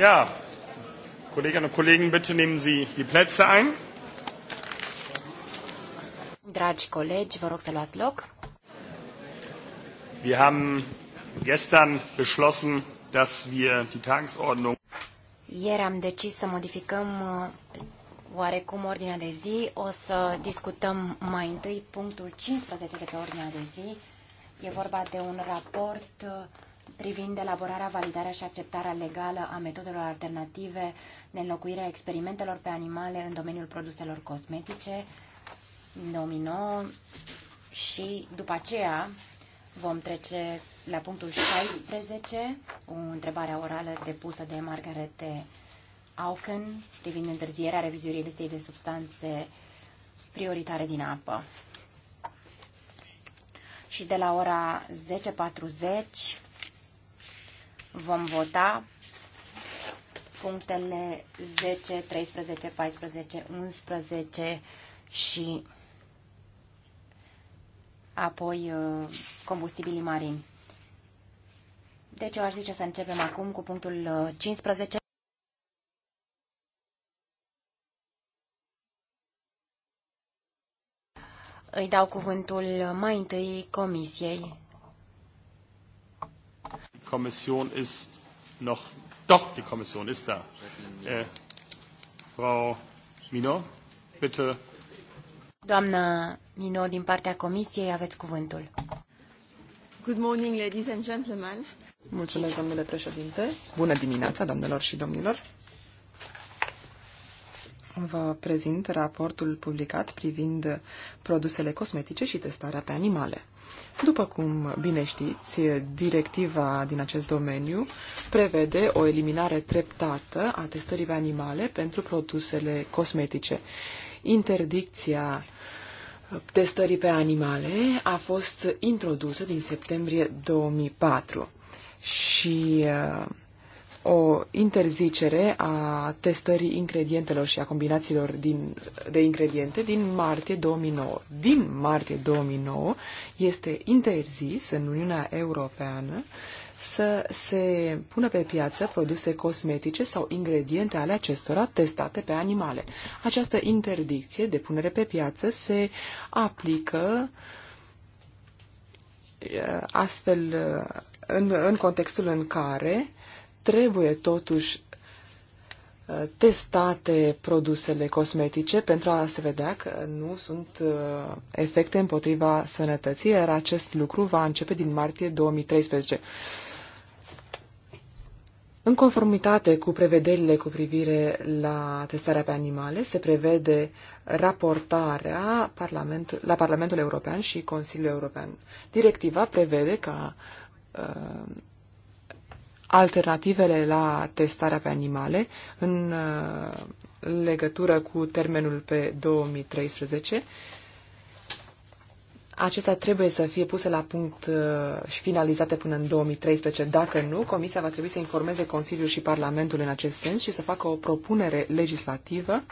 Ja, Kolleginnen und Kollegen, bitte nehmen Sie die Plätze ein. Dragi colegi, vă rog să luați loc. Wir haben gestern beschlossen, dass wir die Tagesordnung Ieri am decis să modificăm uh, oarecum ordinea de zi. O să discutăm mai întâi punctul 15 de pe ordinea de zi. E vorba de un raport uh, privind elaborarea, validarea și acceptarea legală a metodelor alternative de înlocuire a experimentelor pe animale în domeniul produselor cosmetice în 2009 și după aceea vom trece la punctul 16, o întrebare orală depusă de Margarete Auken privind întârzierea revizuirii listei de substanțe prioritare din apă. Și de la ora 10.40 Vom vota punctele 10, 13, 14, 11 și apoi uh, combustibilii marini. Deci eu aș zice să începem acum cu punctul 15. Uh, Îi dau cuvântul mai întâi Comisiei Kommission ist noch, doch, die Kommission ist da. Äh, Frau Mino, bitte. Doamna Mino, din partea Comisiei, aveți cuvântul. Good morning, ladies and gentlemen. Mulțumesc, domnule președinte. Bună dimineața, doamnelor și domnilor vă prezint raportul publicat privind produsele cosmetice și testarea pe animale. După cum bine știți, directiva din acest domeniu prevede o eliminare treptată a testării pe animale pentru produsele cosmetice. Interdicția testării pe animale a fost introdusă din septembrie 2004 și uh, o interzicere a testării ingredientelor și a combinațiilor din, de ingrediente din martie 2009. Din martie 2009 este interzis în Uniunea Europeană să se pună pe piață produse cosmetice sau ingrediente ale acestora testate pe animale. Această interdicție de punere pe piață se aplică eh, astfel eh, în, în contextul în care trebuie totuși uh, testate produsele cosmetice pentru a se vedea că nu sunt uh, efecte împotriva sănătății, iar acest lucru va începe din martie 2013. În conformitate cu prevederile cu privire la testarea pe animale, se prevede raportarea la Parlamentul European și Consiliul European. Directiva prevede ca uh, alternativele la testarea pe animale în uh, legătură cu termenul pe 2013. Acestea trebuie să fie puse la punct uh, și finalizate până în 2013. Dacă nu, Comisia va trebui să informeze Consiliul și Parlamentul în acest sens și să facă o propunere legislativă uh,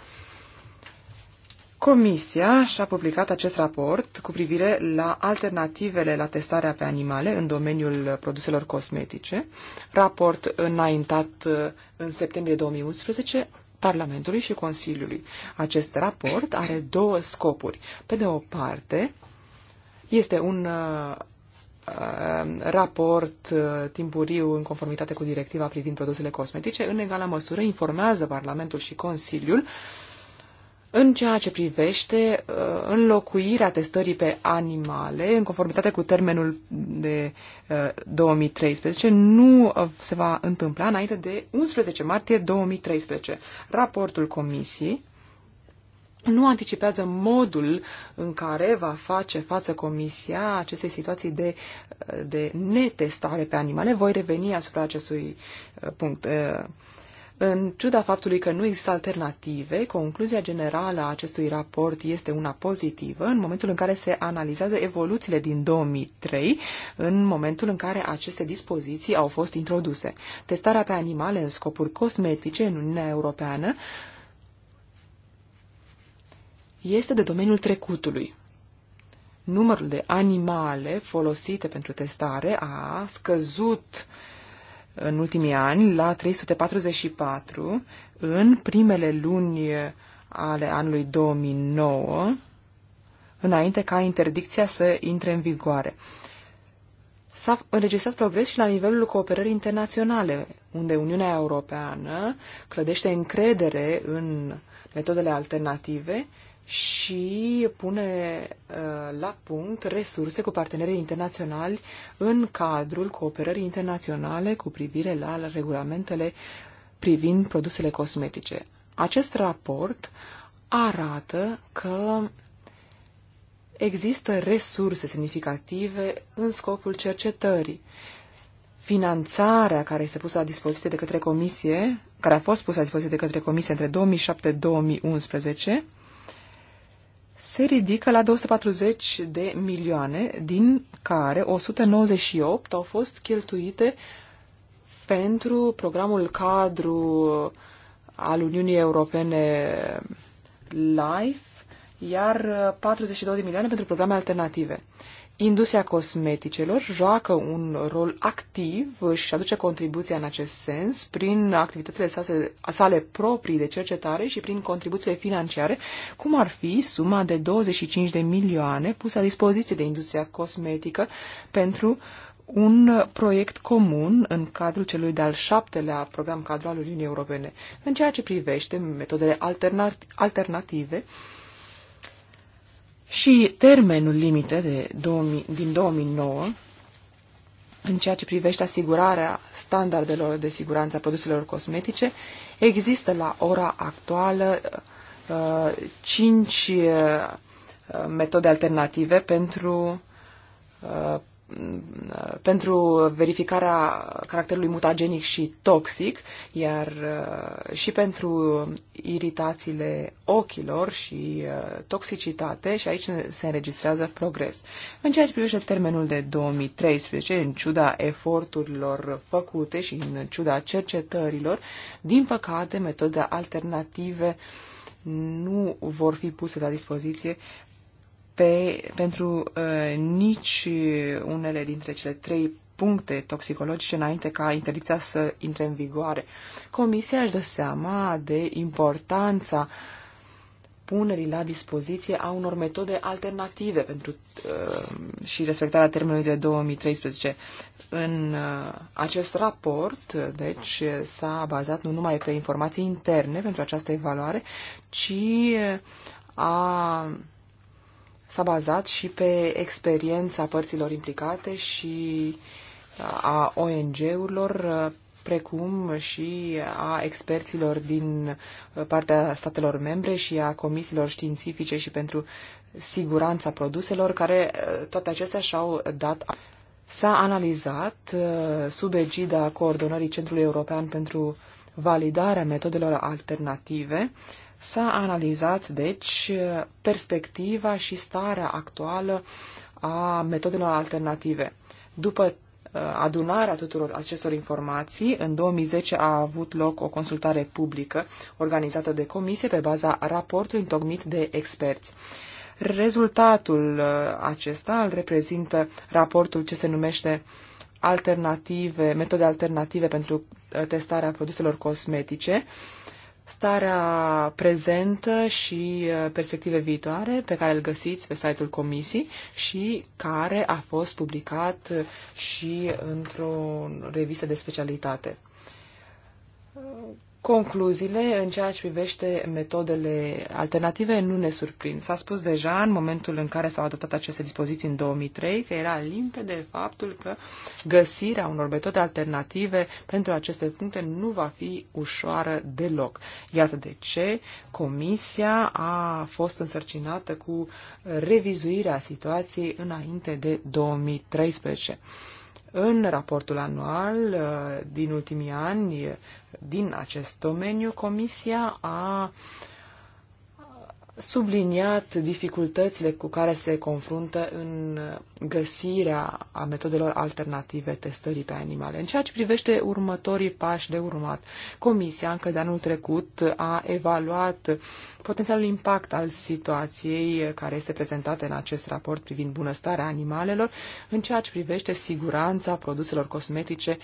Comisia și-a publicat acest raport cu privire la alternativele la testarea pe animale în domeniul produselor cosmetice, raport înaintat uh, în septembrie 2011 Parlamentului și Consiliului. Acest raport are două scopuri. Pe de o parte, este un uh, uh, raport timpuriu în conformitate cu directiva privind produsele cosmetice, în egală măsură informează Parlamentul și Consiliul uh, în ceea ce privește uh, înlocuirea testării pe animale, în conformitate cu termenul de 2013, uh, nu uh, se va întâmpla înainte de 11 martie 2013. Raportul comisiei nu anticipează modul în care va face față Comisia acestei situații de, de netestare pe animale. Voi reveni asupra acestui punct. În ciuda faptului că nu există alternative, concluzia generală a acestui raport este una pozitivă în momentul în care se analizează evoluțiile din 2003, în momentul în care aceste dispoziții au fost introduse. Testarea pe animale în scopuri cosmetice în Uniunea Europeană este de domeniul trecutului. Numărul de animale folosite pentru testare a scăzut uh, în ultimii ani la 344 în primele luni ale anului 2009, înainte ca interdicția să intre în vigoare. S-a înregistrat progres și la nivelul cooperării internaționale, unde Uniunea Europeană clădește încredere în metodele alternative și pune uh, la punct resurse cu partenerii internaționali în cadrul cooperării internaționale cu privire la regulamentele privind produsele cosmetice. Acest raport arată că există resurse semnificative în scopul cercetării. Finanțarea care este pusă la dispoziție de către comisie, care a fost pusă la dispoziție de către comisie între 2007-2011, se ridică la 240 de milioane, din care 198 au fost cheltuite pentru programul cadru al Uniunii Europene LIFE, iar 42 de milioane pentru programe alternative. Industria cosmeticelor joacă un rol activ și aduce contribuția în acest sens prin activitățile sale, sale proprii de cercetare și prin contribuțiile financiare, cum ar fi suma de 25 de milioane pusă la dispoziție de industria cosmetică pentru un proiect comun în cadrul celui de-al șaptelea program cadru al Uniunii Europene. În ceea ce privește metodele alternat- alternative, și termenul limită de 2000, din 2009 în ceea ce privește asigurarea standardelor de siguranță a produselor cosmetice, există la ora actuală uh, 5 uh, metode alternative pentru uh, pentru verificarea caracterului mutagenic și toxic, iar uh, și pentru iritațiile ochilor și uh, toxicitate și aici se înregistrează progres. În ceea ce privește termenul de 2013, în ciuda eforturilor făcute și în ciuda cercetărilor, din păcate, metode alternative nu vor fi puse la dispoziție pe, pentru uh, nici unele dintre cele trei puncte toxicologice înainte ca interdicția să intre în vigoare. Comisia își dă seama de importanța punerii la dispoziție a unor metode alternative pentru uh, și respectarea termenului de 2013. În uh, acest raport, deci, s-a bazat nu numai pe informații interne pentru această evaluare, ci uh, a uh, s-a bazat și pe experiența părților implicate și a ONG-urilor, precum și a experților din partea statelor membre și a comisiilor științifice și pentru siguranța produselor, care toate acestea și-au dat. S-a analizat sub egida coordonării Centrului European pentru validarea metodelor alternative S-a analizat, deci, perspectiva și starea actuală a metodelor alternative. După uh, adunarea tuturor acestor informații, în 2010 a avut loc o consultare publică organizată de comisie pe baza raportului întocmit de experți. Rezultatul uh, acesta îl reprezintă raportul ce se numește alternative, metode alternative pentru uh, testarea produselor cosmetice, starea prezentă și uh, perspective viitoare pe care îl găsiți pe site-ul comisiei și care a fost publicat și într-o revistă de specialitate. Concluziile în ceea ce privește metodele alternative nu ne surprind. S-a spus deja în momentul în care s-au adoptat aceste dispoziții în 2003 că era limpede faptul că găsirea unor metode alternative pentru aceste puncte nu va fi ușoară deloc. Iată de ce Comisia a fost însărcinată cu revizuirea situației înainte de 2013. În raportul anual uh, din ultimii ani din acest domeniu, Comisia a subliniat dificultățile cu care se confruntă în găsirea a metodelor alternative testării pe animale. În ceea ce privește următorii pași de urmat, Comisia încă de anul trecut a evaluat potențialul impact al situației care este prezentată în acest raport privind bunăstarea animalelor în ceea ce privește siguranța produselor cosmetice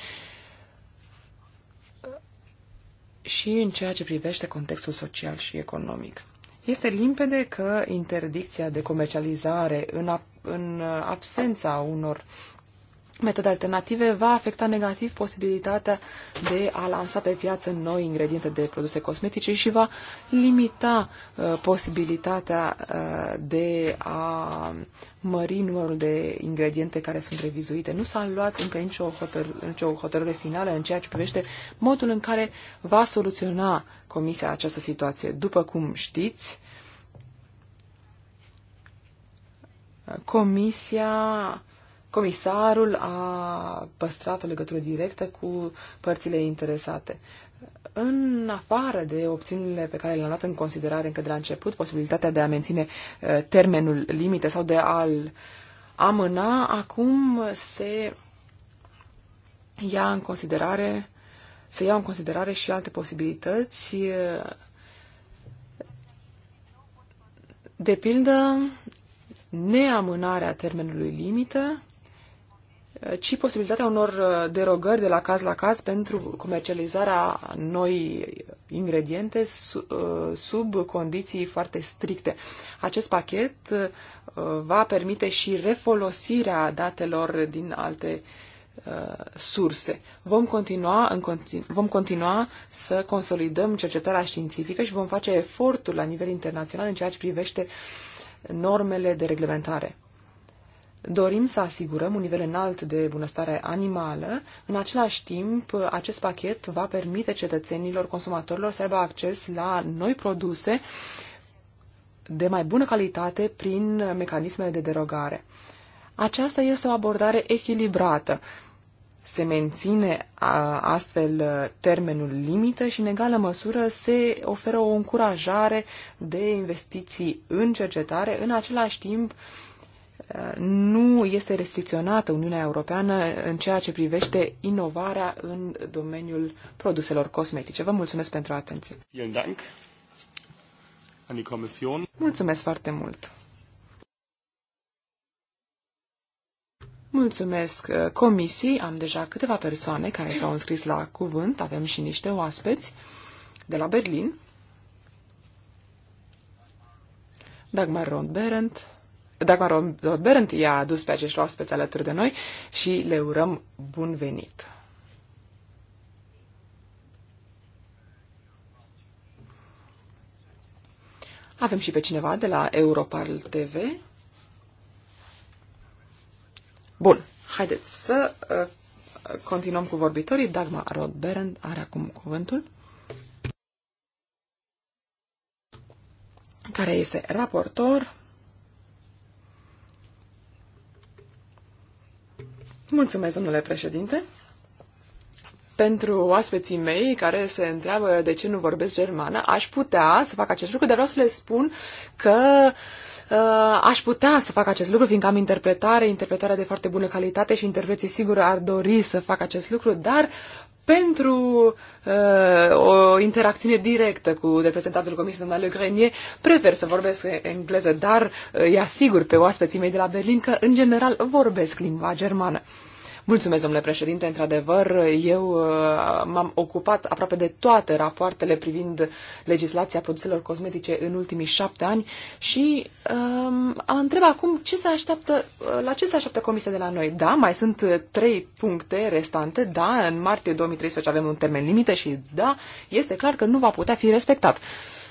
și în ceea ce privește contextul social și economic. Este limpede că interdicția de comercializare în, în uh, absența unor metode alternative va afecta negativ posibilitatea de a lansa pe piață noi ingrediente de produse cosmetice și va limita uh, posibilitatea uh, de a mări numărul de ingrediente care sunt revizuite. Nu s-a luat încă nicio, hotăr- nicio hotărâre finală în ceea ce privește modul în care va soluționa Comisia această situație. După cum știți, uh, Comisia comisarul a păstrat o legătură directă cu părțile interesate. În afară de opțiunile pe care le-am luat în considerare încă de la început, posibilitatea de a menține termenul limite sau de a-l amâna, acum se ia în considerare se iau în considerare și alte posibilități. De pildă, neamânarea termenului limită ci posibilitatea unor uh, derogări de la caz la caz pentru comercializarea noi ingrediente uh, sub condiții foarte stricte. Acest pachet uh, va permite și refolosirea datelor din alte surse. Vom continua, în continu- vom continua să consolidăm cercetarea științifică și vom face eforturi la nivel internațional în ceea ce privește normele de reglementare. Dorim să asigurăm un nivel înalt de bunăstare animală. În același timp, acest pachet va permite cetățenilor, consumatorilor să aibă acces la noi produse de mai bună calitate prin mecanismele de derogare. Aceasta este o abordare echilibrată. Se menține astfel termenul limită și, în egală măsură, se oferă o încurajare de investiții în cercetare, în același timp nu este restricționată Uniunea Europeană în ceea ce privește inovarea în domeniul produselor cosmetice. Vă mulțumesc pentru atenție. Mulțumesc foarte mult. Mulțumesc uh, comisii. Am deja câteva persoane care s-au înscris la cuvânt. Avem și niște oaspeți de la Berlin. Dagmar Rond-Berendt, Dagmar Berent i-a adus pe acești oaspeți alături de noi și le urăm bun venit. Avem și pe cineva de la Europarl TV. Bun, haideți să uh, continuăm cu vorbitorii. Dagmar Rodberend are acum cuvântul. care este raportor Mulțumesc, domnule președinte. Pentru oaspeții mei care se întreabă de ce nu vorbesc germană, aș putea să fac acest lucru, dar vreau să le spun că uh, aș putea să fac acest lucru, fiindcă am interpretare, interpretarea de foarte bună calitate și interpreții sigur ar dori să fac acest lucru, dar pentru uh, o interacțiune directă cu reprezentantul Comisiei, doamna Le Grenier, prefer să vorbesc engleză, dar uh, îi asigur pe oaspeții mei de la Berlin că, în general, vorbesc limba germană. Mulțumesc, domnule președinte. Într-adevăr, eu uh, m-am ocupat aproape de toate rapoartele privind legislația produselor cosmetice în ultimii șapte ani și um, a întrebat acum ce se așteaptă, uh, la ce se așteaptă comisia de la noi. Da, mai sunt uh, trei puncte restante. Da, în martie 2013 avem un termen limite și da, este clar că nu va putea fi respectat.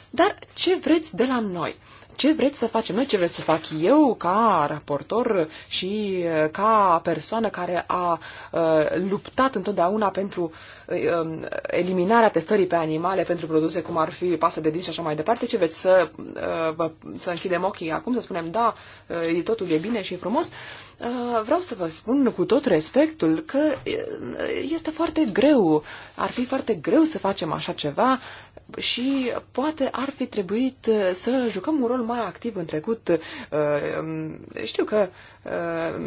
Dar ce vreți de la noi? ce vreți să facem noi, ce vreți să fac eu ca raportor și uh, ca persoană care a uh, luptat întotdeauna pentru uh, um, eliminarea testării pe animale, pentru produse cum ar fi pasă de dinți și așa mai departe, ce vreți să, uh, vă, să închidem ochii acum, să spunem da, uh, totul e bine și e frumos. Uh, vreau să vă spun cu tot respectul că uh, este foarte greu, ar fi foarte greu să facem așa ceva și poate ar fi trebuit să jucăm un rol mai activ în trecut. Uh, um, știu că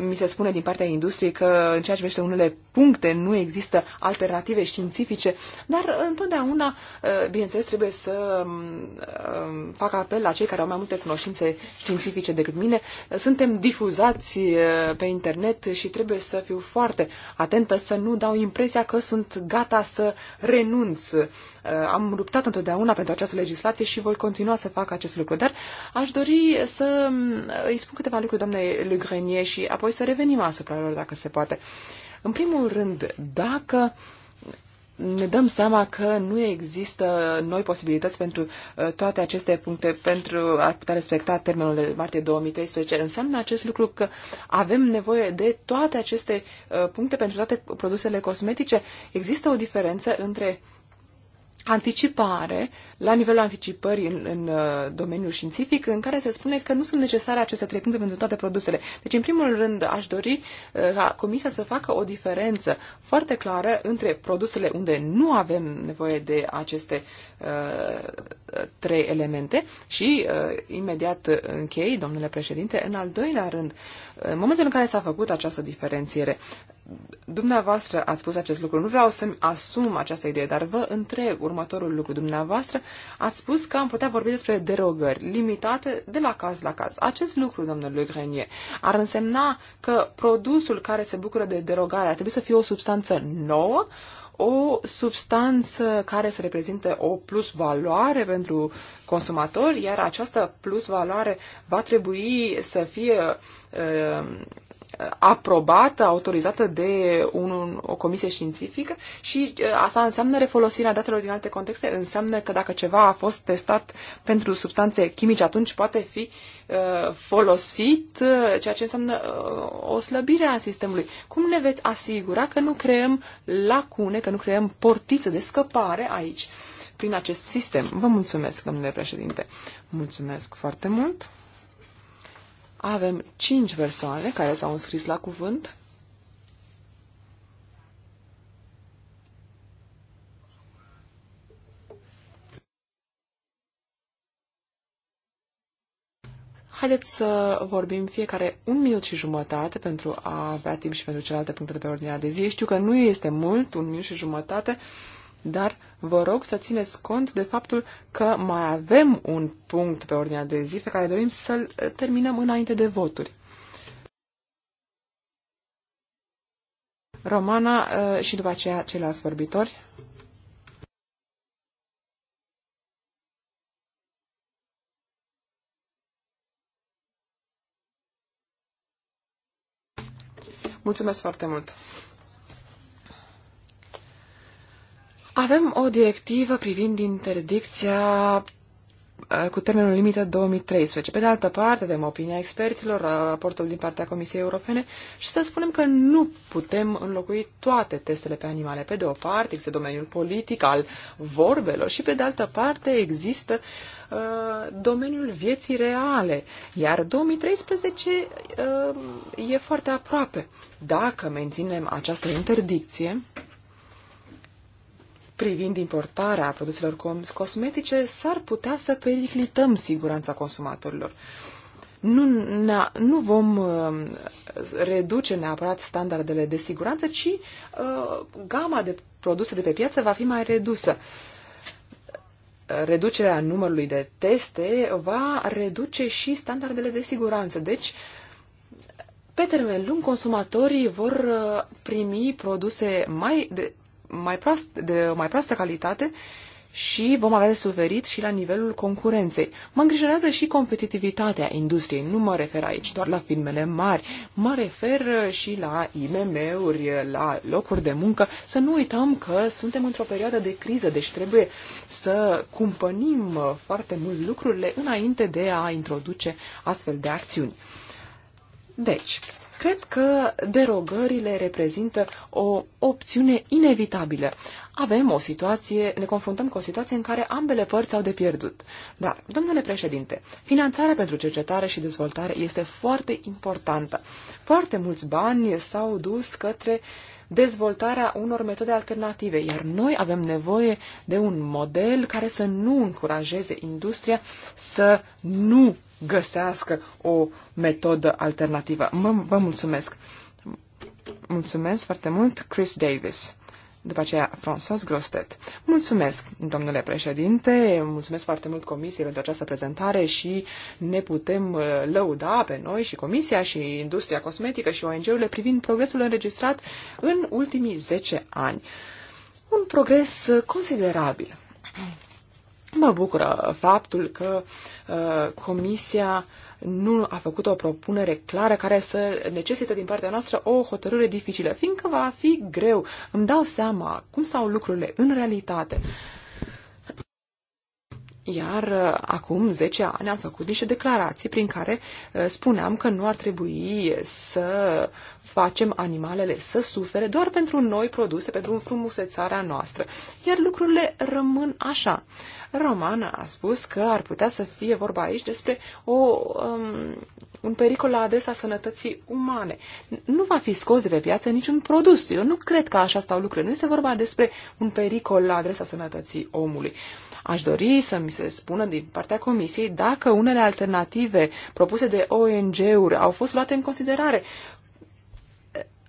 mi se spune din partea industriei că în ceea ce privește unele puncte nu există alternative științifice, dar întotdeauna, uh, bineînțeles, trebuie să um, um, fac apel la cei care au mai multe cunoștințe științifice decât mine. Suntem difuzați uh, pe internet și trebuie să fiu foarte atentă să nu dau impresia că sunt gata să renunț. Uh, am luptat întotdeauna pentru această legislație și voi continua să fac acest lucru. Dar aș dori să um, îi spun câteva lucruri, doamne Le Grenier, linie și apoi să revenim asupra lor dacă se poate. În primul rând, dacă ne dăm seama că nu există noi posibilități pentru uh, toate aceste puncte, pentru a putea respecta termenul de martie 2013. Înseamnă acest lucru că avem nevoie de toate aceste uh, puncte pentru toate produsele cosmetice. Există o diferență între uh, anticipare, la nivelul anticipării în, în uh, domeniul științific, în care se spune că nu sunt necesare aceste trei puncte pentru toate produsele. Deci, în primul rând, aș dori uh, ca Comisia să facă o diferență foarte clară între produsele unde nu avem nevoie de aceste uh, trei elemente și, uh, imediat închei, domnule președinte, în al doilea rând, în momentul în care s-a făcut această diferențiere, Dumneavoastră ați spus acest lucru. Nu vreau să-mi asum această idee, dar vă întreb următorul lucru. Dumneavoastră ați spus că am putea vorbi despre derogări limitate de la caz la caz. Acest lucru, domnule Grenier, ar însemna că produsul care se bucură de derogare ar trebui să fie o substanță nouă, o substanță care să reprezinte o plus valoare pentru consumatori, iar această plus valoare va trebui să fie uh, aprobată, autorizată de un, o comisie științifică și uh, asta înseamnă refolosirea datelor din alte contexte, înseamnă că dacă ceva a fost testat pentru substanțe chimice, atunci poate fi uh, folosit, uh, ceea ce înseamnă uh, o slăbire a sistemului. Cum ne veți asigura că nu creăm lacune, că nu creăm portiță de scăpare aici, prin acest sistem? Vă mulțumesc, domnule președinte. Mulțumesc foarte mult. Avem cinci persoane care s-au înscris la cuvânt. Haideți să vorbim fiecare un minut și jumătate pentru a avea timp și pentru celelalte puncte de pe ordinea de zi. Știu că nu este mult, un minut și jumătate, dar vă rog să țineți cont de faptul că mai avem un punct pe ordinea de zi pe care dorim să-l uh, terminăm înainte de voturi. Romana uh, și după aceea ceilalți vorbitori. Mulțumesc foarte mult! Avem o directivă privind interdicția eh, cu termenul limită 2013. Pe de altă parte, avem opinia experților, raportul din partea Comisiei Europene și să spunem că nu putem înlocui toate testele pe animale. Pe de o parte, există domeniul politic al vorbelor și pe de altă parte există uh, domeniul vieții reale. Iar 2013 uh, eh, e foarte aproape. Dacă menținem această interdicție, privind importarea produselor cosmetice, s-ar putea să periclităm siguranța consumatorilor. Nu, ne nu vom uh, reduce neapărat standardele de siguranță, ci uh, gama de produse de pe piață va fi mai redusă. Reducerea numărului de teste va reduce și standardele de siguranță. Deci, pe termen lung, consumatorii vor uh, primi produse mai, de, mai proast, de o mai proastă calitate și vom avea de suferit și la nivelul concurenței. Mă îngrijorează și competitivitatea industriei. Nu mă refer aici doar la firmele mari, mă refer și la IMM-uri, la locuri de muncă. Să nu uităm că suntem într-o perioadă de criză, deci trebuie să cumpănim foarte mult lucrurile înainte de a introduce astfel de acțiuni. Deci, Cred că derogările reprezintă o opțiune inevitabilă. Avem o situație, ne confruntăm cu o situație în care ambele părți au de pierdut. Dar, domnule președinte, finanțarea pentru cercetare și dezvoltare este foarte importantă. Foarte mulți bani s-au dus către dezvoltarea unor metode alternative, iar noi avem nevoie de un model care să nu încurajeze industria să nu găsească o metodă alternativă. Mă, vă mulțumesc! Mulțumesc foarte mult, Chris Davis. După aceea, François Grostet. Mulțumesc, domnule președinte, mulțumesc foarte mult comisiei pentru această prezentare și ne putem uh, lăuda pe noi și comisia și industria cosmetică și ONG-urile privind progresul înregistrat în ultimii 10 ani. Un progres uh, considerabil. Mă bucură faptul că uh, Comisia nu a făcut o propunere clară care să necesită din partea noastră o hotărâre dificilă, fiindcă va fi greu. Îmi dau seama cum stau lucrurile în realitate. Uh, iar uh, acum 10 ani am făcut niște declarații prin care uh, spuneam că nu ar trebui să facem animalele să sufere doar pentru noi produse, pentru frumusețarea noastră. Iar lucrurile rămân așa. Roman a spus că ar putea să fie vorba aici despre o, um, un pericol la adresa sănătății umane. Nu va fi scos de pe piață niciun produs. Eu nu cred că așa stau lucrurile. Nu este vorba despre un pericol la adresa sănătății omului. Uh, Aș dori să mi se spună din partea Comisiei dacă unele alternative propuse de ONG-uri au fost luate în considerare.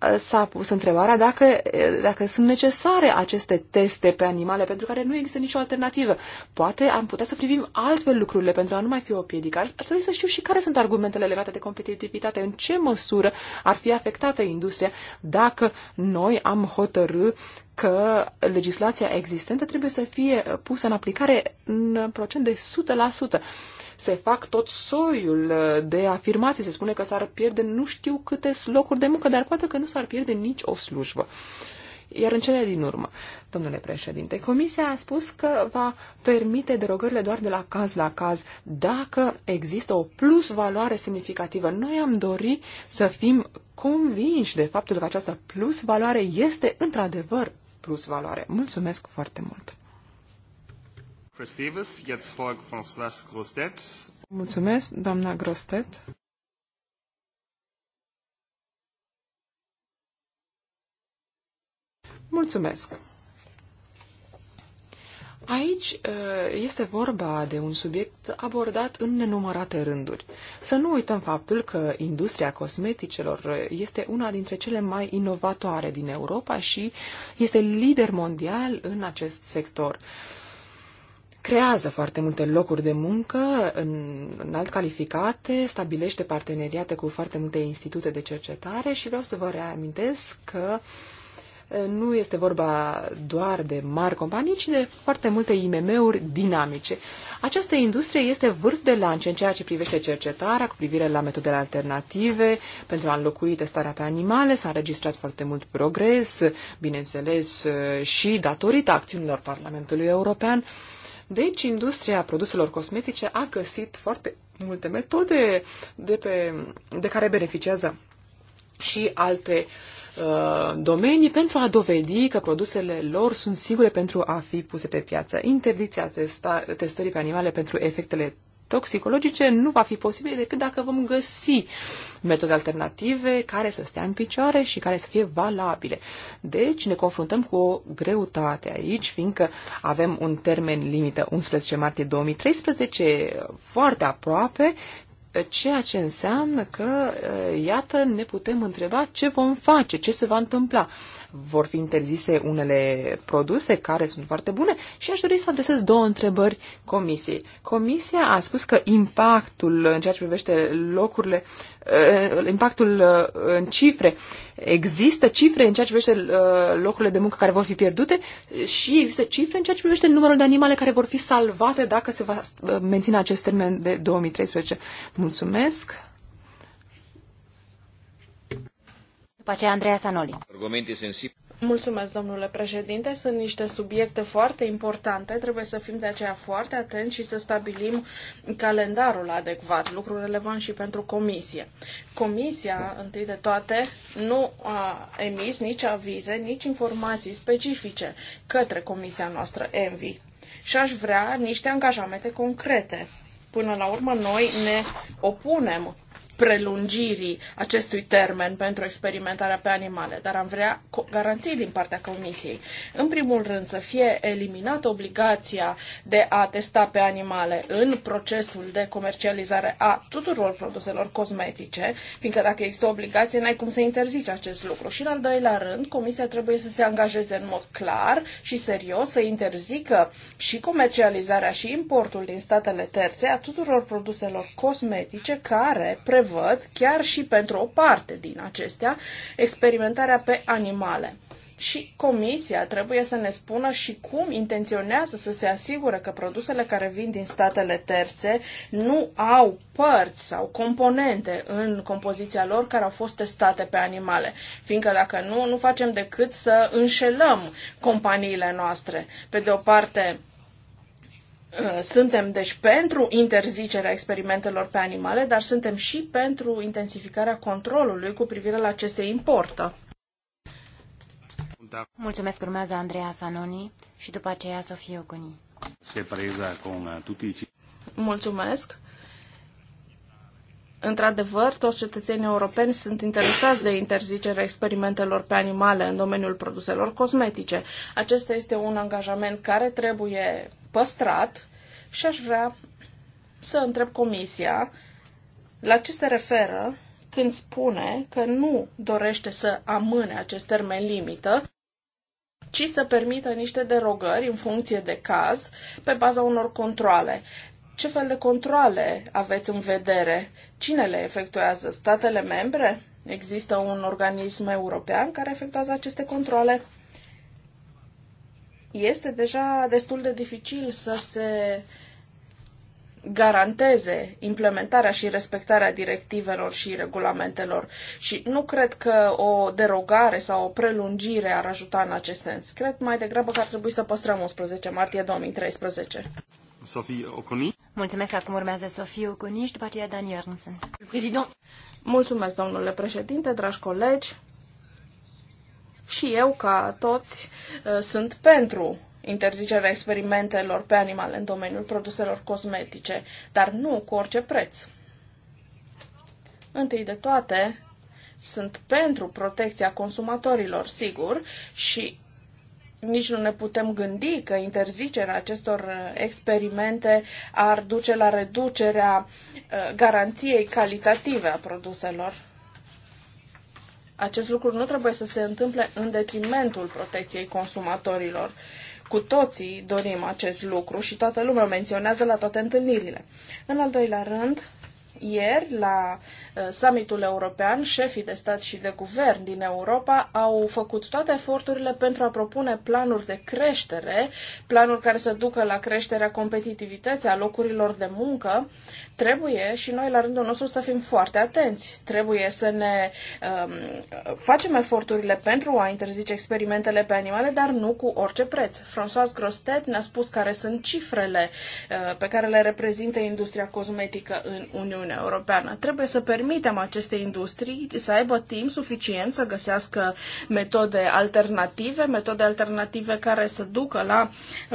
Uh, s-a pus întrebarea dacă, uh, dacă sunt necesare aceste teste pe animale pentru care nu există nicio alternativă. Poate am putea să privim altfel lucrurile pentru a nu mai fi o piedică. Ar, trebui să știu și care sunt argumentele legate de competitivitate, în ce măsură ar fi afectată industria dacă noi am hotărât că legislația existentă trebuie să fie pusă în aplicare în procent de 100% se fac tot soiul uh, de afirmații. Se spune că s-ar pierde nu știu câte locuri de muncă, dar poate că nu s-ar pierde nici o slujbă. Iar în cele din urmă, domnule președinte, Comisia a spus că va permite derogările doar de la caz la caz dacă există o plus valoare semnificativă. Noi am dori să fim convinși de faptul că această plus valoare este într-adevăr plus valoare. Mulțumesc foarte mult! Chris Davis, jetzt folgt François Grostet. Mulțumesc, doamna Grostet. Mulțumesc. Aici ă, este vorba de un subiect abordat în nenumărate rânduri. Să nu uităm faptul că industria cosmeticelor este una dintre cele mai inovatoare din Europa și este lider mondial în acest sector creează foarte multe locuri de muncă în, înalt calificate, stabilește parteneriate cu foarte multe institute de cercetare și vreau să vă reamintesc că nu este vorba doar de mari companii, ci de foarte multe IMM-uri dinamice. Această industrie este vârf de lance în ceea ce privește cercetarea cu privire la metodele alternative pentru a înlocui testarea pe animale. S-a înregistrat foarte mult progres, bineînțeles, și datorită acțiunilor Parlamentului European. Deci, industria produselor cosmetice a găsit foarte multe metode de, pe, de care beneficiază și alte uh, domenii pentru a dovedi că produsele lor sunt sigure pentru a fi puse pe piață. Interdicția testa, testării pe animale pentru efectele toxicologice nu va fi posibil decât dacă vom găsi metode alternative care să stea în picioare și care să fie valabile. Deci ne confruntăm cu o greutate aici, fiindcă avem un termen limită 11 martie 2013 foarte aproape, ceea ce înseamnă că, eh, iată, ne putem întreba ce vom face, ce se va întâmpla vor fi interzise unele produse care sunt foarte bune și aș dori să adresez două întrebări comisiei. Comisia a spus că impactul în ceea ce privește locurile, eh, impactul eh, în cifre, există cifre în ceea ce privește eh, locurile de muncă care vor fi pierdute și există cifre în ceea ce privește numărul de animale care vor fi salvate dacă se va menține acest termen de 2013. Mulțumesc! Andreea Sanoli. Argumente sensibile. Mulțumesc, domnule președinte. Sunt niște subiecte foarte importante. Trebuie să fim de aceea foarte atenți și să stabilim calendarul adecvat, lucru relevant și pentru comisie. Comisia, întâi de toate, nu a emis nici avize, nici informații specifice către comisia noastră ENVI. Și aș vrea niște angajamente concrete. Până la urmă, noi ne opunem prelungirii acestui termen pentru experimentarea pe animale, dar am vrea garanții din partea Comisiei. În primul rând, să fie eliminată obligația de a testa pe animale în procesul de comercializare a tuturor produselor cosmetice, fiindcă dacă există obligație, n-ai cum să interzici acest lucru. Și în al doilea rând, Comisia trebuie să se angajeze în mod clar și serios să interzică și comercializarea și importul din statele terțe a tuturor produselor cosmetice care prevăd văd chiar și pentru o parte din acestea, experimentarea pe animale. Și comisia trebuie să ne spună și cum intenționează să se asigure că produsele care vin din statele terțe nu au părți sau componente în compoziția lor care au fost testate pe animale. Fiindcă dacă nu, nu facem decât să înșelăm companiile noastre. Pe de o parte, Uh, suntem deci pentru interzicerea experimentelor pe animale, dar suntem și pentru intensificarea controlului cu privire la ce se importă. Da. Mulțumesc, urmează Andreea Sanoni și după aceea Sofie Oconi. Mulțumesc. Într-adevăr, toți cetățenii europeni sunt interesați de interzicerea experimentelor pe animale în domeniul produselor cosmetice. Acesta este un angajament care trebuie păstrat și aș vrea să întreb Comisia la ce se referă când spune că nu dorește să amâne acest termen limită, ci să permită niște derogări în funcție de caz pe baza unor controle. Ce fel de controle aveți în vedere? Cine le efectuează? Statele membre? Există un organism european care efectuează aceste controle? Este deja destul de dificil să se garanteze implementarea și respectarea directivelor și regulamentelor și nu cred că o derogare sau o prelungire ar ajuta în acest sens. Cred mai degrabă că ar trebui să păstrăm 11 martie 2013. Sofie Oconi. Mulțumesc, acum urmează Sofie Oconi și după aceea Dan Mulțumesc, domnule președinte, dragi colegi. Și eu, ca toți, uh, sunt pentru interzicerea experimentelor pe animale în domeniul produselor cosmetice, dar nu cu orice preț. Întâi de toate, sunt pentru protecția consumatorilor, sigur, și nici nu ne putem gândi că interzicerea acestor uh, experimente ar duce la reducerea uh, garanției calitative a produselor. Acest lucru nu trebuie să se întâmple în detrimentul protecției consumatorilor. Cu toții dorim acest lucru și toată lumea menționează la toate întâlnirile. În al doilea rând, ieri, la uh, summitul european, șefii de stat și de guvern din Europa au făcut toate eforturile pentru a propune planuri de creștere, planuri care să ducă la creșterea competitivității, a locurilor de muncă. Trebuie și noi, la rândul nostru, să fim foarte atenți. Trebuie să ne um, facem eforturile pentru a interzice experimentele pe animale, dar nu cu orice preț. François Grostet ne-a spus care sunt cifrele uh, pe care le reprezintă industria cosmetică în Uniune Uniunea Europeană. Trebuie să permitem acestei industrii să aibă timp suficient să găsească metode alternative, metode alternative care să ducă la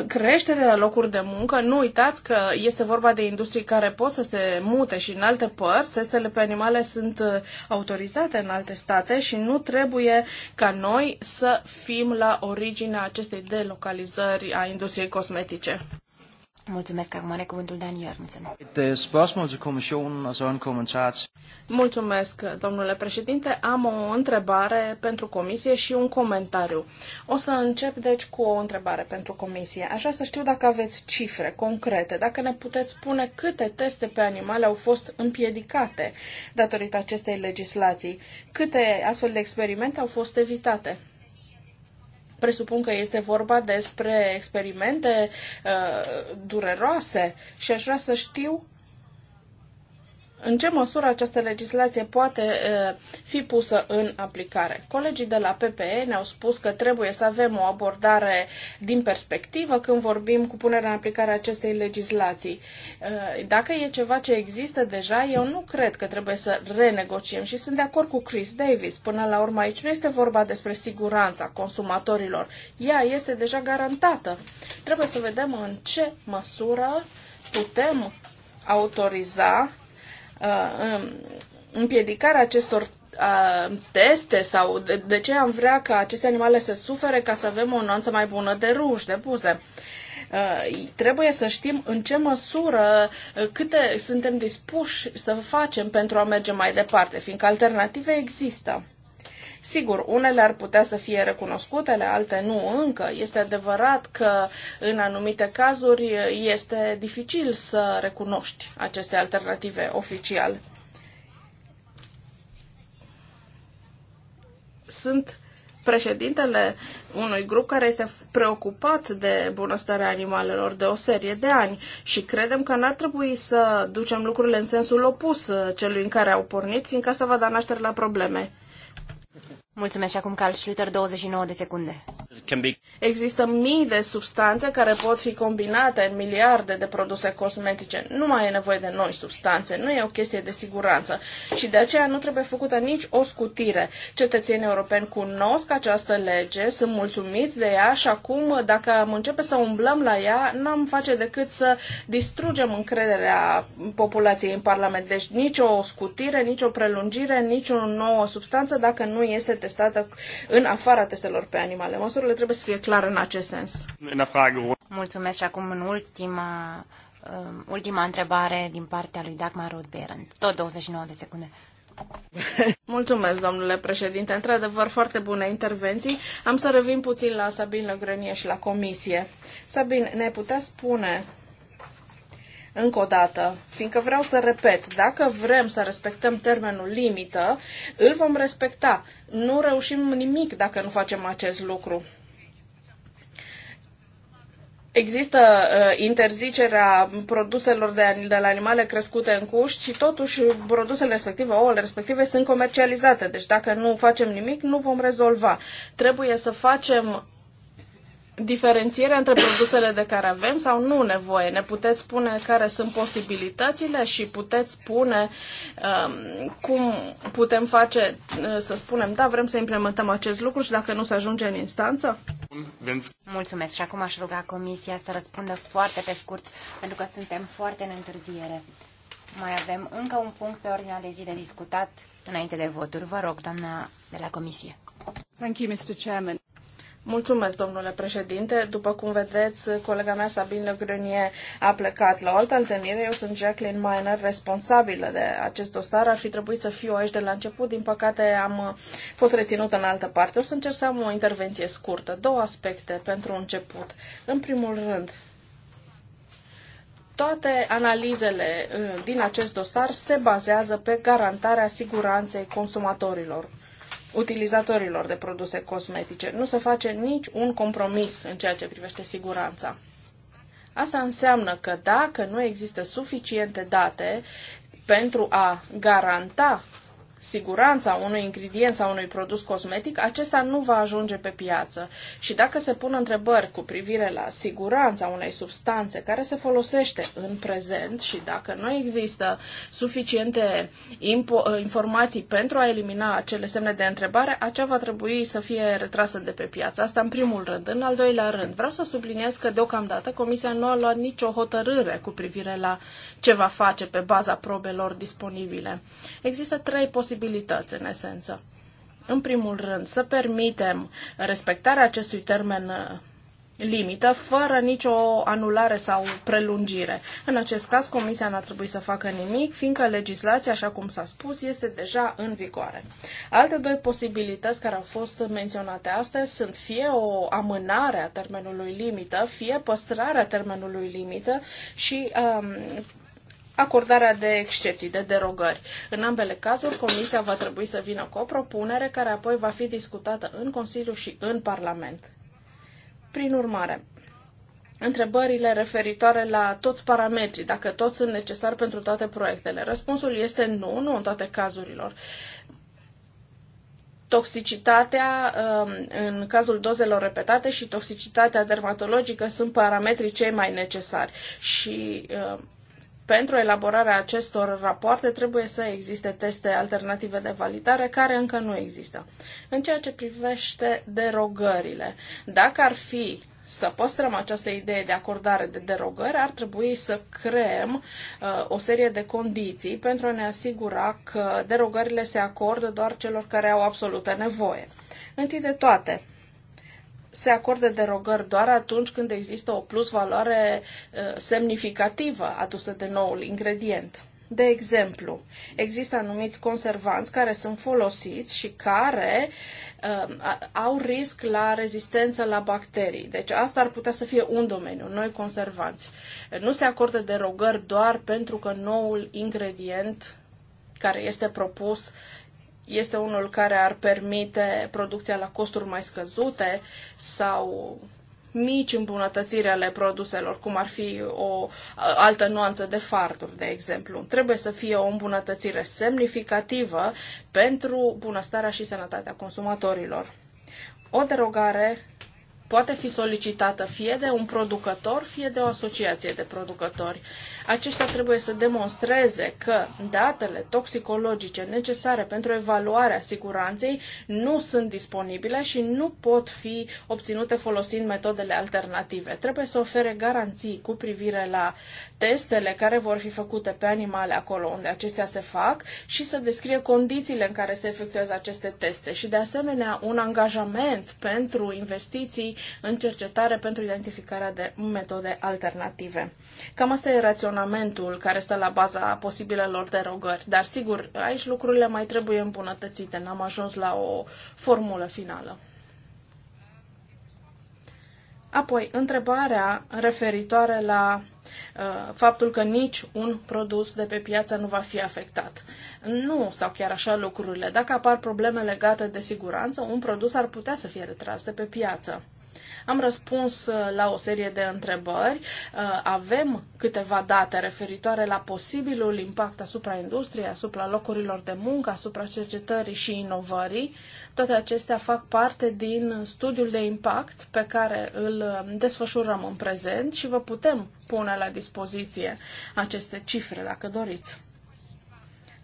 creștere la locuri de muncă. Nu uitați că este vorba de industrii care pot să se mute și în alte părți. Testele pe animale sunt uh, autorizate în alte state și nu trebuie ca noi să fim la originea acestei delocalizări a industriei cosmetice. Mulțumesc acum are cuvântul Dan Jørgensen. Uh, Mulțumesc, domnule președinte. Am o întrebare pentru comisie și un comentariu. O să încep, deci, cu o întrebare pentru comisie. Așa să știu dacă aveți cifre concrete, dacă ne puteți spune câte teste pe animale au fost împiedicate datorită acestei legislații, câte astfel de experimente au fost evitate. Presupun că este vorba despre experimente uh, dureroase și aș vrea să știu în ce măsură această legislație poate fi pusă în aplicare? Colegii de la PPE ne-au spus că trebuie să avem o abordare din perspectivă când vorbim cu punerea în aplicare a acestei legislații. Dacă e ceva ce există deja, eu nu cred că trebuie să renegociem și sunt de acord cu Chris Davis. Până la urmă aici nu este vorba despre siguranța consumatorilor. Ea este deja garantată. Trebuie să vedem în ce măsură putem autoriza Uh, împiedicarea acestor uh, teste sau de, de ce am vrea ca aceste animale să sufere ca să avem o nuanță mai bună de ruși, de buze. Uh, trebuie să știm în ce măsură, uh, câte suntem dispuși să facem pentru a merge mai departe, fiindcă alternative există. Sigur, unele ar putea să fie recunoscutele, alte nu încă. Este adevărat că în anumite cazuri este dificil să recunoști aceste alternative oficial. Sunt președintele unui grup care este preocupat de bunăstarea animalelor de o serie de ani și credem că n-ar trebui să ducem lucrurile în sensul opus celui în care au pornit, fiindcă asta va da naștere la probleme. Mulțumesc acum, Carl Schlüter, 29 de secunde. Există mii de substanțe care pot fi combinate în miliarde de produse cosmetice. Nu mai e nevoie de noi substanțe, nu e o chestie de siguranță și de aceea nu trebuie făcută nici o scutire. Cetățenii europeni cunosc această lege, sunt mulțumiți de ea și acum, dacă am începe să umblăm la ea, n-am face decât să distrugem încrederea populației în Parlament. Deci nicio scutire, nicio prelungire, nicio nouă substanță dacă nu este testată în afara testelor pe animale. Măsurile trebuie să fie clare în acest sens. Mulțumesc și acum în ultima, um, ultima întrebare din partea lui Dagmar Berend. Tot 29 de secunde. Mulțumesc, domnule președinte. Într-adevăr, foarte bune intervenții. Am să revin puțin la Sabin Lăgrănie și la comisie. Sabin, ne putea spune încă o dată, fiindcă vreau să repet, dacă vrem să respectăm termenul limită, îl vom respecta. Nu reușim nimic dacă nu facem acest lucru. Există uh, interzicerea produselor de, de la animale crescute în cuști și totuși produsele respective, ouăle respective sunt comercializate. Deci dacă nu facem nimic, nu vom rezolva. Trebuie să facem diferențierea între produsele de care avem sau nu nevoie. Ne puteți spune care sunt posibilitățile și puteți spune um, cum putem face, uh, să spunem, da, vrem să implementăm acest lucru și dacă nu se ajunge în instanță? Mulțumesc și acum aș ruga Comisia să răspundă foarte pe scurt, pentru că suntem foarte în întârziere. Mai avem încă un punct pe ordinea de zi de discutat înainte de voturi. Vă rog, doamna de la Comisie. Thank you, Mr. Chairman. Mulțumesc, domnule președinte. După cum vedeți, colega mea Sabine Le Grenier a plecat la o altă întâlnire. Eu sunt Jacqueline Miner, responsabilă de acest dosar. Ar fi trebuit să fiu aici de la început. Din păcate, am fost reținută în altă parte. O să încerc să am o intervenție scurtă. Două aspecte pentru început. În primul rând, toate analizele uh, din acest dosar se bazează pe garantarea siguranței consumatorilor utilizatorilor de produse cosmetice. Nu se face nici un compromis în ceea ce privește siguranța. Asta înseamnă că dacă nu există suficiente date pentru a garanta siguranța unui ingredient sau unui produs cosmetic, acesta nu va ajunge pe piață. Și dacă se pun întrebări cu privire la siguranța unei substanțe care se folosește în prezent și dacă nu există suficiente ă, informații pentru a elimina acele semne de întrebare, acea va trebui să fie retrasă de pe piață. Asta în primul rând. În al doilea rând, vreau să subliniez că deocamdată Comisia nu a luat nicio hotărâre cu privire la ce va face pe baza probelor disponibile. Există trei posibilități posibilități, în esență. În primul rând, să permitem respectarea acestui termen uh, limită, fără nicio anulare sau prelungire. În acest caz, Comisia n-ar trebui să facă nimic, fiindcă legislația, așa cum s-a spus, este deja în vigoare. Alte două posibilități care au fost menționate astăzi sunt fie o amânare a termenului limită, fie păstrarea termenului limită și um, acordarea de excepții, de derogări. În ambele cazuri, Comisia va trebui să vină cu o propunere care apoi va fi discutată în Consiliu și în Parlament. Prin urmare, întrebările referitoare la toți parametrii, dacă toți sunt necesari pentru toate proiectele. Răspunsul este nu, nu în toate cazurilor. Toxicitatea um, în cazul dozelor repetate și toxicitatea dermatologică sunt parametrii cei mai necesari și um, pentru elaborarea acestor rapoarte trebuie să existe teste alternative de validare care încă nu există. În ceea ce privește derogările, dacă ar fi să păstrăm această idee de acordare de derogări, ar trebui să creăm uh, o serie de condiții pentru a ne asigura că derogările se acordă doar celor care au absolută nevoie. Întâi de toate, se acordă derogări doar atunci când există o plusvaloare uh, semnificativă adusă de noul ingredient. De exemplu, există anumiți conservanți care sunt folosiți și care uh, au risc la rezistență la bacterii. Deci asta ar putea să fie un domeniu, noi conservanți. Nu se acordă derogări doar pentru că noul ingredient care este propus este unul care ar permite producția la costuri mai scăzute sau mici îmbunătățiri ale produselor, cum ar fi o altă nuanță de farduri, de exemplu. Trebuie să fie o îmbunătățire semnificativă pentru bunăstarea și sănătatea consumatorilor. O derogare poate fi solicitată fie de un producător, fie de o asociație de producători. Aceștia trebuie să demonstreze că datele toxicologice necesare pentru evaluarea siguranței nu sunt disponibile și nu pot fi obținute folosind metodele alternative. Trebuie să ofere garanții cu privire la testele care vor fi făcute pe animale acolo unde acestea se fac și să descrie condițiile în care se efectuează aceste teste și de asemenea un angajament pentru investiții în cercetare pentru identificarea de metode alternative. Cam asta e raționamentul care stă la baza posibilelor derogări, dar sigur, aici lucrurile mai trebuie îmbunătățite, n-am ajuns la o formulă finală. Apoi, întrebarea referitoare la uh, faptul că nici un produs de pe piață nu va fi afectat. Nu stau chiar așa lucrurile. Dacă apar probleme legate de siguranță, un produs ar putea să fie retras de pe piață. Am răspuns uh, la o serie de întrebări. Uh, avem câteva date referitoare la posibilul impact asupra industriei, asupra locurilor de muncă, asupra cercetării și inovării. Toate acestea fac parte din studiul de impact pe care îl uh, desfășurăm în prezent și vă putem pune la dispoziție aceste cifre dacă doriți.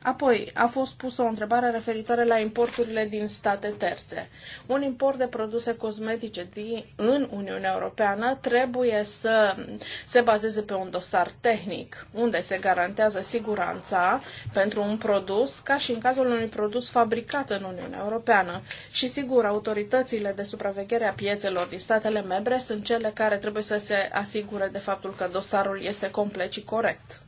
Apoi, a fost pusă o întrebare referitoare la importurile din state terțe. Un import de produse cosmetice din, în Uniunea Europeană trebuie să se bazeze pe un dosar tehnic, unde se garantează siguranța pentru un produs, ca și în cazul unui produs fabricat în Uniunea Europeană. Și, sigur, autoritățile de supraveghere a piețelor din statele membre sunt cele care trebuie să se asigure de faptul că dosarul este complet și corect.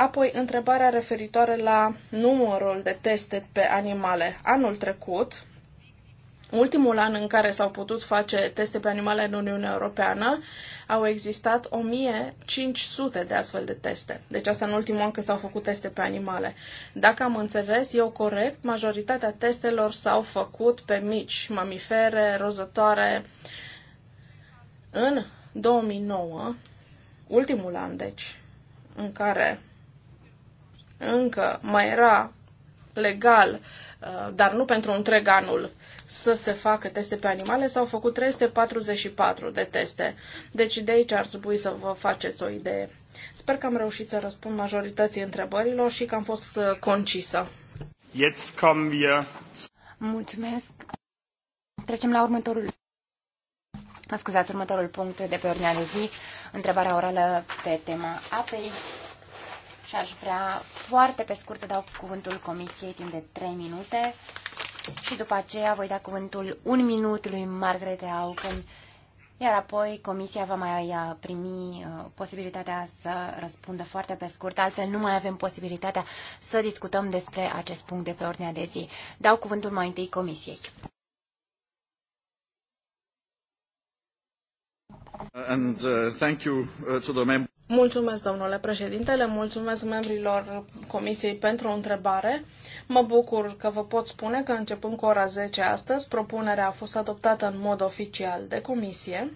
Apoi, întrebarea referitoare la numărul de teste pe animale. Anul trecut, ultimul an în care s-au putut face teste pe animale în Uniunea Europeană, au existat 1500 de astfel de teste. Deci asta în ultimul an când s-au făcut teste pe animale. Dacă am înțeles eu corect, majoritatea testelor s-au făcut pe mici mamifere, rozătoare. În 2009, ultimul an, deci, în care încă mai era legal, uh, dar nu pentru întreg anul, să se facă teste pe animale, s-au făcut 344 de teste. Deci de aici ar trebui să vă faceți o idee. Sper că am reușit să răspund majorității întrebărilor și că am fost uh, concisă. Jetzt kommen wir. Mulțumesc. Trecem la următorul. scuzați, următorul punct de pe ordinea de zi, întrebarea orală pe tema apei și aș vrea foarte pe scurt să dau cuvântul Comisiei timp de 3 minute și după aceea voi da cuvântul un minut lui Margrethe Auken, iar apoi Comisia va mai uh, primi uh, posibilitatea să răspundă foarte pe scurt, altfel nu mai avem posibilitatea să discutăm despre acest punct de pe ordinea de zi. Dau cuvântul mai întâi Comisiei. Uh, uh, mulțumesc, domnule președinte, le mulțumesc membrilor comisiei pentru o întrebare. Mă bucur că vă pot spune că începând cu ora 10 astăzi, propunerea a fost adoptată în mod oficial de comisie.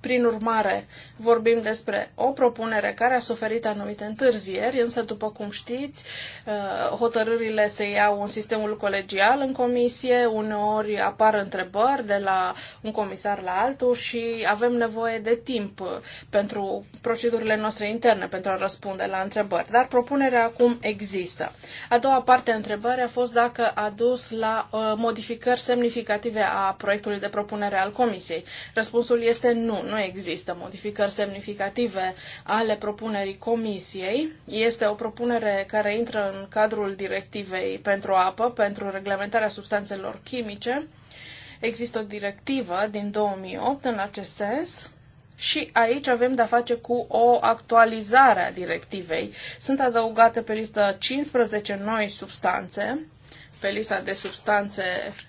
Prin urmare, vorbim despre o propunere care a suferit anumite întârzieri, însă, după cum știți, uh, hotărârile se iau în sistemul colegial în comisie, uneori apar întrebări de la un comisar la altul și avem nevoie de timp pentru procedurile noastre interne pentru a răspunde la întrebări. Dar propunerea acum există. A doua parte a întrebării a fost dacă a dus la uh, modificări semnificative a proiectului de propunere al comisiei. Răspunsul este nu nu există modificări semnificative ale propunerii comisiei. Este o propunere care intră în cadrul directivei pentru apă, pentru reglementarea substanțelor chimice. Există o directivă din 2008 în acest sens. Și aici avem de-a face cu o actualizare a directivei. Sunt adăugate pe listă 15 noi substanțe pe lista de substanțe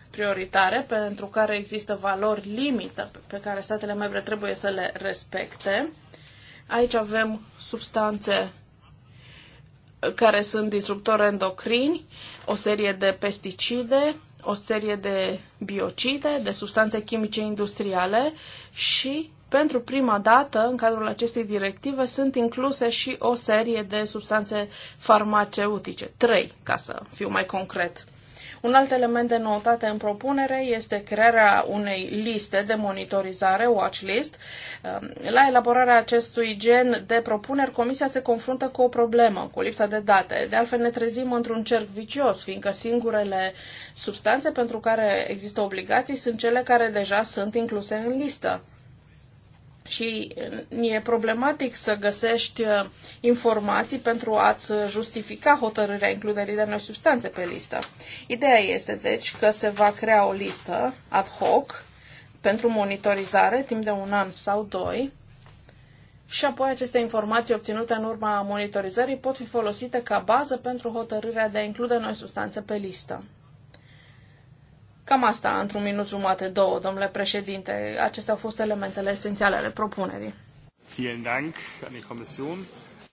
prioritare pentru care există valori limită pe care statele membre trebuie să le respecte. Aici avem substanțe care sunt disruptori endocrini, o serie de pesticide, o serie de biocide, de substanțe chimice industriale și pentru prima dată, în cadrul acestei directive, sunt incluse și o serie de substanțe farmaceutice. Trei, ca să fiu mai concret. Un alt element de noutate în propunere este crearea unei liste de monitorizare, watchlist. Ehm, la elaborarea acestui gen de propuneri, Comisia se confruntă cu o problemă, cu lipsa de date. De altfel, ne trezim într-un cerc vicios, fiindcă singurele substanțe pentru care există obligații sunt cele care deja sunt incluse în listă și e problematic să găsești uh, informații pentru a-ți justifica hotărârea includerii de noi substanțe pe listă. Ideea este, deci, că se va crea o listă ad hoc pentru monitorizare timp de un an sau doi și apoi aceste informații obținute în urma monitorizării pot fi folosite ca bază pentru hotărârea de a include noi substanțe pe listă. Cam asta, într-un minut jumate, două, domnule președinte. Acestea au fost elementele esențiale ale propunerii.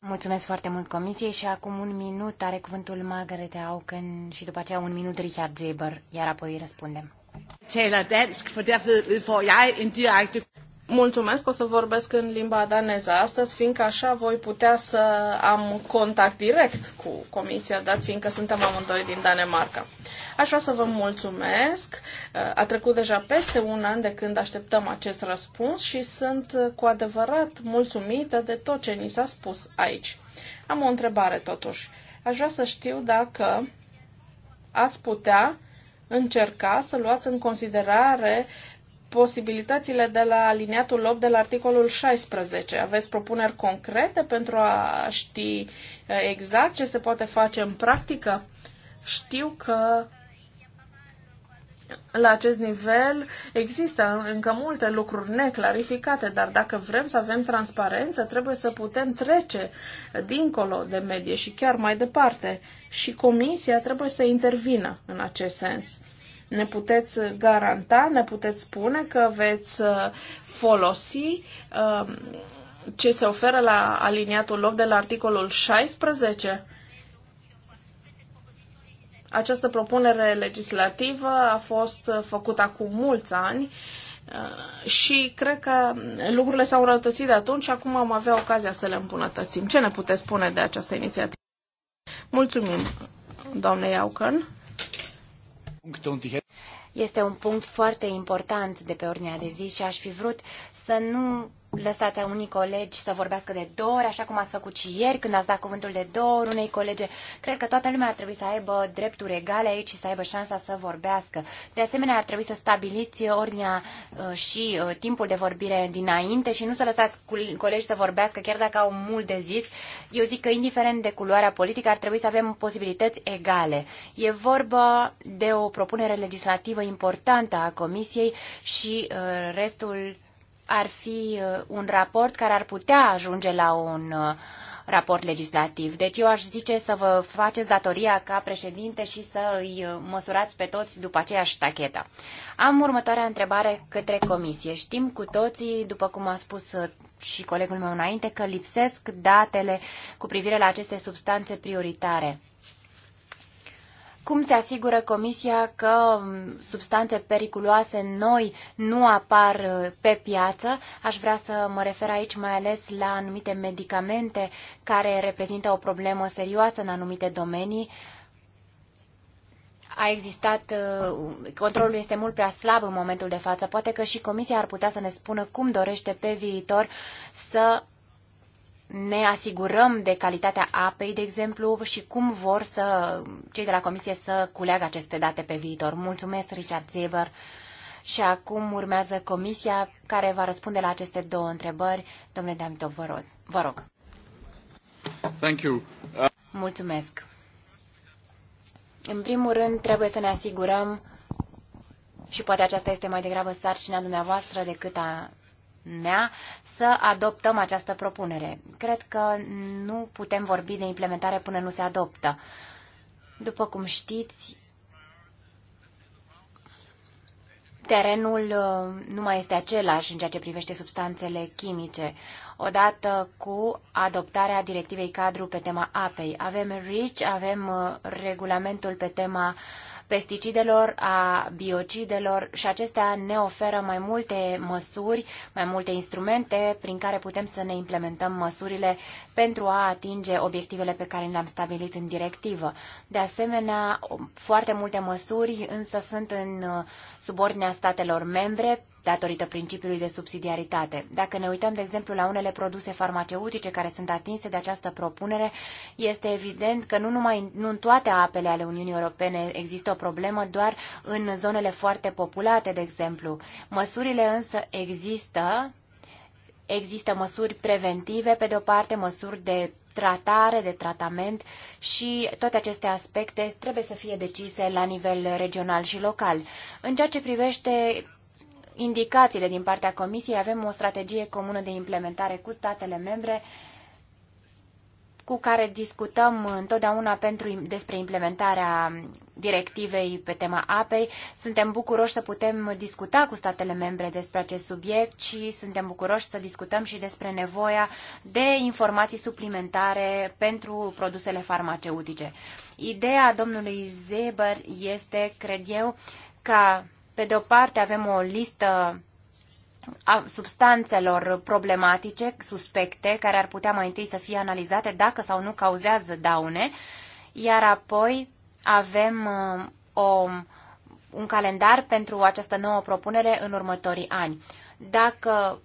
Mulțumesc foarte mult Comisie și acum un minut are cuvântul Margaret Auken și după aceea un minut Richard Zeber, iar apoi răspundem. Taler dansk, for derved får jeg en direkte Mulțumesc, o să vorbesc în limba daneză astăzi, fiindcă așa voi putea să am contact direct cu comisia, dat fiindcă suntem amândoi din Danemarca. Aș vrea să vă mulțumesc. A trecut deja peste un an de când așteptăm acest răspuns și sunt cu adevărat mulțumită de tot ce ni s-a spus aici. Am o întrebare totuși. Aș vrea să știu dacă ați putea încerca să luați în considerare posibilitățile de la aliniatul 8 de la articolul 16. Aveți propuneri concrete pentru a ști eh, exact ce se poate face în practică? Știu că la acest nivel există încă multe lucruri neclarificate, dar dacă vrem să avem transparență, trebuie să putem trece dincolo de medie și chiar mai departe. Și comisia trebuie să intervină în acest sens. Ne puteți garanta, ne puteți spune că veți uh, folosi um, ce se oferă la aliniatul loc de la articolul 16? Această propunere legislativă a fost uh, făcută acum mulți ani uh, și cred că lucrurile s-au înrăutățit de atunci și acum am avea ocazia să le îmbunătățim. Ce ne puteți spune de această inițiativă? Mulțumim, doamne Iaucăn. Este un punct foarte important de pe ordinea de zi și aș fi vrut să nu lăsați unii colegi să vorbească de două ori, așa cum ați făcut și ieri când ați dat cuvântul de două ori unei colege. Cred că toată lumea ar trebui să aibă drepturi egale aici și să aibă șansa să vorbească. De asemenea, ar trebui să stabiliți ordinea uh, și uh, timpul de vorbire dinainte și nu să lăsați colegi să vorbească chiar dacă au mult de zis. Eu zic că, indiferent de culoarea politică, ar trebui să avem posibilități egale. E vorba de o propunere legislativă importantă a Comisiei și uh, restul ar fi uh, un raport care ar putea ajunge la un uh, raport legislativ. Deci eu aș zice să vă faceți datoria ca președinte și să îi uh, măsurați pe toți după aceeași tacheta. Am următoarea întrebare către comisie. Știm cu toții, după cum a spus și colegul meu înainte, că lipsesc datele cu privire la aceste substanțe prioritare. Cum se asigură Comisia că um, substanțe periculoase noi nu apar uh, pe piață? Aș vrea să mă refer aici mai ales la anumite medicamente care reprezintă o problemă serioasă în anumite domenii. A existat, uh, controlul este mult prea slab în momentul de față. Poate că și Comisia ar putea să ne spună cum dorește pe viitor să ne asigurăm de calitatea apei, de exemplu, și cum vor să cei de la Comisie să culeagă aceste date pe viitor. Mulțumesc, Richard Zeber. Și acum urmează Comisia care va răspunde la aceste două întrebări. Domnule Damitov, vă, roz, vă rog. Thank you. Uh... Mulțumesc. În primul rând, trebuie să ne asigurăm și poate aceasta este mai degrabă sarcina dumneavoastră decât a mea să adoptăm această propunere. Cred că nu putem vorbi de implementare până nu se adoptă. După cum știți, terenul uh, nu mai este același în ceea ce privește substanțele chimice. Odată cu adoptarea directivei cadru pe tema apei, avem REACH, avem uh, regulamentul pe tema uh, pesticidelor, a biocidelor și acestea ne oferă mai multe măsuri, mai multe instrumente prin care putem să ne implementăm măsurile pentru a atinge obiectivele pe care le-am stabilit în directivă. De asemenea, foarte multe măsuri însă sunt în subordinea statelor membre datorită principiului de subsidiaritate. Dacă ne uităm, de exemplu, la unele produse farmaceutice care sunt atinse de această propunere, este evident că nu numai nu în toate apele ale Uniunii Europene există o problemă, doar în zonele foarte populate, de exemplu. Măsurile însă există, Există măsuri preventive, pe de o parte, măsuri de tratare, de tratament și toate aceste aspecte trebuie să fie decise la nivel regional și local. În ceea ce privește indicațiile din partea Comisiei, avem o strategie comună de implementare cu statele membre cu care discutăm întotdeauna pentru, despre implementarea directivei pe tema apei. Suntem bucuroși să putem discuta cu statele membre despre acest subiect și suntem bucuroși să discutăm și despre nevoia de informații suplimentare pentru produsele farmaceutice. Ideea domnului Zeber este, cred eu, ca pe de o parte avem o listă a substanțelor problematice, suspecte, care ar putea mai întâi să fie analizate dacă sau nu cauzează daune, iar apoi avem uh, o, un calendar pentru această nouă propunere în următorii ani. Dacă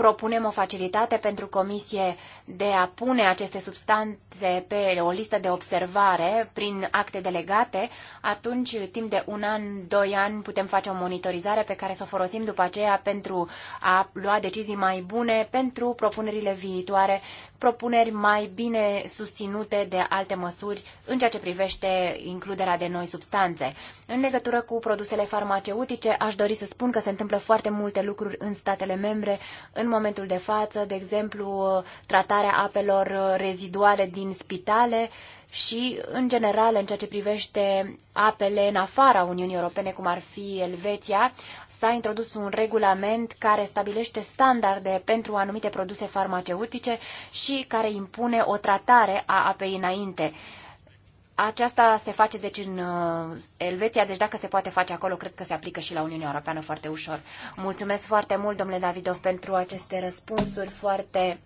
propunem o facilitate pentru comisie de a pune aceste substanțe pe o listă de observare prin acte delegate, atunci timp de un an, doi ani putem face o monitorizare pe care să o folosim după aceea pentru a lua decizii mai bune pentru propunerile viitoare, propuneri mai bine susținute de alte măsuri în ceea ce privește includerea de noi substanțe. În legătură cu produsele farmaceutice, aș dori să spun că se întâmplă foarte multe lucruri în statele membre în în momentul de față, de exemplu, tratarea apelor reziduale din spitale și, în general, în ceea ce privește apele în afara Uniunii Europene, cum ar fi Elveția, s-a introdus un regulament care stabilește standarde pentru anumite produse farmaceutice și care impune o tratare a apei înainte. Aceasta se face deci în uh, Elveția, deci dacă se poate face acolo, cred că se aplică și la Uniunea Europeană foarte ușor. Mulțumesc foarte mult, domnule Davidov, pentru aceste răspunsuri foarte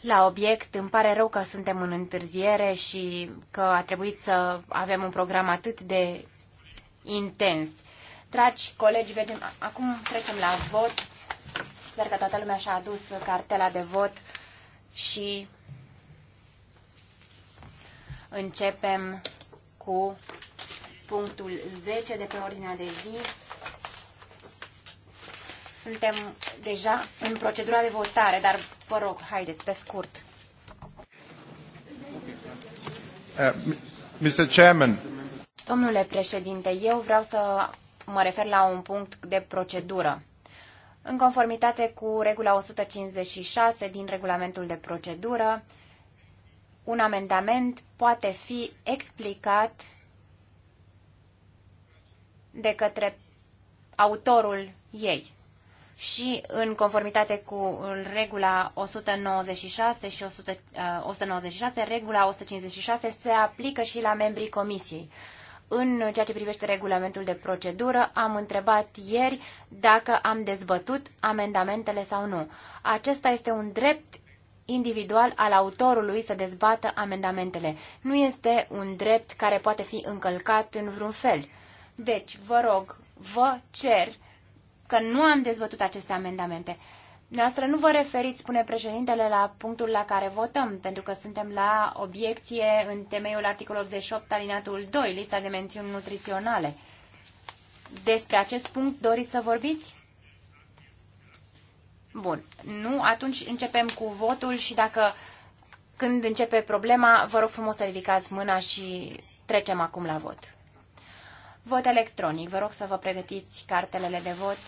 la obiect. Îmi pare rău că suntem în întârziere și că a trebuit să avem un program atât de intens. Dragi colegi, vedem, acum trecem la vot. Sper că toată lumea și-a adus cartela de vot și Începem cu punctul 10 de pe ordinea de zi. Suntem deja în procedura de votare, dar vă rog, haideți, pe scurt. Uh, Mr. Chairman. Domnule președinte, eu vreau să mă refer la un punct de procedură. În conformitate cu regula 156 din regulamentul de procedură, un amendament poate fi explicat de către autorul ei. Și în conformitate cu regula 196 și 100, 196, uh, regula 156 se aplică și la membrii comisiei. În ceea ce privește regulamentul de procedură, am întrebat ieri dacă am dezbătut amendamentele sau nu. Acesta este un drept individual al autorului să dezbată amendamentele. Nu este un drept care poate fi încălcat în vreun fel. Deci, vă rog, vă cer că nu am dezbătut aceste amendamente. Noastră nu vă referiți, spune președintele, la punctul la care votăm, pentru că suntem la obiecție în temeiul articolului 88 alinatul 2, lista de mențiuni nutriționale. Despre acest punct doriți să vorbiți? Bun. Nu? Atunci începem cu votul și dacă când începe problema, vă rog frumos să ridicați mâna și trecem acum la vot. Vot electronic. Vă rog să vă pregătiți cartelele de vot.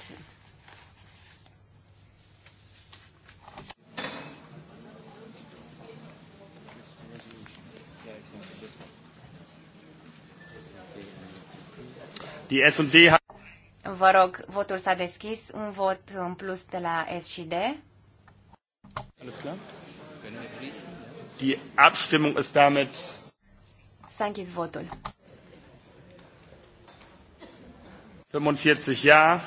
Die S&D Vă rog, votul s-a deschis. Un vot în plus de la S și D. Die Abstimmung ist damit... S-a închis votul. 45 ja,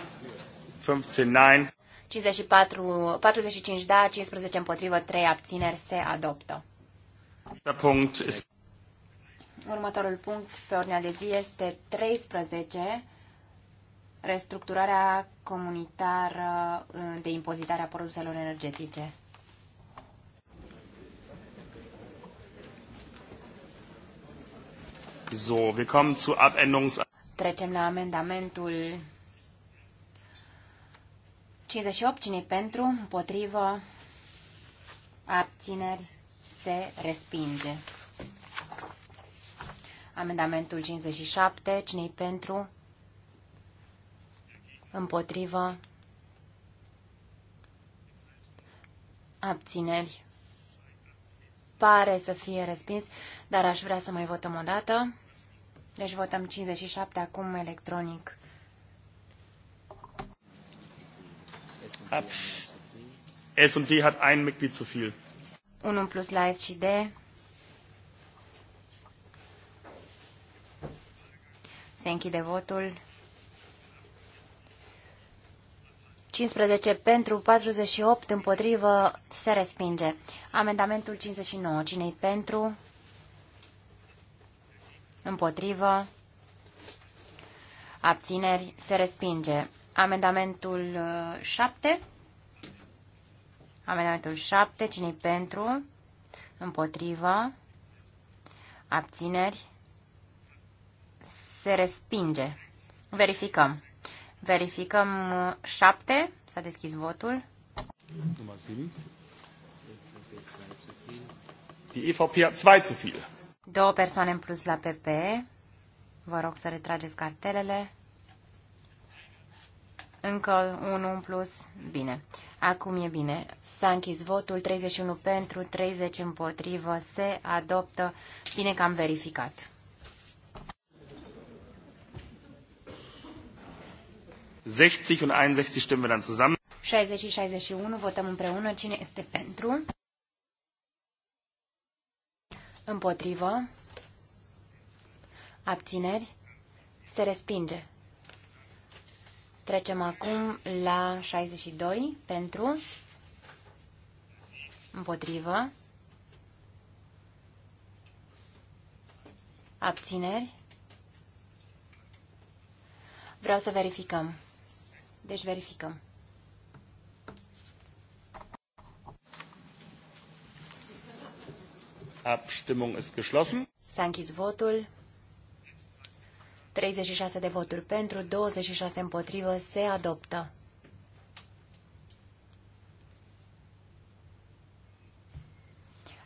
15 nein. 54, 45 da, 15 împotrivă, 3 abțineri se adoptă. Punct. Următorul punct pe ordinea de zi este 13 restructurarea comunitară de impozitare a produselor energetice. So, wir kommen zu Abendungs Trecem la amendamentul 58. Cine pentru? Împotrivă? Abțineri? Se respinge. Amendamentul 57. cine pentru? împotrivă, abțineri. Pare să fie respins, dar aș vrea să mai votăm o dată. Deci votăm 57 acum electronic. S&T hat ein Mitglied zu viel. Unul plus la S și D. Se închide votul. 15 pentru, 48 împotrivă, se respinge. Amendamentul 59, cine pentru? Împotrivă. Abțineri, se respinge. Amendamentul 7. Uh, Amendamentul 7, cine pentru? Împotrivă. Abțineri, se respinge. Verificăm. Verificăm 7. Uh, S-a deschis votul. Die EVP hat zwei zu viel. Două persoane în plus la PP. Vă rog să retrageți cartelele. Încă unul în plus. Bine. Acum e bine. S-a închis votul. 31 pentru, 30 împotrivă. Se adoptă. Bine că am verificat. 60 und 61 stimmen wir dann zusammen. 60 și 61 votăm împreună. Cine este pentru? Împotrivă? Abțineri? Se respinge. Trecem acum la 62 pentru împotrivă abțineri. Vreau să verificăm. Deci verificăm. Abstimmung ist geschlossen. S-a închis votul. 36 de voturi pentru, 26 împotrivă, se adoptă.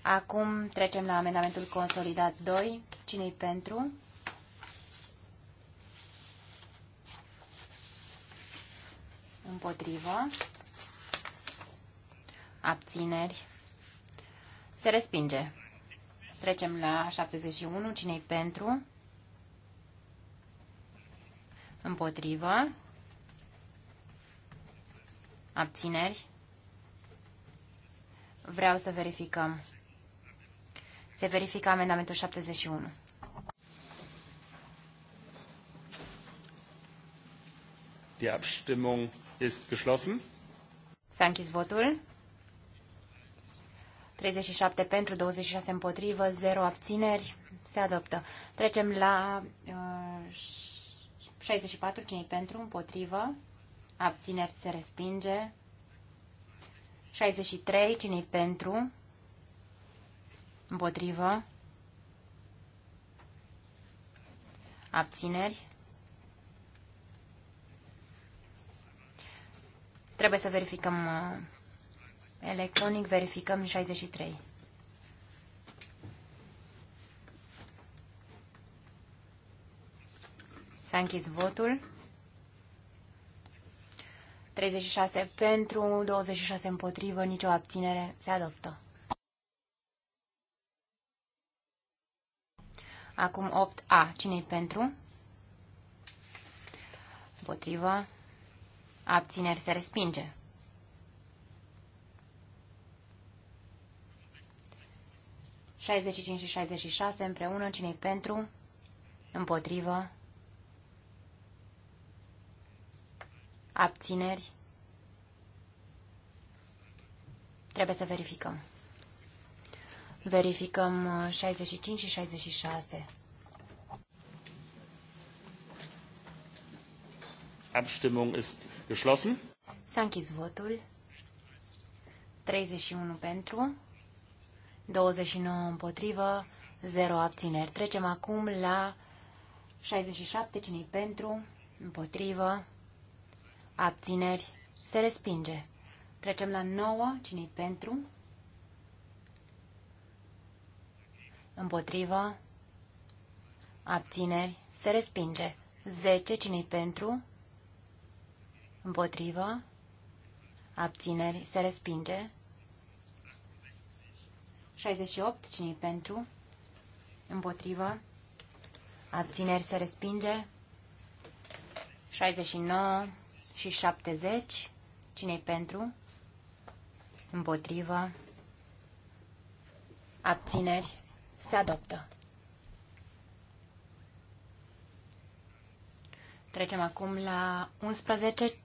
Acum trecem la amendamentul consolidat 2. Cine-i pentru? Împotrivă. Abțineri. Se respinge. Trecem la 71. Cine-i pentru? Împotrivă. Abțineri. Vreau să verificăm. Se verifică amendamentul 71. Die Abstimmung ist geschlossen. S-a închis votul. 37 pentru, 26 împotrivă, 0 abțineri. Se adoptă. Trecem la uh, 64, cine pentru, împotrivă, abțineri se respinge. 63, cine pentru, împotrivă, abțineri Trebuie să verificăm uh, electronic, verificăm 63. S-a închis votul. 36 pentru, 26 împotrivă, nicio abținere. Se adoptă. Acum 8A. Cine-i pentru? Împotrivă. Abțineri se respinge. Șaizeci și 66 împreună, cine pentru? Împotrivă. Abțineri. Trebuie să verificăm. Verificăm 65 uh, și 66. Abstimmung ist Geschlossen. S-a închis votul. 31 pentru, 29 împotrivă, 0 abțineri. Trecem acum la 67, cine pentru, împotrivă, abțineri, se respinge. Trecem la 9, cine pentru, împotrivă, abțineri, se respinge. 10, cine pentru, Împotrivă. Abțineri. Se respinge. 68. cine pentru? Împotrivă. Abțineri. Se respinge. 69 și 70. cine pentru? Împotrivă. Abțineri. Se adoptă. Trecem acum la 11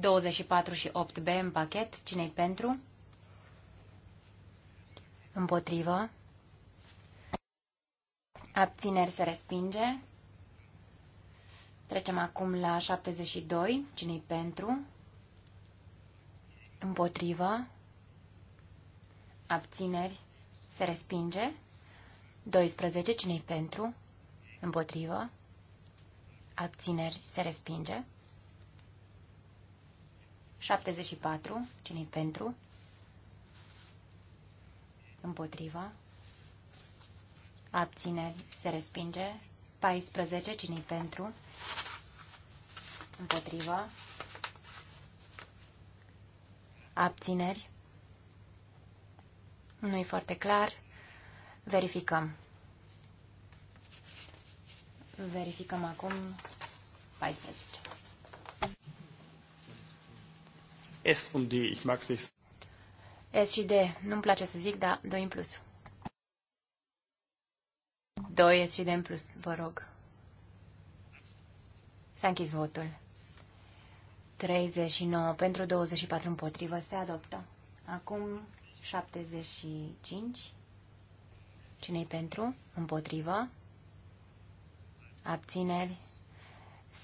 24 și 8B în pachet. Cine-i pentru? Împotrivă. Abțineri se respinge. Trecem acum la 72. Cine-i pentru? Împotrivă. Abțineri se respinge. 12. Cine-i pentru? Împotrivă. Abțineri se respinge. 74. cine pentru? Împotriva. Abțineri. Se respinge. 14. cine pentru? Împotriva. Abțineri. Nu-i foarte clar. Verificăm. Verificăm acum 14. S und D. Ich mag es nicht. S și D. Nu-mi place să zic, dar 2 în plus. 2 S și D în plus, vă rog. S-a închis votul. 39 pentru 24 împotrivă se adoptă. Acum 75. Cine-i pentru? Împotrivă. Abțineri.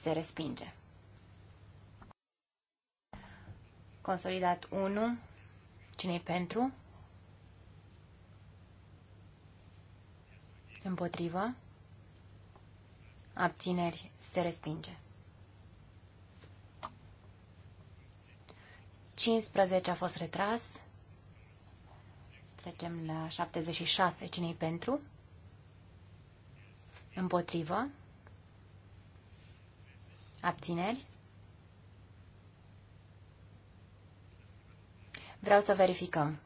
Se respinge. Consolidat 1. Cine-i pentru? Împotrivă. Abțineri. Se respinge. 15 a fost retras. Trecem la 76. cine e pentru? Împotrivă. Abțineri. Vreau să verificăm.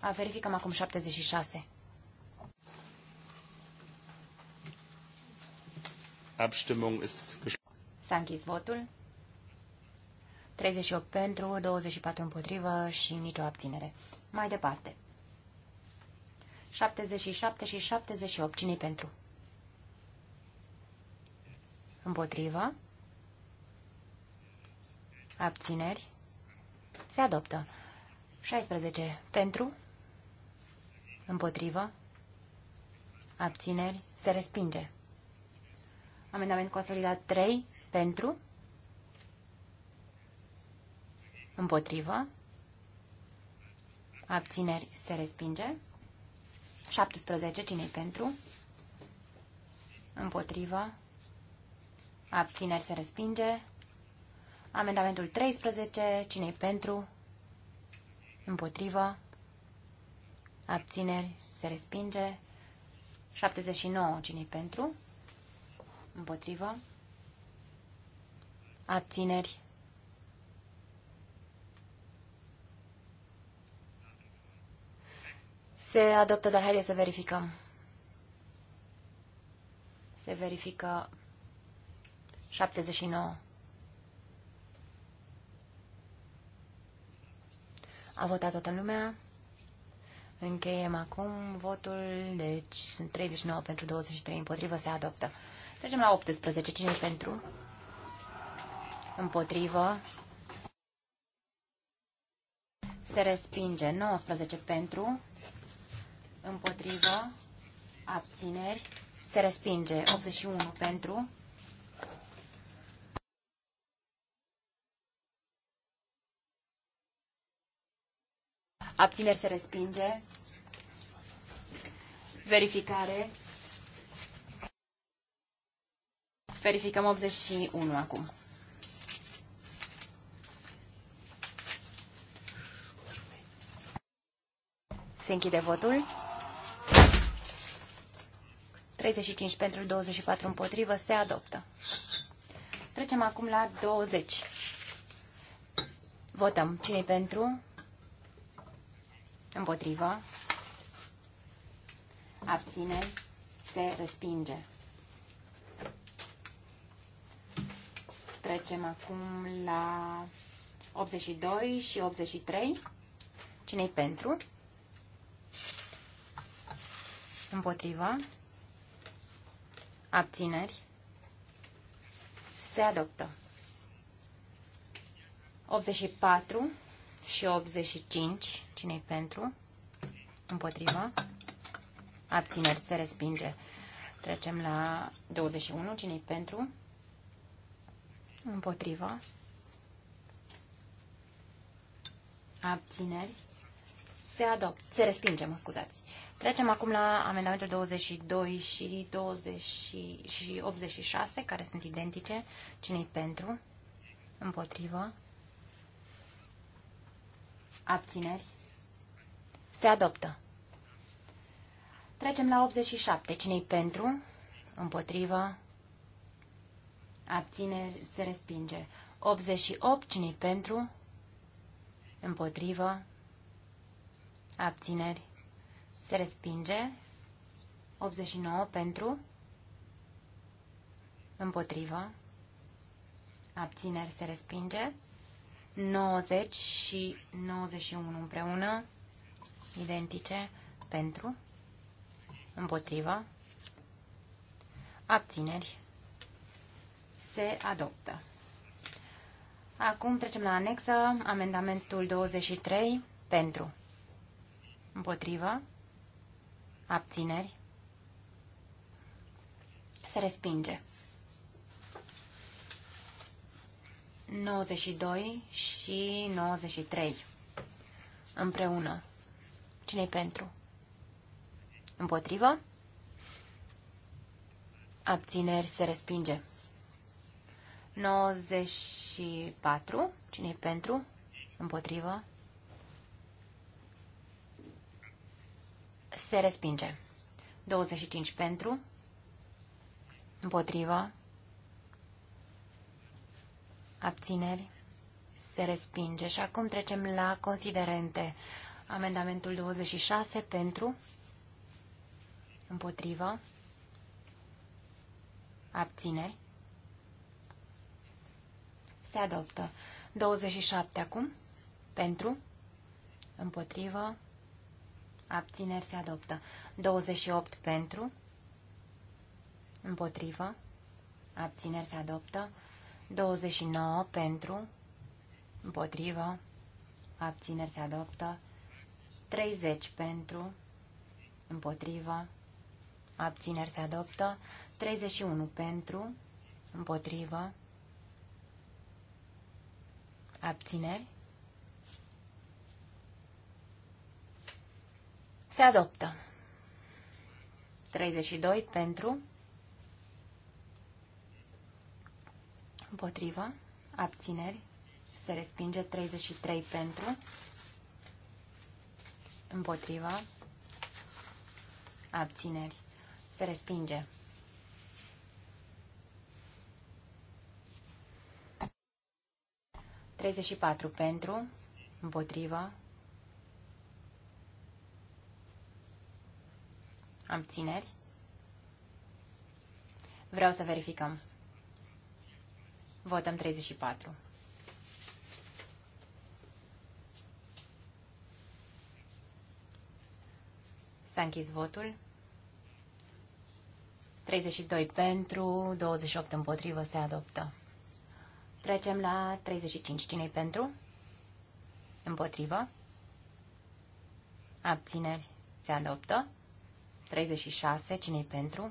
A, verificăm acum 76. Abstimmung ist S-a închis votul. 38 pentru, 24 împotrivă și nicio abținere. Mai departe. 77 și 78. cine pentru? Împotrivă. Abțineri. Se adoptă. 16. Pentru? Împotrivă? Abțineri? Se respinge. Amendament consolidat 3. Pentru? Împotrivă? Abțineri? Se respinge. 17. cine pentru? Împotrivă? Abțineri? Se respinge. Amendamentul 13, cine pentru? Împotrivă? Abțineri? Se respinge. 79, cine pentru? Împotrivă? Abțineri? Se adoptă, dar haideți să verificăm. Se verifică 79. A votat toată lumea. Încheiem acum votul, deci sunt 39 pentru 23 împotrivă, se adoptă. Trecem la 18. Cine pentru? Împotrivă. Se respinge 19 pentru, împotrivă, abțineri, se respinge 81 pentru, Abțineri se respinge. Verificare. Verificăm 81 acum. Se închide votul. 35 pentru 24 împotrivă se adoptă. Trecem acum la 20. Votăm. Cine-i pentru? Împotrivă. Abțineri. Se respinge. Trecem acum la 82 și 83. Cine-i pentru? Împotrivă. Abțineri. Se adoptă. 84 și 85. cine pentru? Împotrivă. Abțineri. Se respinge. Trecem la 21. cine pentru? Împotrivă. Abțineri. Se adopt Se respinge, mă scuzați. Trecem acum la amendamentul 22 și, 20 și 86, care sunt identice. cine pentru? Împotrivă abțineri, se adoptă. Trecem la 87. Cine-i pentru? Împotrivă. Abțineri se respinge. 88. Cine-i pentru? Împotrivă. Abțineri se respinge. 89 pentru. Împotrivă. Abțineri se respinge. 90 și 91 împreună, identice, pentru, împotriva, abțineri, se adoptă. Acum trecem la anexă, amendamentul 23, pentru, împotriva, abțineri, se respinge. 92 și 93 împreună. Cine-i pentru? Împotrivă? Abțineri se respinge. 94. Cine-i pentru? Împotrivă? Se respinge. 25 pentru? Împotrivă? abțineri, se respinge. Și acum trecem la considerente. Amendamentul 26 pentru, împotrivă, abțineri, se adoptă. 27 acum, pentru, împotrivă, abțineri, se adoptă. 28 pentru, împotrivă, abțineri, se adoptă. 29 pentru, împotrivă, abțineri se adoptă. 30 pentru, împotrivă, abțineri se adoptă. 31 pentru, împotrivă, abțineri. Se adoptă. 32 pentru, Împotrivă. Abțineri. Se respinge 33 pentru. împotrivă, Abțineri. Se respinge. Treizeci și patru pentru, împotrivă, abțineri. Vreau să verificăm. Votăm 34. S-a închis votul. 32 pentru, 28 împotrivă se adoptă. Trecem la 35. cine pentru? Împotrivă. Abțineri se adoptă. 36. cine pentru?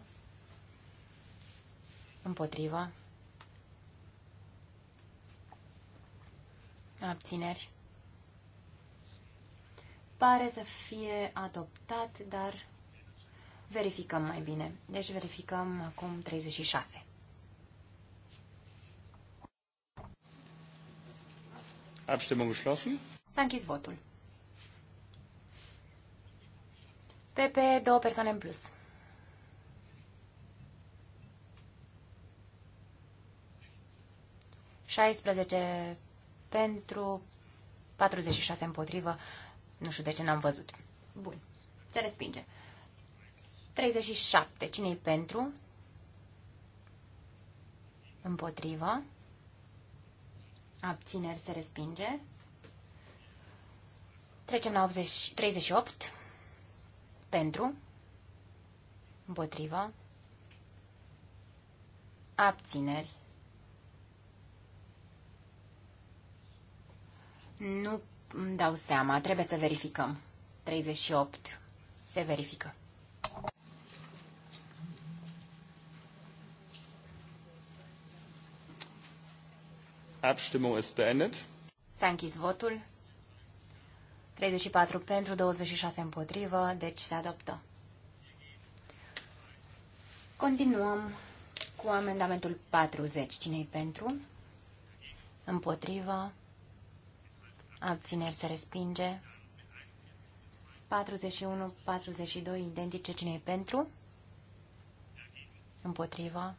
Împotrivă. abțineri. Pare să fie adoptat, dar verificăm mai bine. Deci verificăm acum 36. Abstimmung geschlossen. S-a închis votul. PP, două persoane în plus. Șaisprezece pentru, 46 împotrivă, nu știu de ce n-am văzut. Bun, se respinge. 37, cine-i pentru? Împotrivă. Abțineri se respinge. Trecem la 80, 38. Pentru. Împotrivă. Abțineri. Nu îmi dau seama, trebuie să verificăm. 38 se verifică. Abstimmung ist beendet. S-a închis votul. 34 pentru, 26 împotrivă, deci se adoptă. Continuăm cu amendamentul 40. Cine-i pentru? Împotrivă? abțineri se respinge. 41, 42, identice cine e pentru? Împotriva.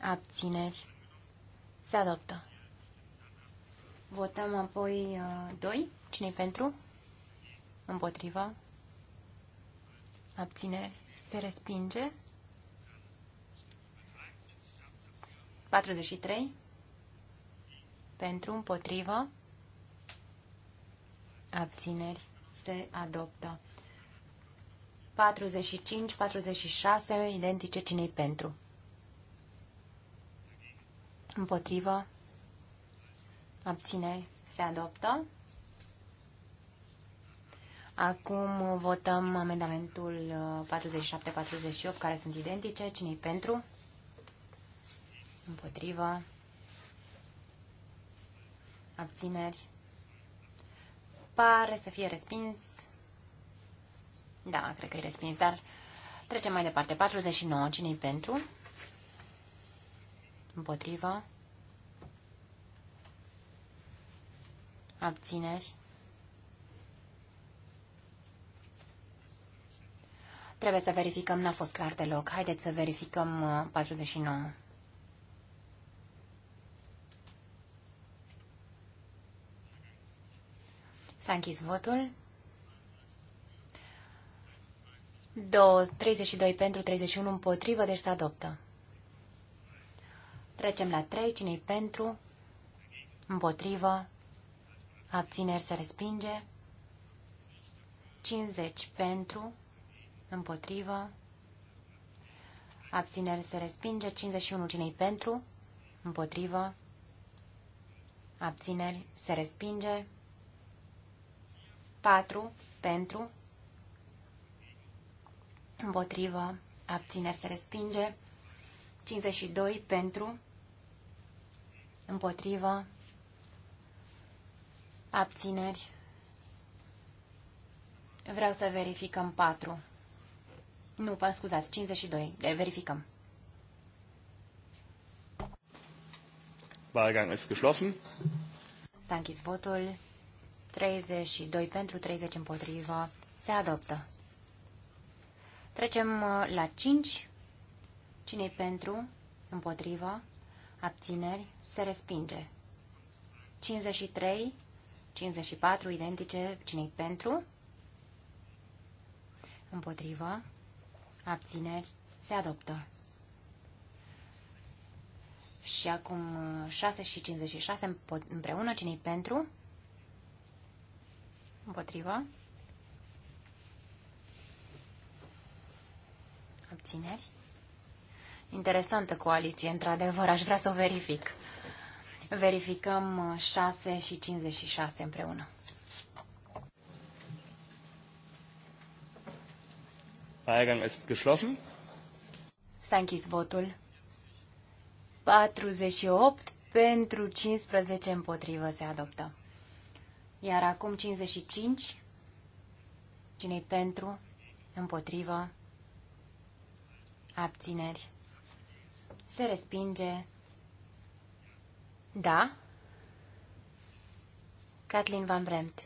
Abțineri. Se adoptă. Votăm apoi 2. Uh, cine e pentru? Împotriva. Abțineri. Se respinge. 43. Pentru, împotrivă abțineri, se adoptă. 45, 46, identice cinei pentru. Împotrivă, abțineri, se adoptă. Acum votăm amendamentul 47-48, uh, care sunt identice. cine pentru? Împotrivă. Abțineri pare să fie respins. Da, cred că e respins, dar trecem mai departe. 49, cine pentru? Împotrivă. Abțineri. Trebuie să verificăm, n-a fost clar deloc. Haideți să verificăm 49. Uh, S-a închis votul. 32 pentru, 31 împotrivă, deci se adoptă. Trecem la 3. cine pentru? Împotrivă. Abțineri se respinge. 50 pentru. Împotrivă. Abțineri se respinge. 51 cine pentru? Împotrivă. Abțineri se respinge. 4 pentru, împotrivă, abțineri se respinge, 52 pentru, împotrivă, abțineri. Vreau să verificăm 4. Nu, vă scuzați, 52. De verificăm. Wahlgang ist geschlossen. Danke, votul. 32 pentru, 30 împotrivă, se adoptă. Trecem uh, la 5. Cine-i pentru, împotrivă, abțineri, se respinge. 53, 54, identice, cine-i pentru, împotrivă, abțineri, se adoptă. Și acum 6 uh, și 56 împreună, cine i pentru? Împotrivă. Abțineri. Interesantă coaliție, într-adevăr. Aș vrea să o verific. Verificăm 6 și 56 împreună. Wahlgang ist geschlossen. S-a închis votul. 48 pentru 15 împotrivă se adoptă. Iar acum 55. Cine-i pentru? Împotrivă? Abțineri? Se respinge? Da? Kathleen Van Bremt.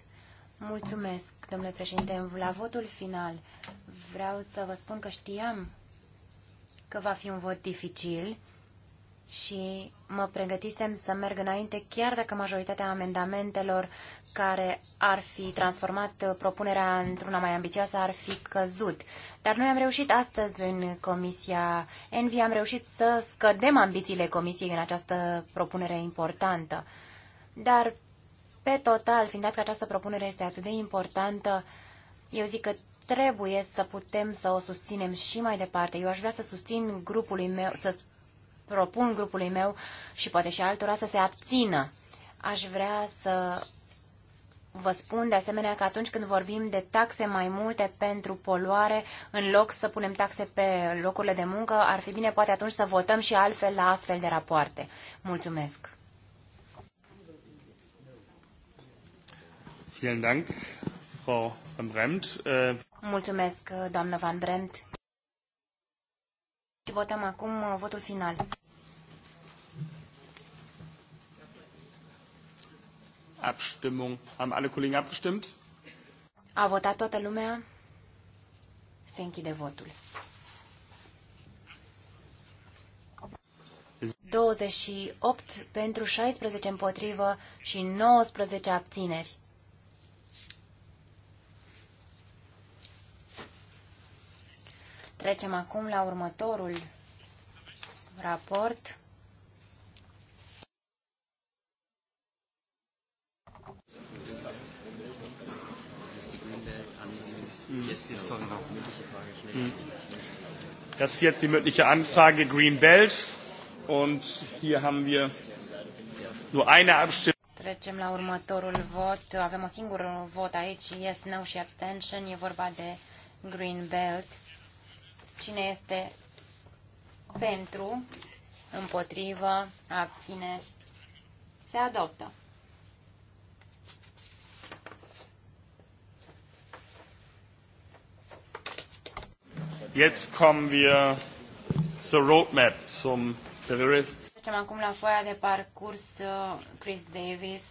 Mulțumesc, domnule președinte. La votul final vreau să vă spun că știam că va fi un vot dificil și mă pregătisem să merg înainte, chiar dacă majoritatea amendamentelor care ar fi transformat uh, propunerea într-una mai ambițioasă ar fi căzut. Dar noi am reușit astăzi în Comisia Envi, am reușit să scădem ambițiile Comisiei în această propunere importantă. Dar, pe total, fiind dat că această propunere este atât de importantă, eu zic că trebuie să putem să o susținem și mai departe. Eu aș vrea să susțin grupului meu, să propun grupului meu și poate și altora să se abțină. Aș vrea să Vă spun de asemenea că atunci când vorbim de taxe mai multe pentru poluare, în loc să punem taxe pe locurile de muncă, ar fi bine poate atunci să votăm și altfel la astfel de rapoarte. Mulțumesc! Vielen Dank, Frau Van Bremt. Äh, Mulțumesc, doamnă Van Bremt. Votăm acum uh, votul final. Abstimmung. Haben alle Kollegen abgestimmt? A votat toată lumea? Se închide votul. 28 pentru 16 împotrivă și 19 abțineri. Trecem acum la următorul raport. Das ist jetzt die mündliche Anfrage Green Belt und hier haben wir nur eine Abstimmung. Trecem la următorul vot. Avem o singură vot aici, yes, no și abstention. E vorba de Green Belt. Cine este pentru, împotrivă, abțineri, se adoptă. Jetzt kommen wir zur Roadmap zum Bericht. Trecem acum la foaia de parcurs uh, Chris Davis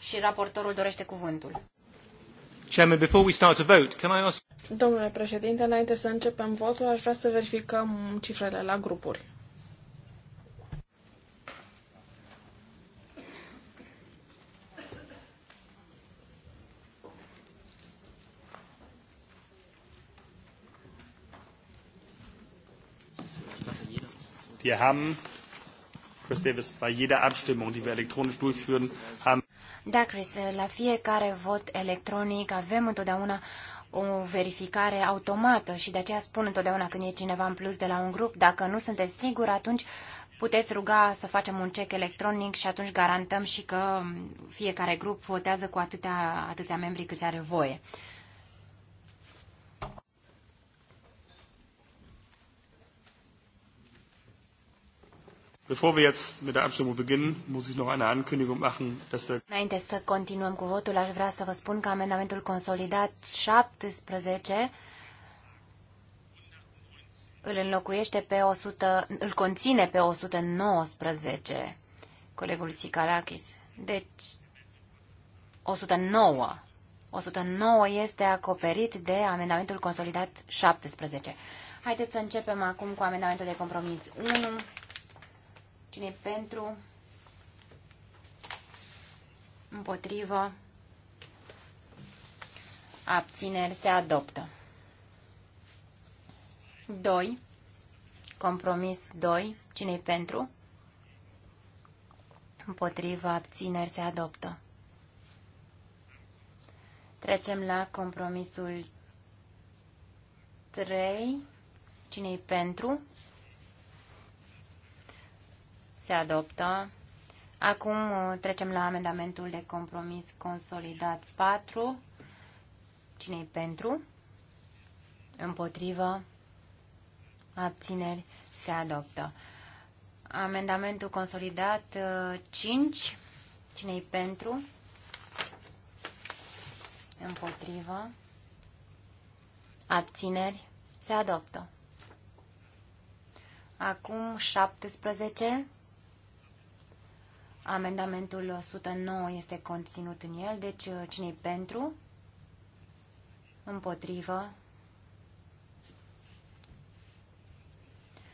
și raportorul dorește cuvântul. Chairman, before we start to vote, can I ask Domnule președinte, înainte să începem votul, aș vrea să verificăm cifrele la grupuri. Wir haben, Chris Davis, bei jeder Abstimmung, die wir elektronisch durchführen, haben da, Chris, la fiecare vot electronic avem întotdeauna o verificare automată și de aceea spun întotdeauna când e cineva în plus de la un grup, dacă nu sunteți sigur, atunci puteți ruga să facem un check electronic și atunci garantăm și că fiecare grup votează cu atâtea, atâtea membri câți are voie. Bevor wir jetzt mit der Abstimmung beginnen, muss ich noch eine Ankündigung machen, dass der Înainte să continuăm cu votul, aș vrea să vă spun că amendamentul consolidat 17 îl înlocuiește pe 100, îl conține pe 119 colegul Sicalakis. Deci 109 109 este acoperit de amendamentul consolidat 17. Haideți să începem acum cu amendamentul de compromis 1 cine e pentru, împotrivă, abțineri se adoptă. 2. Compromis 2. cine e pentru? Împotrivă abțineri se adoptă. Trecem la compromisul 3. Cine-i pentru? se adoptă. Acum uh, trecem la amendamentul de compromis consolidat 4. Cine-i pentru? Împotrivă? Abțineri? Se adoptă. Amendamentul consolidat 5. Uh, Cine-i pentru? Împotrivă? Abțineri? Se adoptă. Acum 17. Amendamentul 109 este conținut în el, deci uh, cine pentru? Împotrivă?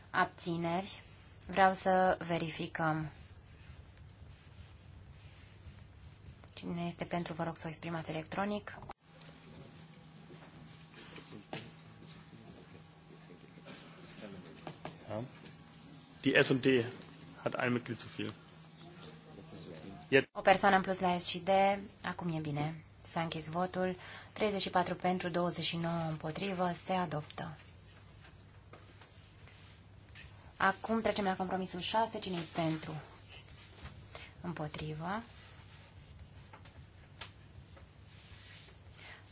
Abțineri? Vreau să verificăm. Cine este pentru, vă rog să o exprimați electronic. Die SMD, hat ein Mitglied zu viel. O persoană în plus la SCD, Acum e bine. S-a închis votul. 34 pentru, 29 împotrivă. Se adoptă. Acum trecem la compromisul 6. cine pentru? Împotrivă.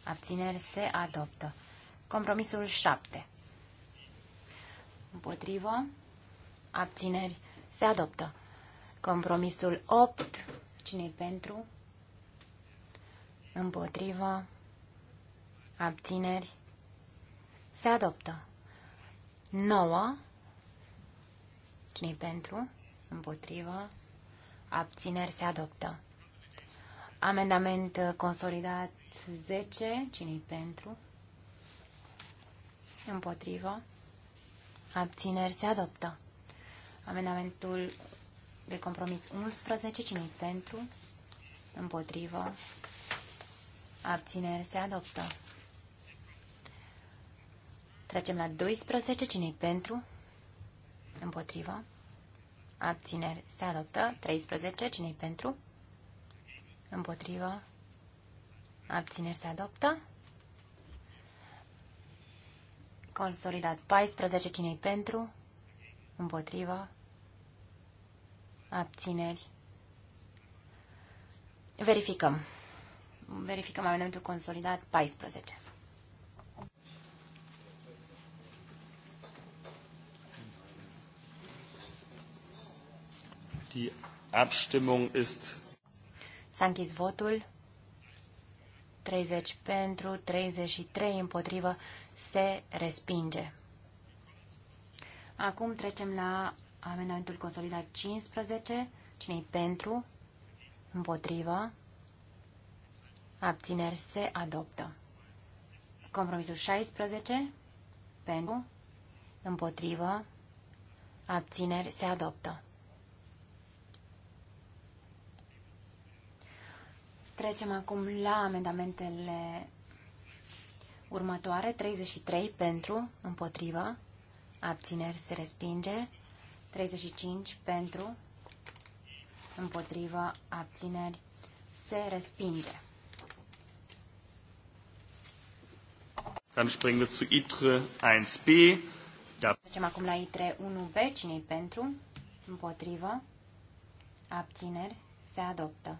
Abțineri se adoptă. Compromisul 7. Împotrivă. Abțineri se adoptă. Compromisul 8 cine pentru, împotrivă, abțineri, se adoptă. 9. cine pentru, împotrivă, abțineri, se adoptă. Amendament consolidat 10. cine pentru, împotrivă, abțineri, se adoptă. Amendamentul de compromis 11. cine pentru? Împotrivă. Abțineri se adoptă. Trecem la 12. cine pentru? Împotrivă. Abțineri se adoptă. 13. cine pentru? Împotrivă. Abțineri se adoptă. Consolidat 14. cine pentru? Împotrivă abțineri. Verificăm. Verificăm amendamentul consolidat 14. Die Abstimmung ist S-a închis votul. 30 pentru, 33 împotrivă, se respinge. Acum trecem la Amendamentul consolidat 15. Cine-i pentru? Împotrivă? Abțineri se adoptă. Compromisul 16. Pentru? Împotrivă? Abțineri se adoptă. Trecem acum la amendamentele următoare. 33 pentru, împotrivă, abțineri se respinge. 35 pentru, împotriva, abțineri, se respinge. Dann springen wir zu ITRE 1b. Da Facem acum la ITRE 1b, cine pentru, împotrivă, abțineri, se adoptă.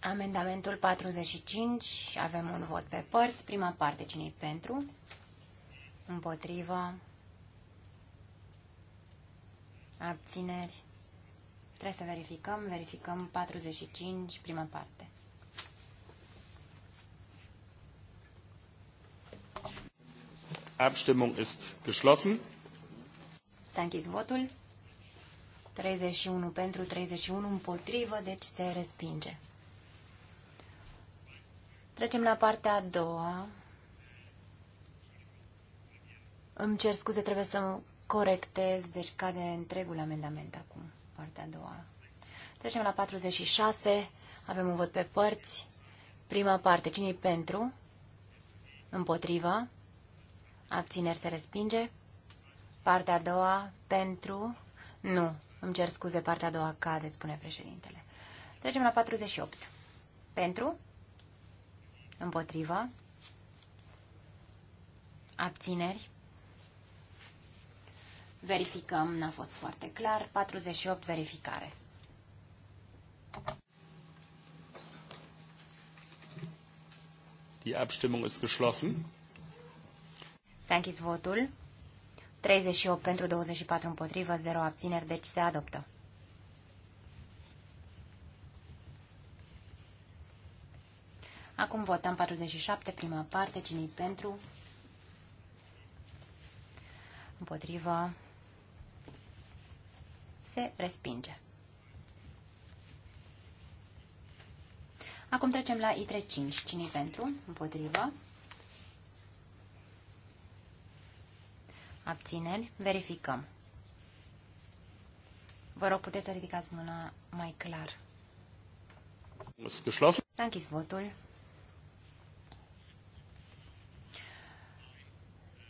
Amendamentul 45, avem un vot pe părți. Prima parte, cine pentru? Împotrivă, abțineri. Trebuie să verificăm. Verificăm 45, prima parte. Abstimmung ist geschlossen. S-a închis votul. 31 pentru, 31 împotrivă, deci se respinge. Trecem la partea a doua. Îmi cer scuze, trebuie să corectez, deci cade întregul amendament acum, partea a doua. Trecem la 46, avem un vot pe părți. Prima parte, cine pentru? Împotrivă. Abțineri se respinge. Partea a doua, pentru? Nu. Îmi cer scuze, partea a doua cade, spune președintele. Trecem la 48. Pentru? Împotrivă. Abțineri. Verificăm, n-a fost foarte clar. 48 verificare. Die Abstimmung ist geschlossen. Thank you, votul. 38 pentru 24 împotrivă, 0 abțineri, deci se adoptă. Acum votăm 47, prima parte, cine pentru? Împotrivă, se respinge. Acum trecem la I35. cine pentru? Împotrivă. Abțineri. Verificăm. Vă rog, puteți să ridicați mâna mai clar. S-a închis votul.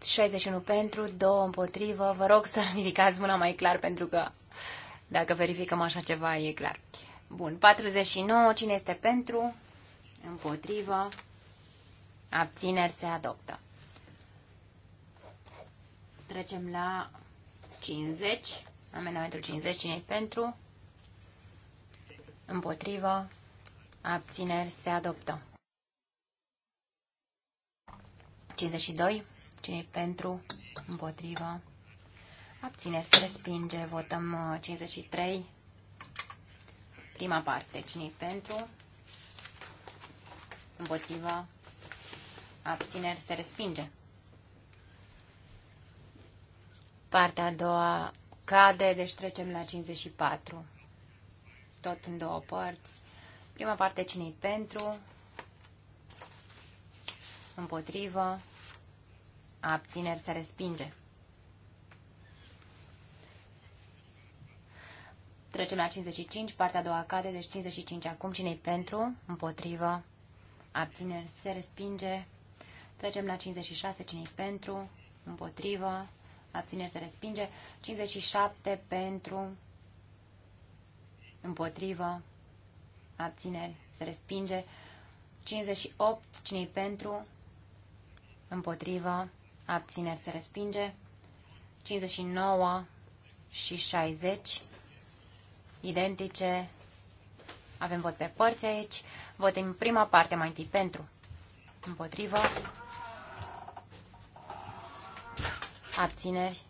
61 pentru, 2 împotrivă. Vă rog să ridicați mâna mai clar pentru că dacă verificăm așa ceva, e clar. Bun, 49, cine este pentru? Împotrivă. Abțineri se adoptă. Trecem la 50. Amendamentul 50, cine e pentru? Împotrivă. Abțineri se adoptă. 52. Cine e pentru? Împotrivă. Abține, se respinge. Votăm 53. Uh, Prima parte. cine pentru? Împotriva. Abțineri se respinge. Partea a doua cade, deci trecem la 54. Tot în două părți. Prima parte cine pentru? Împotrivă. Abțineri se respinge. Trecem la 55, partea a doua cade, deci 55 acum. Cine-i pentru? Împotrivă. Abțineri se respinge. Trecem la 56, cine-i pentru? Împotrivă. Abțineri se respinge. 57 pentru. Împotrivă. Abțineri se respinge. 58, cine-i pentru? Împotrivă. Abțineri se respinge. 59 și 60 identice. Avem vot pe părți aici. Votăm în prima parte mai întâi pentru. Împotrivă. Abțineri.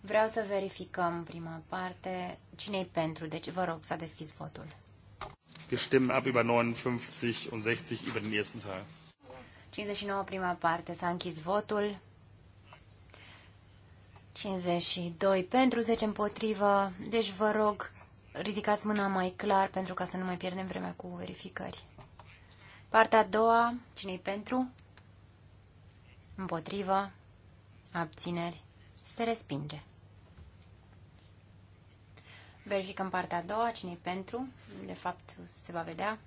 Vreau să verificăm prima parte. cine e pentru? Deci vă rog să deschis votul. Wir stimmen ab über 59 und 60 über den ersten Teil. 59 prima parte. S-a închis votul. 52 pentru, 10 împotrivă. Deci vă rog, ridicați mâna mai clar pentru ca să nu mai pierdem vremea cu verificări. Partea a doua, cine pentru? Împotrivă. Abțineri. Se respinge. Verificăm partea a doua, cine pentru. De fapt, se va vedea.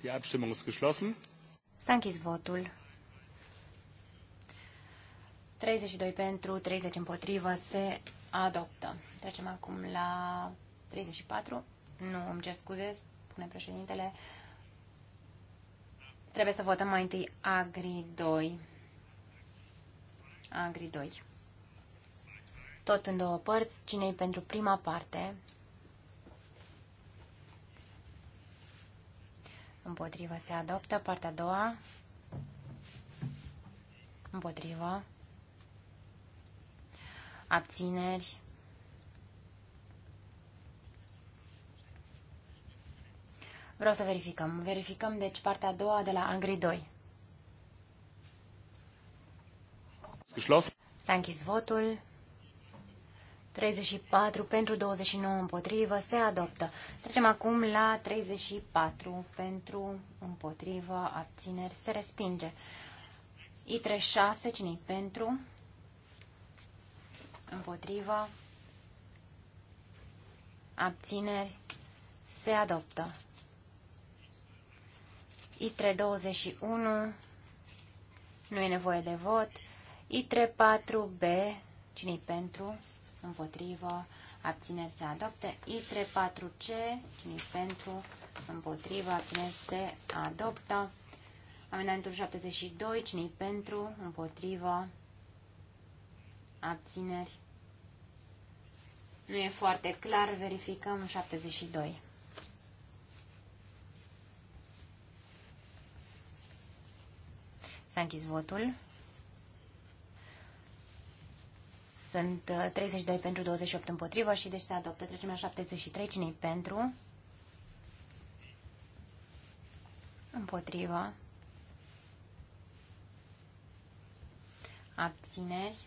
Die Abstimmung ist geschlossen. S-a închis votul. 32 pentru, 30 împotrivă, se adoptă. Trecem acum la 34. Nu, îmi cer scuze, spune președintele. Trebuie să votăm mai întâi Agri 2. Agri 2. Tot în două părți. cine pentru prima parte? Împotrivă se adoptă. Partea a doua. Împotrivă abțineri. Vreau să verificăm. Verificăm, deci, partea a doua de la Angri 2. S-a închis votul. 34 pentru 29 împotrivă se adoptă. Trecem acum la 34 pentru împotrivă abțineri se respinge. I36 cine pentru împotriva, abțineri, se adoptă. ITRE 21, nu e nevoie de vot. ITRE 4B, cine pentru, împotriva, abțineri, se adoptă. ITRE 4C, cine pentru, împotriva, abțineri, se adoptă. Amendamentul 72, cine pentru, împotriva, abțineri, nu e foarte clar, verificăm 72. S-a închis votul. Sunt 32 uh, pentru, 28 împotrivă și deci se adoptă. Trecem la 73. cine pentru? Împotrivă. Abțineri.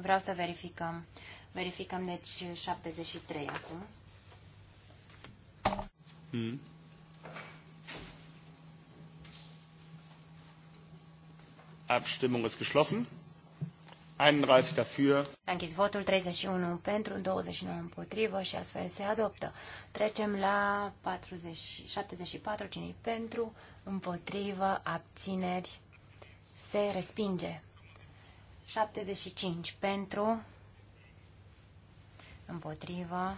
Vreau să verificăm. Verificăm, deci, 73 acum. Mm. Abstimmung ist geschlossen. 31 dafür. A închis votul 31 pentru, 29 împotrivă și astfel se adoptă. Trecem la 40, 74, cine pentru, împotrivă, abțineri, se respinge. 75 pentru, împotrivă,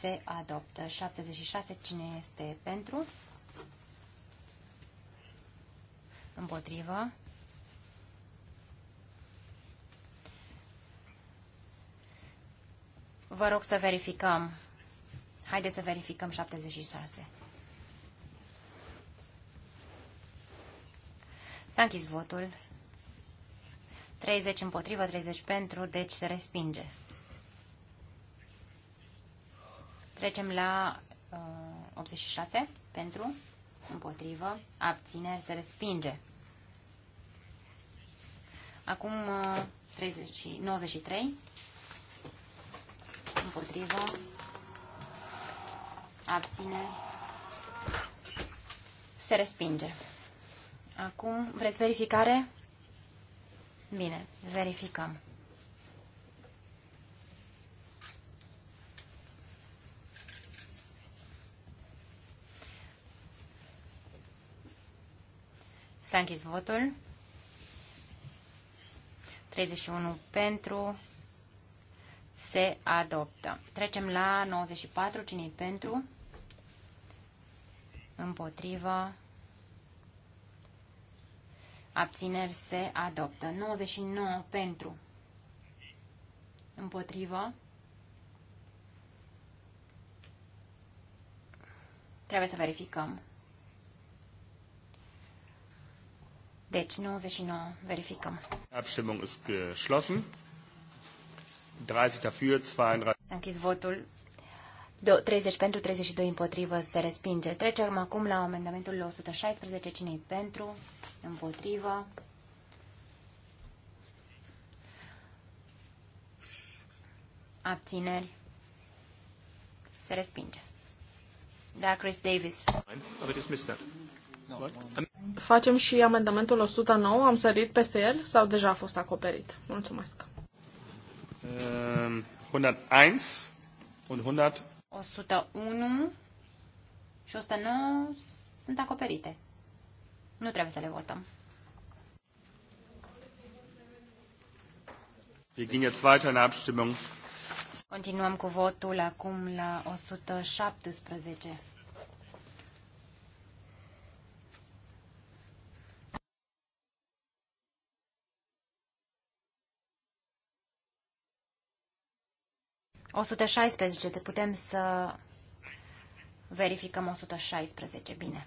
se adoptă. 76 cine este pentru, împotrivă, Vă rog să verificăm. Haideți să verificăm 76. S-a închis votul. 30 împotrivă, 30 pentru, deci se respinge. Trecem la uh, 86 pentru, împotrivă, abține, se respinge. Acum uh, 30, 93 împotrivă, abține, se respinge. Acum, vreți verificare? Bine, verificăm. S-a închis votul. 31 pentru. Se adoptă. Trecem la 94. Cine pentru? Împotrivă abțineri se adoptă. 99 pentru, împotrivă, trebuie să verificăm. Deci, 99, verificăm. Abstimmung ist geschlossen. 30 dafür, 32. S-a închis votul. 30 pentru, 32 împotrivă, se respinge. Trecem acum la amendamentul 116. Cine pentru? împotrivă. Abțineri. Se respinge. Da, Chris Davis. Facem și amendamentul 109. Am sărit peste el sau deja a fost acoperit? Mulțumesc. 101 und 100. 101 și 109 sunt acoperite. Nu trebuie să le votăm. Wir gehen jetzt weiter in Abstimmung. Continuăm cu votul acum la 117. O 116, putem să verificăm 116, bine.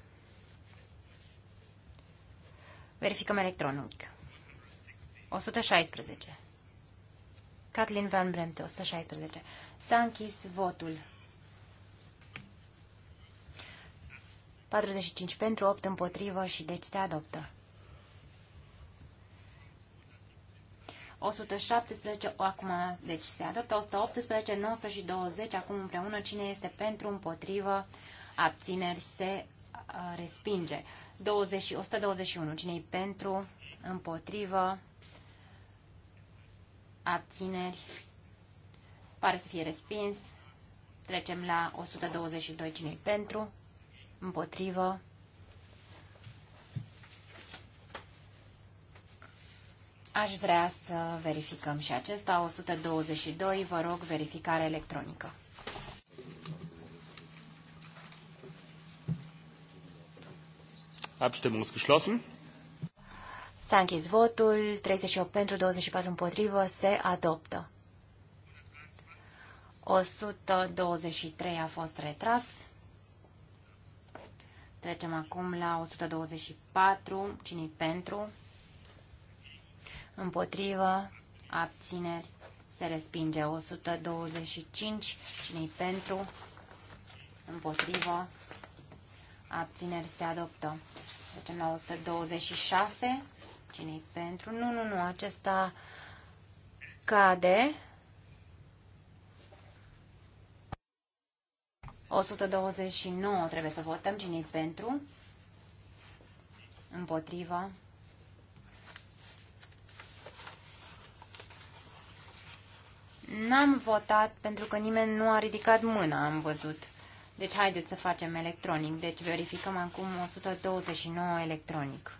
Verificăm electronic. 116. Kathleen Van Bremte, 116. S-a închis votul. 45 pentru, 8 împotrivă și deci se adoptă. 117, acum, deci se adoptă 118, 19 și 20, acum împreună cine este pentru, împotrivă, abțineri, se uh, respinge. 20, 121. cine pentru? Împotrivă? Abțineri? Pare să fie respins. Trecem la 122. cine pentru? Împotrivă? Aș vrea să verificăm și acesta. 122. Vă rog, verificare electronică. Abstimmung ist geschlossen. S-a închis votul, 38 pentru, 24 împotrivă, se adoptă. 123 a fost retras. Trecem acum la 124, cine pentru, împotrivă, abțineri, se respinge 125, cine pentru, împotrivă, abțineri se adoptă. Trecem la 126. cine pentru? Nu, nu, nu, acesta cade. 129 trebuie să votăm. cine pentru? Împotriva. N-am votat pentru că nimeni nu a ridicat mâna, am văzut. Deci haideți să facem electronic. Deci verificăm acum 129 electronic.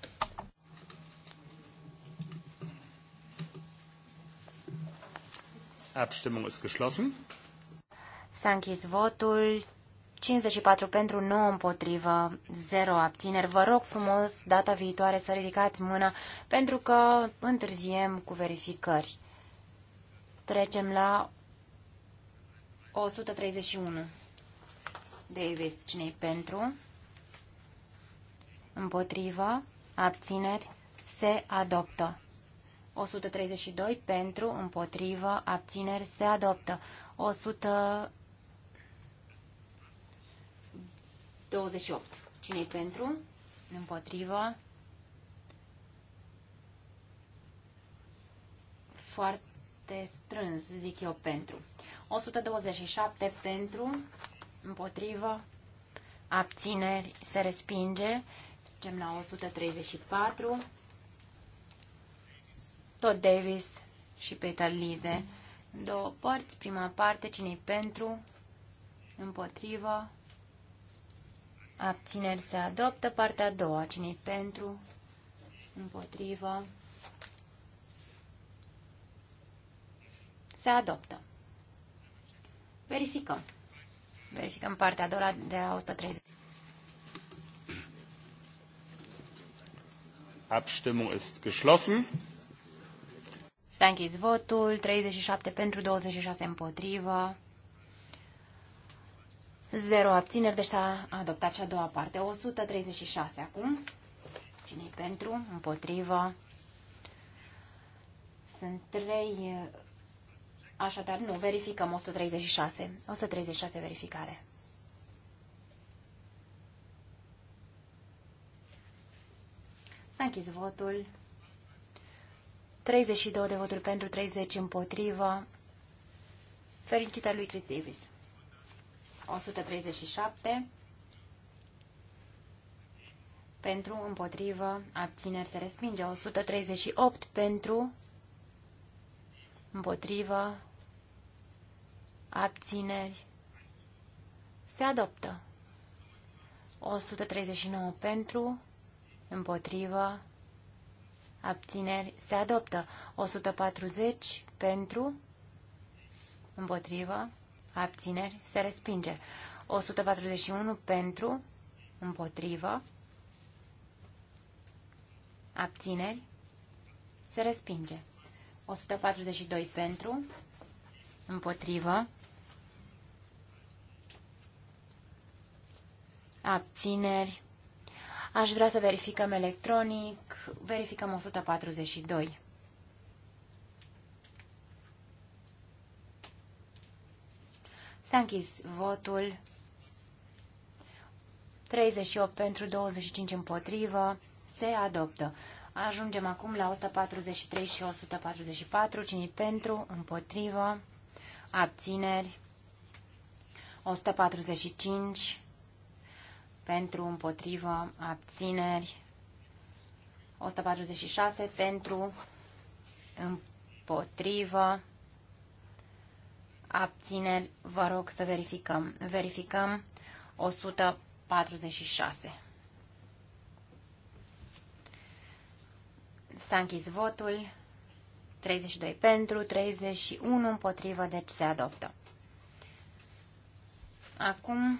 Abstimmung ist geschlossen. S-a închis votul. 54 pentru, 9 împotrivă, 0 abțineri. Vă rog frumos, data viitoare, să ridicați mâna, pentru că întârziem cu verificări. Trecem la 131. Davis, cine pentru? Împotrivă, abțineri, se adoptă. 132 pentru, împotrivă, abțineri, se adoptă. 128. cine pentru? Împotrivă. Foarte strâns, zic eu, pentru. 127 pentru, împotrivă, abțineri, se respinge. Trecem la 134. Tot Davis și Peter Lize. Două părți, prima parte, cine pentru, împotrivă, abțineri se adoptă, partea a doua, cine pentru, împotrivă, se adoptă. Verificăm. Verificăm partea a doua de la 130. Abstimmung ist geschlossen. S-a închis votul, 37 pentru, 26 împotrivă, 0 abțineri, deci s-a adoptat cea a doua parte. 136 acum. cine pentru? Împotrivă. Sunt 3 Așadar, nu, verificăm 136. 136 verificare. S-a închis votul. 32 de voturi pentru, 30 împotrivă. Felicitări lui Chris Davis. 137 pentru, împotrivă, abțineri se respinge. 138 pentru, împotrivă, abțineri, se adoptă. 139 pentru, împotrivă, abțineri, se adoptă. 140 pentru, împotrivă, abțineri, se respinge. 141 pentru, împotrivă, abțineri, se respinge. 142 pentru, împotrivă, abțineri. Aș vrea să verificăm electronic. Verificăm 142. S-a închis votul. 38 pentru, 25 împotrivă. Se adoptă. Ajungem acum la 143 și 144. Cine pentru, împotrivă, abțineri. 145 pentru, împotrivă, abțineri. 146 pentru, împotrivă, abțineri. Vă rog să verificăm. Verificăm 146. S-a închis votul. 32 pentru, 31 împotrivă, deci se adoptă. Acum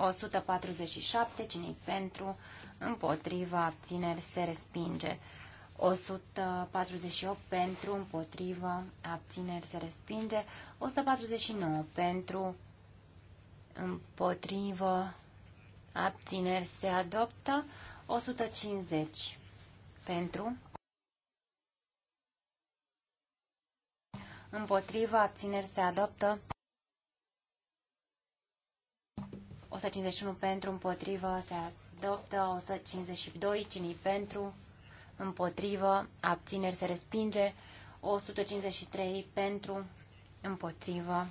147, cine pentru, împotriva, abțineri, se respinge. 148 pentru, împotrivă, abțineri, se respinge. 149 pentru, împotrivă, abțineri, se adoptă. 150 pentru, împotrivă, abțineri, se adoptă. 151 pentru, împotrivă, se adoptă. 152, cine pentru, împotrivă, abțineri, se respinge. 153 pentru, împotrivă,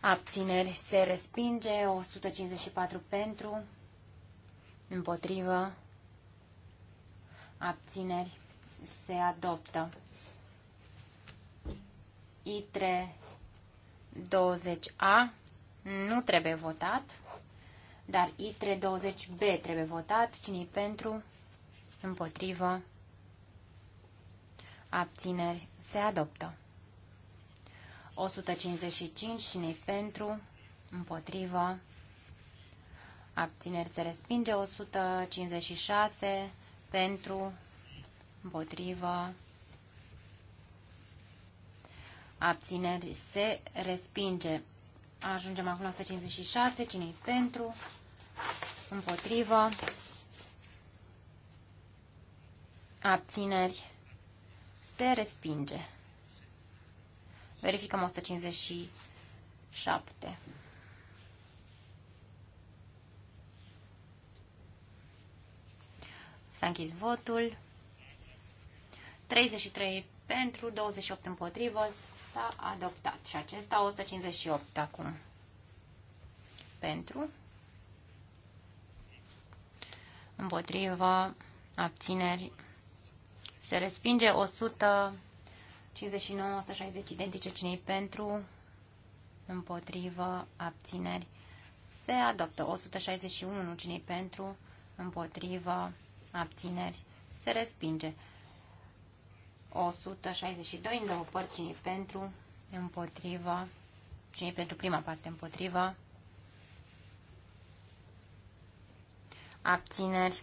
abțineri, se respinge. 154 pentru, împotrivă, abțineri, se adoptă. ITRE 20A nu trebuie votat, dar i 320 b trebuie votat. cine pentru? Împotrivă? Abțineri? Se adoptă. 155. cine pentru? Împotrivă? Abțineri se respinge. 156. Pentru? Împotrivă? Abțineri se respinge. Ajungem acum la 156. Cine-i pentru? Împotrivă. Abțineri. Se respinge. Verificăm 157. S-a închis votul. 33 pentru, 28 împotrivă, s-a adoptat. Și acesta 158 acum. Pentru. Împotrivă. Abțineri. Se respinge 159, 160 identice cinei pentru. Împotrivă. Abțineri. Se adoptă 161 cinei pentru. Împotrivă. Abțineri. Se respinge. 162 în două părți, cine pentru, împotrivă, cine pentru prima parte împotrivă, abțineri,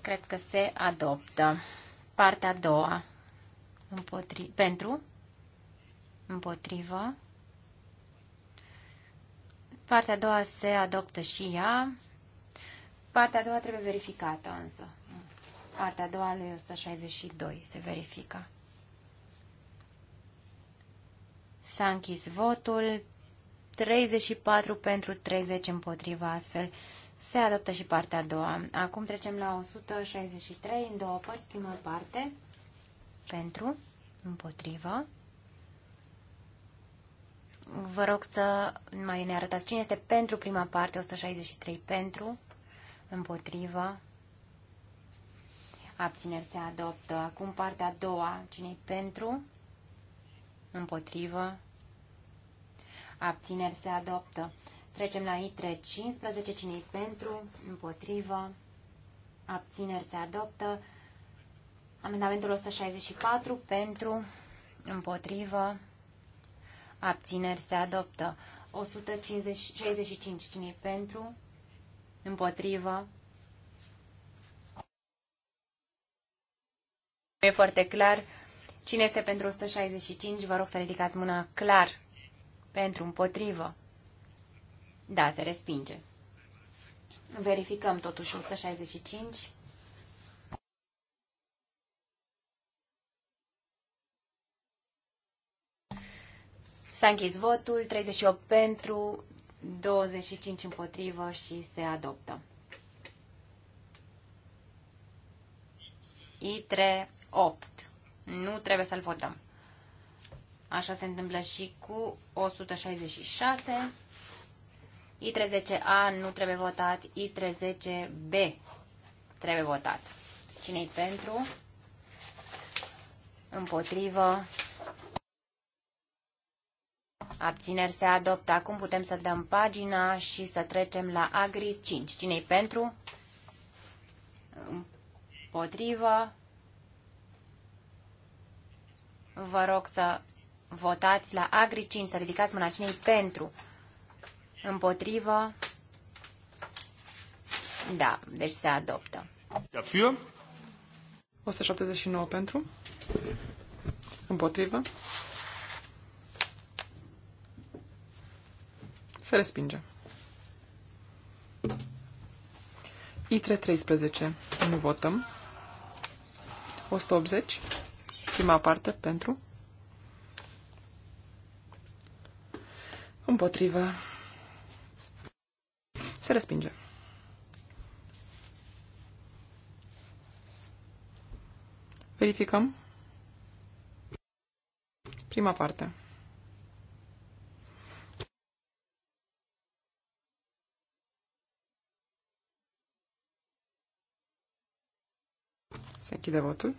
cred că se adoptă. Partea a doua, împotri pentru, împotrivă, partea a doua se adoptă și ea, partea a doua trebuie verificată însă. Partea a doua lui 162 se verifică. S-a închis votul. 34 pentru 30 împotriva, astfel se adoptă și partea a doua. Acum trecem la 163 în două părți, prima parte pentru, împotriva. Vă rog să mai ne arătați cine este pentru prima parte, 163 pentru, împotriva, abțineri se adoptă. Acum partea a doua, cine pentru, împotrivă, abțineri se adoptă. Trecem la ITRE 15, cine pentru, împotrivă, abțineri se adoptă. Amendamentul 164 pentru, împotrivă, abțineri se adoptă. 165 cine pentru, împotrivă, E foarte clar. Cine este pentru 165, vă rog să ridicați mâna clar. Pentru, împotrivă. Da, se respinge. Verificăm totuși 165. S-a închis votul, 38 pentru, 25 împotrivă și se adoptă. ITRE 8. Nu trebuie să-l votăm. Așa se întâmplă și cu 166. I30A nu trebuie votat, I30B trebuie votat. Cine-i pentru? Împotrivă? Abțineri se adoptă. Acum putem să dăm pagina și să trecem la Agri 5. Cine-i pentru? Împotrivă? Vă rog să votați la Agri 5, să ridicați mâna cinei pentru. Împotrivă. Da, deci se adoptă. Dafür. 179 pentru. Împotrivă. Se respinge. ITRE 13. Nu votăm. 180. Prima parte pentru. Împotrivă. Se respinge. Verificăm. Prima parte. Se închide votul.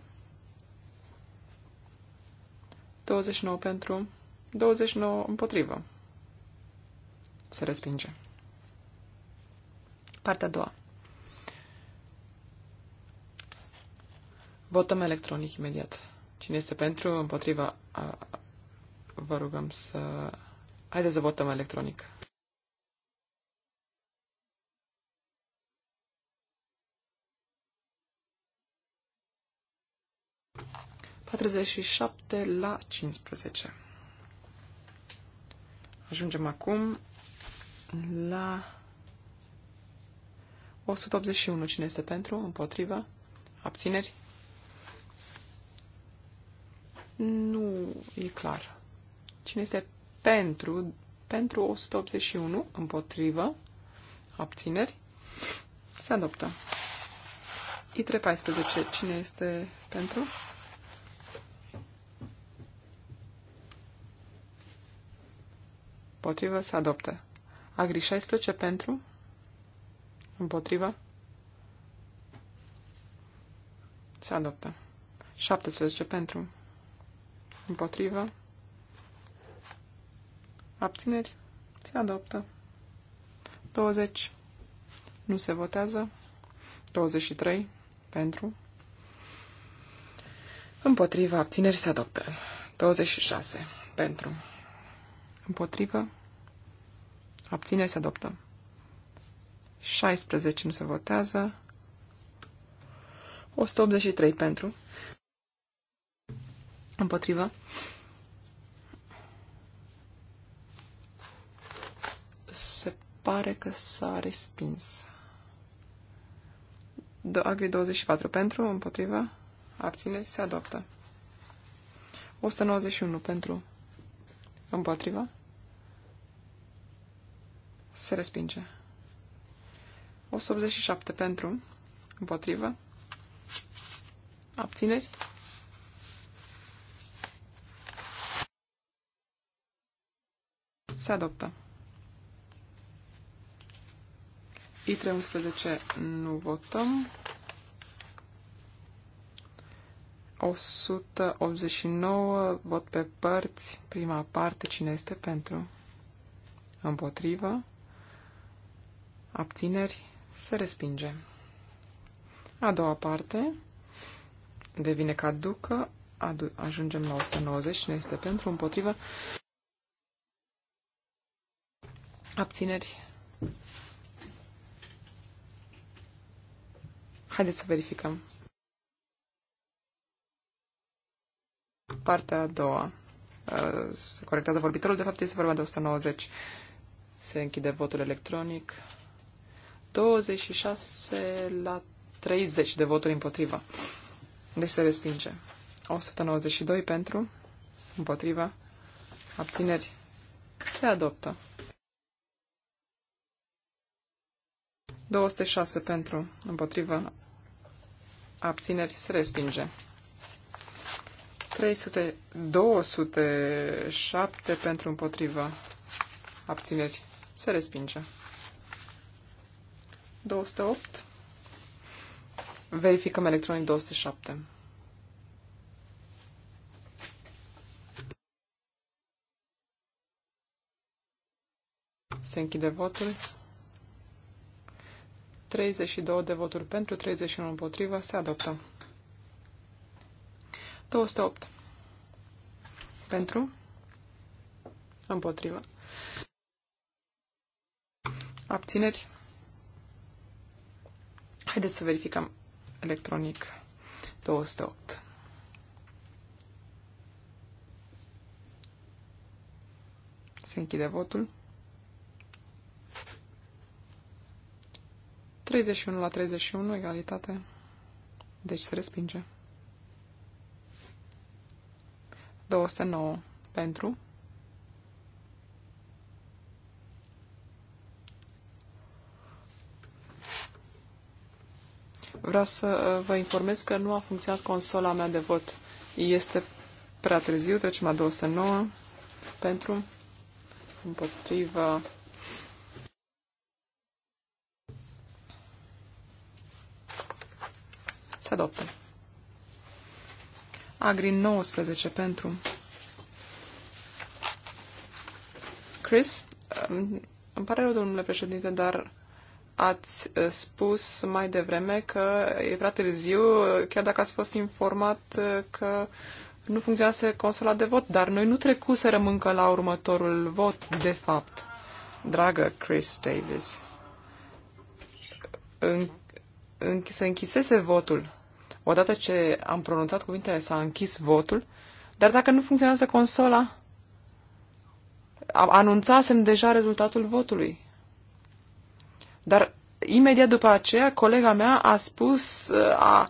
29 pentru, 29 împotrivă. Se respinge. Partea a doua. Votăm electronic imediat. Cine este pentru, împotriva, a, vă rugăm să... Haideți să votăm electronic. 47 la 15. Ajungem acum la 181. Cine este pentru? Împotriva? Abțineri? Nu e clar. Cine este pentru? Pentru 181, împotrivă, abțineri, se adoptă. I314, cine este pentru? Împotrivă se adoptă. Agri 16 pentru. Împotrivă. Se adoptă. 17 pentru. Împotrivă. Abțineri. Se adoptă. 20. Nu se votează. 23. Pentru. Împotriva abțineri se adoptă. 26. Pentru. Împotrivă. Abține, se adoptă. 16 nu se votează. 183 pentru. Împotrivă. Se pare că s-a respins. Do Agri 24 pentru, împotrivă, Abține, se adoptă. 191 pentru, împotrivă, se respinge. 187 pentru, împotrivă, abțineri. Se adoptă. I311 nu votăm. 189 vot pe părți, prima parte, cine este pentru? Împotrivă abțineri, se respinge. A doua parte devine caducă, ajungem la 190, cine este pentru, împotrivă, abțineri. Haideți să verificăm. Partea a doua. Uh, se corectează vorbitorul, de fapt este vorba de 190. Se închide votul electronic. 26 la 30 de voturi împotriva. Deci se respinge. 192 pentru, împotriva, abțineri, se adoptă. 206 pentru, împotriva, abțineri, se respinge. 300, 207 pentru, împotriva, abțineri, se respinge. 208. Verificăm electronic 207. Se închide votul. 32 de voturi pentru, 31 împotriva. Se adoptă. 208. Pentru. Împotriva. Abțineri. Haideți să verificăm electronic 208. Se închide votul. 31 la 31, egalitate. Deci se respinge. 209 pentru. Vreau să uh, vă informez că nu a funcționat consola mea de vot. Este prea târziu, trecem la 209 pentru împotriva se adoptă. Agri 19 pentru Chris, uh, îmi pare rău, domnule președinte, dar Ați uh, spus mai devreme că e prea târziu, chiar dacă ați fost informat uh, că nu funcționase consola de vot, dar noi nu trecuserăm încă la următorul vot, de fapt. Dragă Chris Davis, în, în, se închisese votul. Odată ce am pronunțat cuvintele, s-a închis votul, dar dacă nu funcționează consola, anunțasem deja rezultatul votului. Dar imediat după aceea, colega mea a spus, a,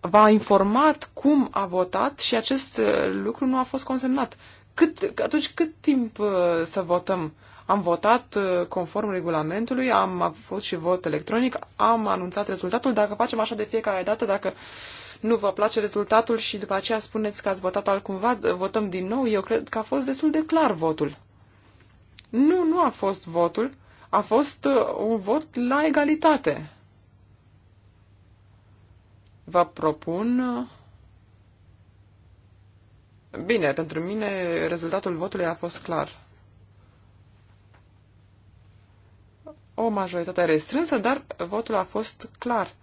v-a informat cum a votat și acest uh, lucru nu a fost consemnat. Cât, atunci cât timp uh, să votăm? Am votat uh, conform regulamentului, am avut și vot electronic, am anunțat rezultatul. Dacă facem așa de fiecare dată, dacă nu vă place rezultatul și după aceea spuneți că ați votat altcumva, votăm din nou, eu cred că a fost destul de clar votul. Nu, nu a fost votul a fost uh, un vot la egalitate. Vă propun... Uh, bine, pentru mine rezultatul votului a fost clar. O majoritate restrânsă, dar votul a fost clar.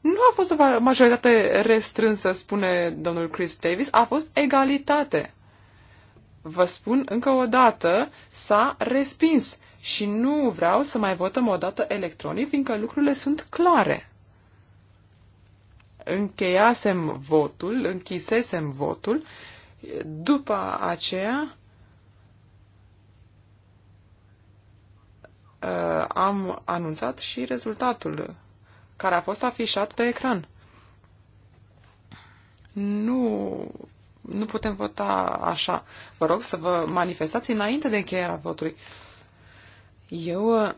Nu a fost o majoritate restrânsă, spune domnul Chris Davis, a fost egalitate. Vă spun încă o dată, s-a respins și nu vreau să mai votăm o dată electronic, fiindcă lucrurile sunt clare. Încheiasem votul, închisesem votul, după aceea uh, am anunțat și rezultatul care a fost afișat pe ecran. Nu, nu putem vota așa. Vă rog să vă manifestați înainte de încheierea votului. Eu uh,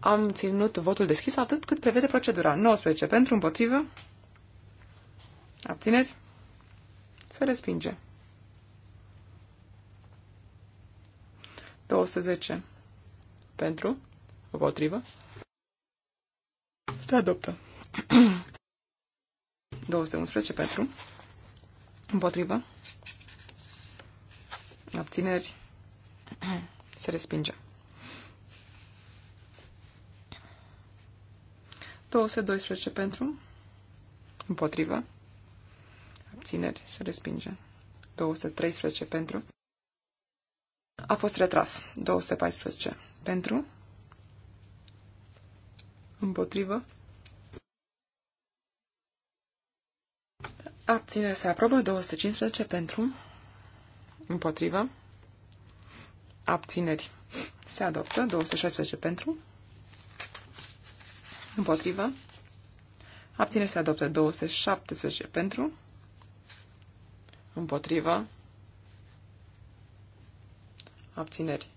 am ținut votul deschis atât cât prevede procedura. 19 pentru, împotrivă. Abțineri. Se respinge. 210 pentru, împotrivă. Se adoptă. 211 pentru, împotrivă. Abțineri. Se respinge. 212 pentru, împotrivă, abțineri, se respinge. 213 pentru, a fost retras. 214 pentru, împotrivă, abținere se aprobă, 215 pentru, împotrivă, abțineri se adoptă, 216 pentru, împotrivă, abțineri se adoptă, 217 pentru, împotrivă, abțineri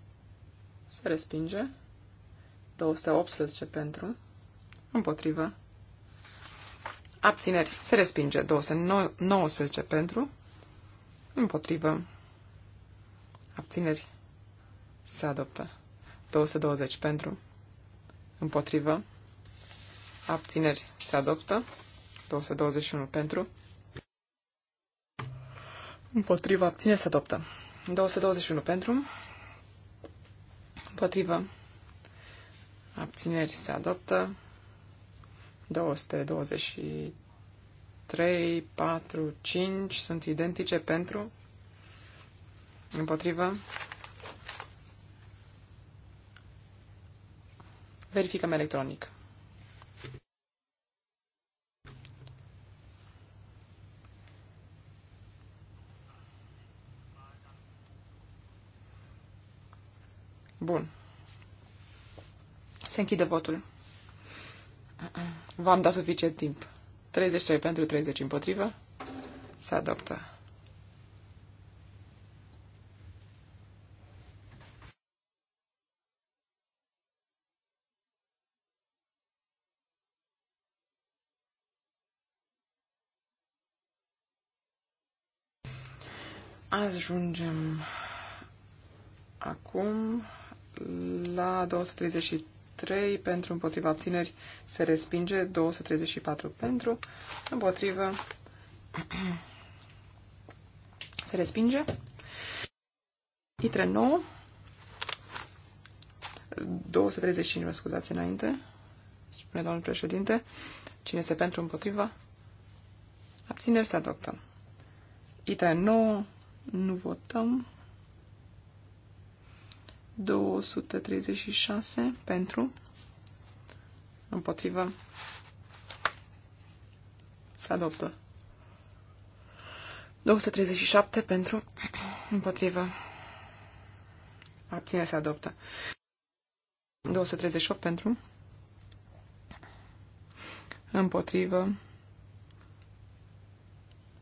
se respinge, 218 pentru, împotrivă, abțineri se respinge, 219 pentru, împotrivă, abțineri se adoptă. 220 pentru. Împotrivă. Abțineri. Se adoptă. 221 pentru. Împotrivă. Abțineri. Se adoptă. 221 pentru. Împotrivă. Abțineri. Se adoptă. 223, 4, 5 sunt identice pentru. Împotrivă. Verificăm electronic. Bun. Se închide votul. V-am dat suficient timp. 33 pentru 30 împotrivă. Se adoptă. Ajungem acum la 233 pentru împotriva abțineri se respinge, 234 pentru împotrivă se respinge. Itre 9 235, scuzați înainte, spune domnul președinte. Cine se pentru împotriva? Abțineri se adoptă. ITRE 9 nu votăm. 236 pentru. Împotrivă. Se adoptă. 237 pentru. Împotrivă. Abține se adoptă. 238 pentru. Împotrivă.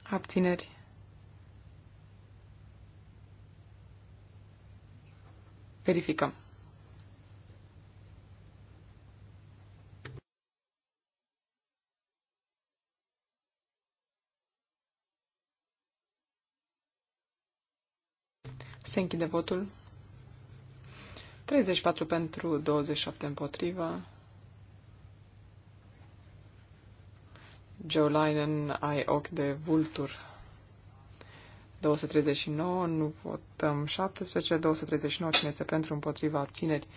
Abțineri. Verificăm. Se închide votul. 34 pentru, 27 împotriva. Joe Linen, ai ochi de vultur. 239, nu votăm 17, 239, cine este pentru, împotriva, abțineri,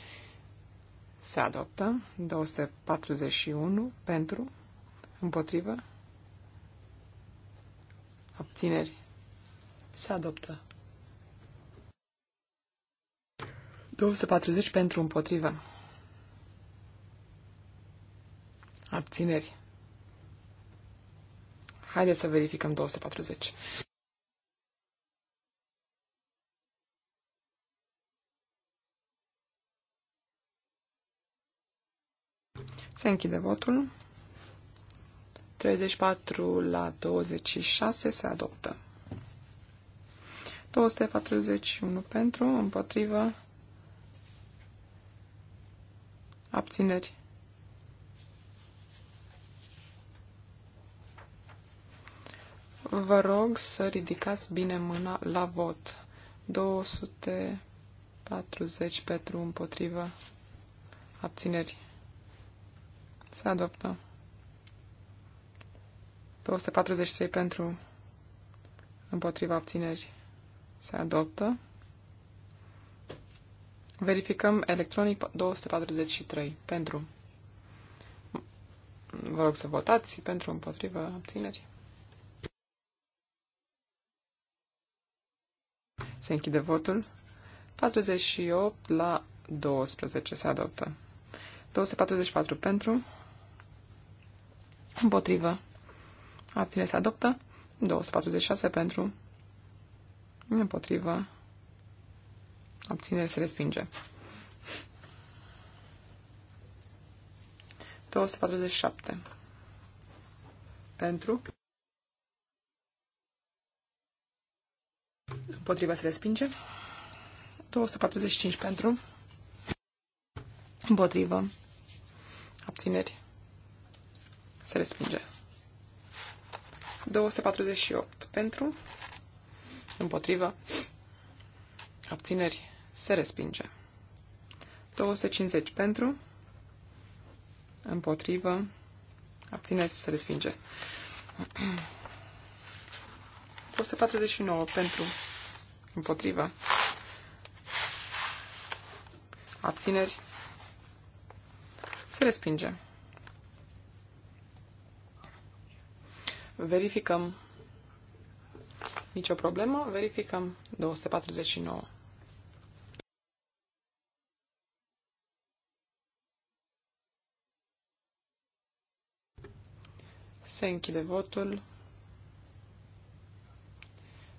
se adoptă, 241, pentru, împotriva, abțineri, se adoptă. 240 pentru împotriva. Abțineri. Haideți să verificăm 240. Se închide votul. 34 la 26 se adoptă. 241 pentru, împotrivă, abțineri. Vă rog să ridicați bine mâna la vot. 240 pentru, împotrivă, abțineri. Se adoptă. 243 pentru împotriva obținerii. Se adoptă. Verificăm electronic 243 pentru. Vă rog să votați pentru împotriva obținerii. Se închide votul. 48 la 12 se adoptă. 244 pentru, Împotrivă. Abține se adoptă. 246 pentru. Împotrivă. Abține se respinge. 247. Pentru. Împotrivă se respinge. 245 pentru. Împotrivă. Abțineri. Se respinge. 248 pentru, împotrivă, abțineri, se respinge. 250 pentru, împotrivă, abțineri, se respinge. 249 pentru, împotrivă, abțineri, se respinge. Verificăm. Nicio problemă. Verificăm. 249. Se închide votul.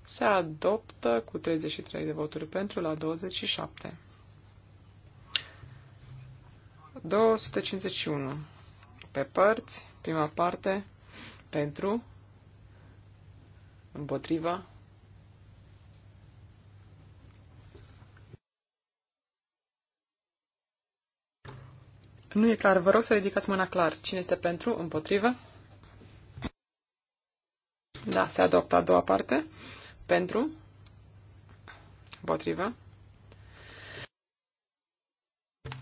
Se adoptă cu 33 de voturi pentru la 27. 251. Pe părți, prima parte, pentru, împotriva, Nu e clar. Vă rog să ridicați mâna clar. Cine este pentru? Împotrivă? Da, se adoptă a doua parte. Pentru? Împotrivă?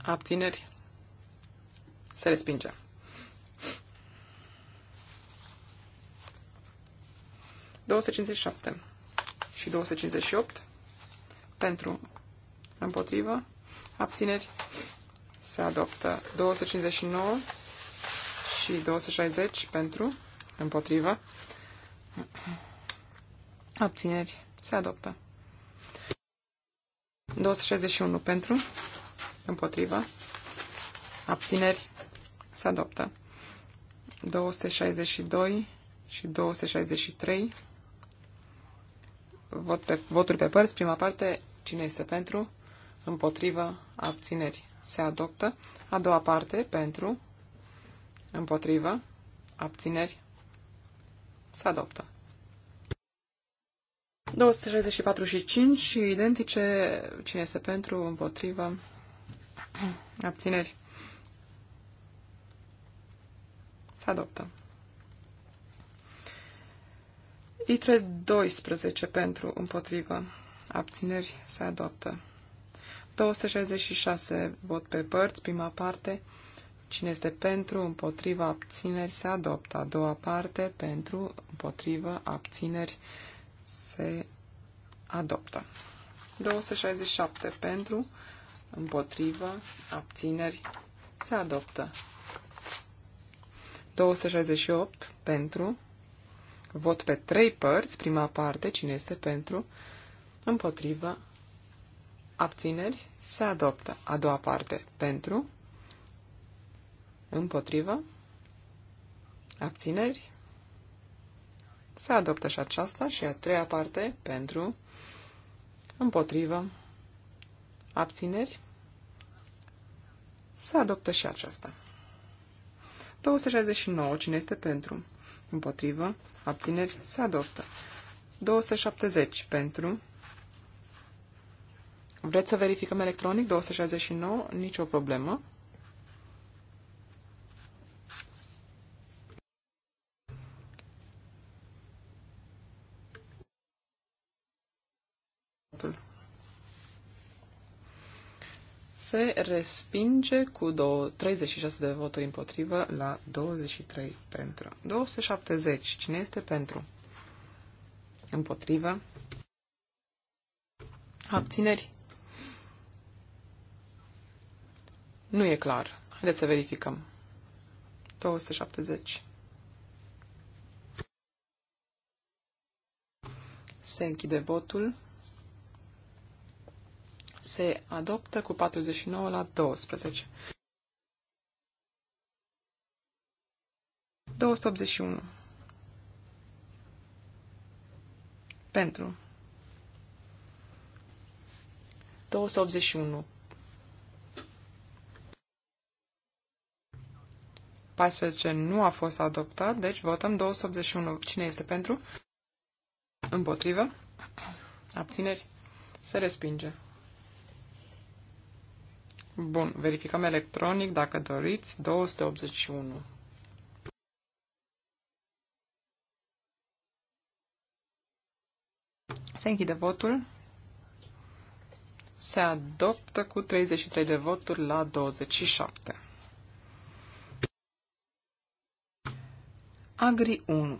Abțineri? Se respinge. 257 și 258 pentru împotrivă abțineri se adoptă 259 și 260 pentru împotrivă abțineri se adoptă 261 pentru împotrivă abțineri se adoptă 262 și 263 Vot pe, voturi pe părți. Prima parte, cine este pentru? Împotrivă, abțineri. Se adoptă. A doua parte, pentru, împotrivă, abțineri. Se adoptă. 264 și 5 și identice, cine este pentru, împotrivă, abțineri. Se adoptă. Litre 12 pentru, împotrivă, abțineri se adoptă. 266 vot pe părți, prima parte. Cine este pentru, împotrivă, abțineri, se adoptă. A doua parte, pentru, împotrivă, abțineri, se adoptă. 267 pentru, împotrivă, abțineri, se adoptă. 268 pentru, Vot pe trei părți. Prima parte, cine este pentru, împotriva, abțineri, se adoptă. A doua parte, pentru, împotriva, abțineri, se adoptă și aceasta. Și a treia parte, pentru, împotriva, abțineri, se adoptă și aceasta. 269. Cine este pentru? împotrivă, abțineri, se adoptă. 270 pentru. Vreți să verificăm electronic? 269, nicio problemă. se respinge cu 36 de voturi împotrivă la 23 pentru. 270. Cine este pentru? Împotrivă. Abțineri? Nu e clar. Haideți să verificăm. 270. Se închide votul se adoptă cu 49 la 12. 281. Pentru. 281. 14 nu a fost adoptat, deci votăm 281. Cine este pentru? Împotrivă? Abțineri? Se respinge. Bun, verificăm electronic dacă doriți. 281. Se închide votul. Se adoptă cu 33 de voturi la 27. Agri 1.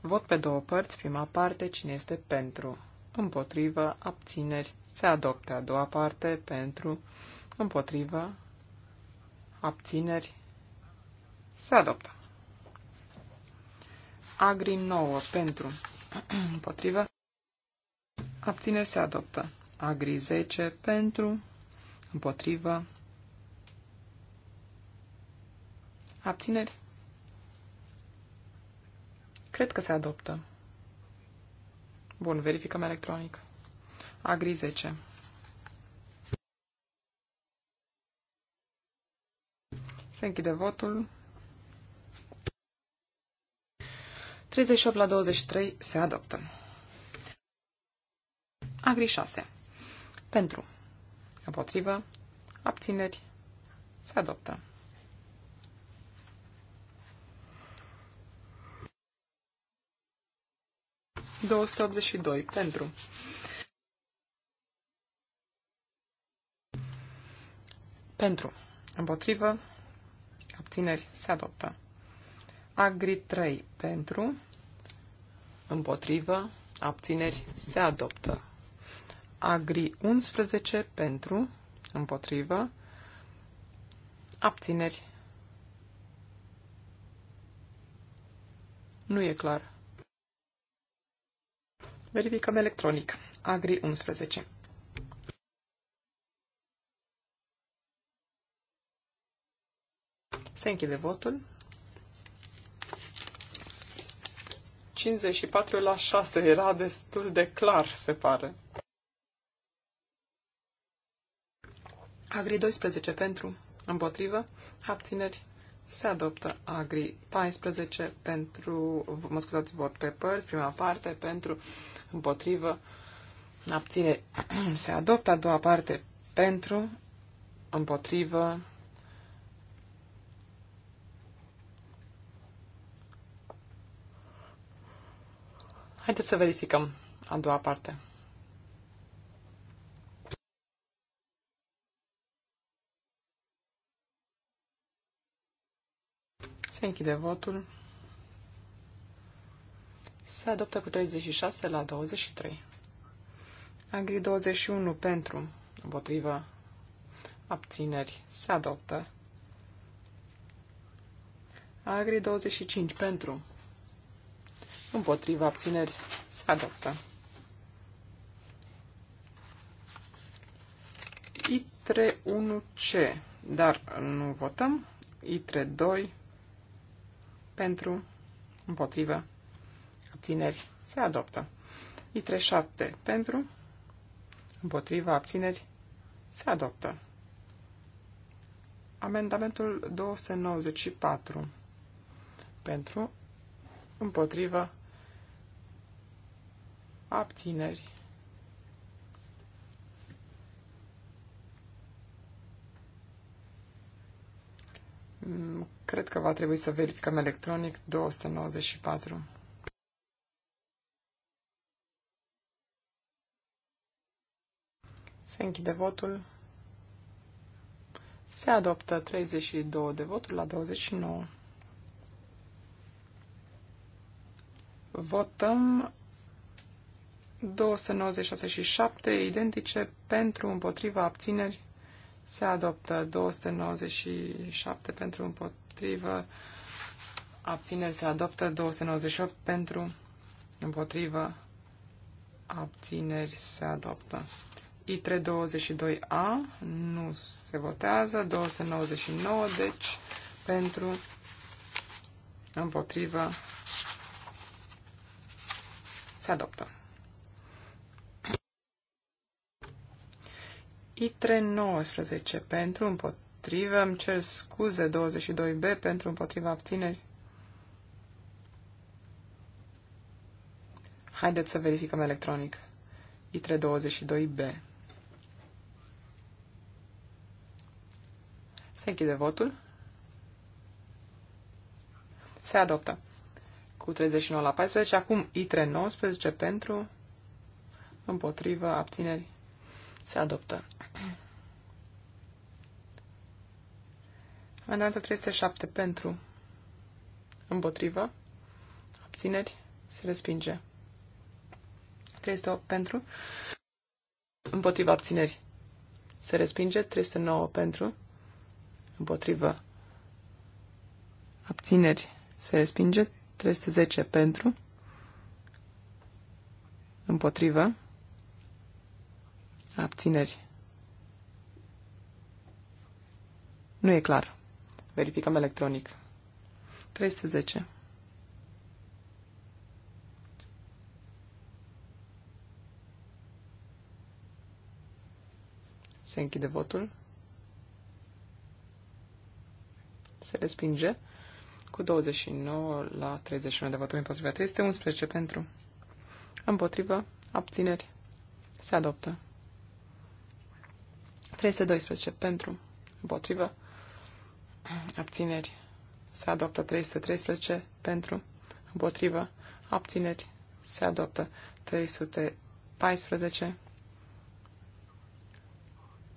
Vot pe două părți, prima parte, cine este pentru? împotrivă, abțineri, se adoptă a doua parte pentru, împotrivă, abțineri, se adoptă. Agri 9 pentru, împotrivă, abțineri, se adoptă. Agri 10 pentru, împotrivă, abțineri. Cred că se adoptă. Bun, verificăm electronic. Agri 10. Se închide votul. 38 la 23 se adoptă. Agri 6. Pentru. Împotrivă. Abțineri. Se adoptă. 282 pentru. Pentru. Împotrivă. Abțineri. Se adoptă. Agri 3 pentru. Împotrivă. Abțineri. Se adoptă. Agri 11 pentru. Împotrivă. Abțineri. Nu e clar. Verificăm electronic. Agri 11. Se închide votul. 54 la 6 era destul de clar, se pare. Agri 12 pentru, împotrivă, abțineri, se adoptă Agri 14 pentru, mă scuzați, vot pe părți, prima parte, pentru, împotrivă, abține. Se adoptă a doua parte pentru, împotrivă, Haideți să verificăm a doua parte. Se închide votul. Se adoptă cu 36 la 23. Agri 21 pentru, împotrivă, abțineri, se adoptă. Agri 25 pentru, împotrivă, abțineri, se adoptă. i 3 1 c dar nu votăm. i 3 2 pentru, împotrivă, abțineri, se adoptă. ITRE 7 pentru, împotrivă, abțineri, se adoptă. Amendamentul 294 pentru, împotrivă, abțineri, Mm, cred că va trebui să verificăm electronic 294. Se închide votul. Se adoptă 32 de voturi la 29. Votăm 296 și 7 identice pentru împotriva abțineri se adoptă 297 pentru împotrivă, abțineri se adoptă 298 pentru împotrivă, abțineri se adoptă. I322A nu se votează, 299, deci pentru împotrivă se adoptă. ITRE 19 pentru, împotrivă, îmi cer scuze, 22B pentru, împotriva abțineri. Haideți să verificăm electronic. ITRE 22B. Se închide votul. Se adoptă. Cu 39 la 14. Acum ITRE 19 pentru, împotrivă, abțineri se adoptă. Amendamentul 307 pentru. Împotrivă. Abțineri. Se respinge. 308 pentru. Împotrivă abțineri. Se respinge. 309 pentru. Împotrivă. Abțineri. Se respinge. 310 pentru. Împotrivă. Abțineri. Nu e clar. Verificăm electronic. 310. Se închide votul. Se respinge cu 29 la 31 de voturi împotriva 311 pentru. Împotriva abțineri. Se adoptă. 312 pentru, împotrivă, abțineri. Se adoptă 313 pentru, împotrivă, abțineri. Se adoptă 314.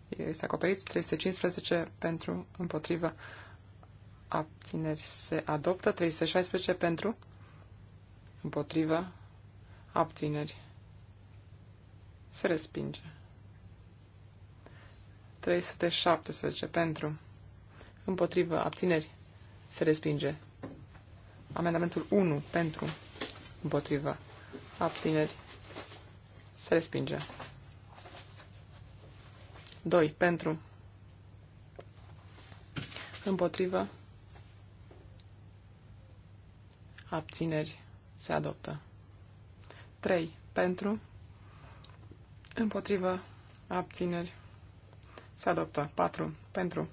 Este acoperit 315 pentru, împotrivă, abțineri. Se adoptă 316 pentru, împotrivă, abțineri. Se respinge. 317 pentru. Împotrivă. Abțineri. Se respinge. Amendamentul 1 pentru. Împotrivă. Abțineri. Se respinge. 2 pentru. Împotrivă. Abțineri. Se adoptă. 3 pentru. Împotrivă. Abțineri se adoptă. 4. Pentru.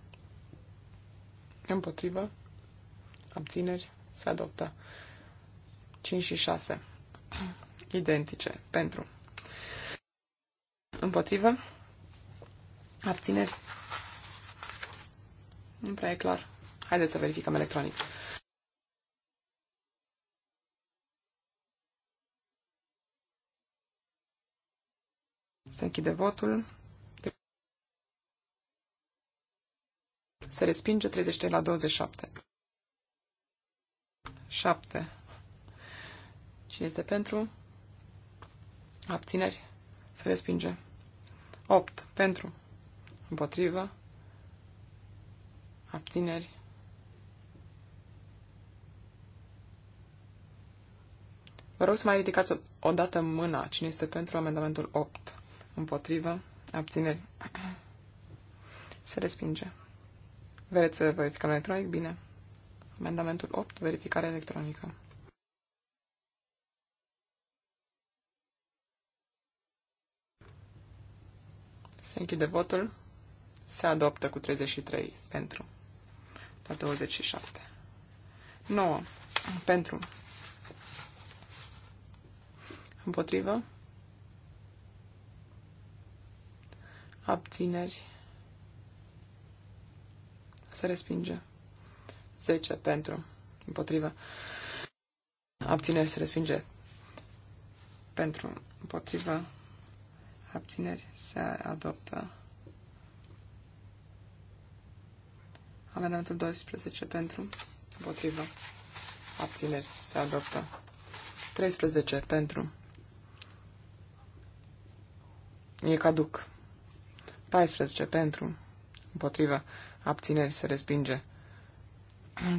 Împotrivă. Abțineri. Se adoptă. 5 și 6. Identice. Pentru. Împotrivă. Abțineri. Nu prea e clar. Haideți să verificăm electronic. Se închide votul. Se respinge 33 la 27. 7. Cine este pentru? Abțineri. Se respinge. 8. Pentru. Împotrivă. Abțineri. Vă rog să mai ridicați o dată mâna cine este pentru amendamentul 8. Împotrivă. Abțineri. Se respinge. Vreți să verificăm electronic? Bine. Amendamentul 8, verificare electronică. Se închide votul. Se adoptă cu 33 pentru. La 27. 9 pentru. Împotrivă. Abțineri se respinge. 10 pentru, împotrivă, abțineri, se respinge. Pentru, împotrivă, abțineri, se adoptă. Amendamentul 12 pentru, împotrivă, abțineri, se adoptă. 13 pentru, e caduc. 14 pentru, împotrivă, abțineri se respinge.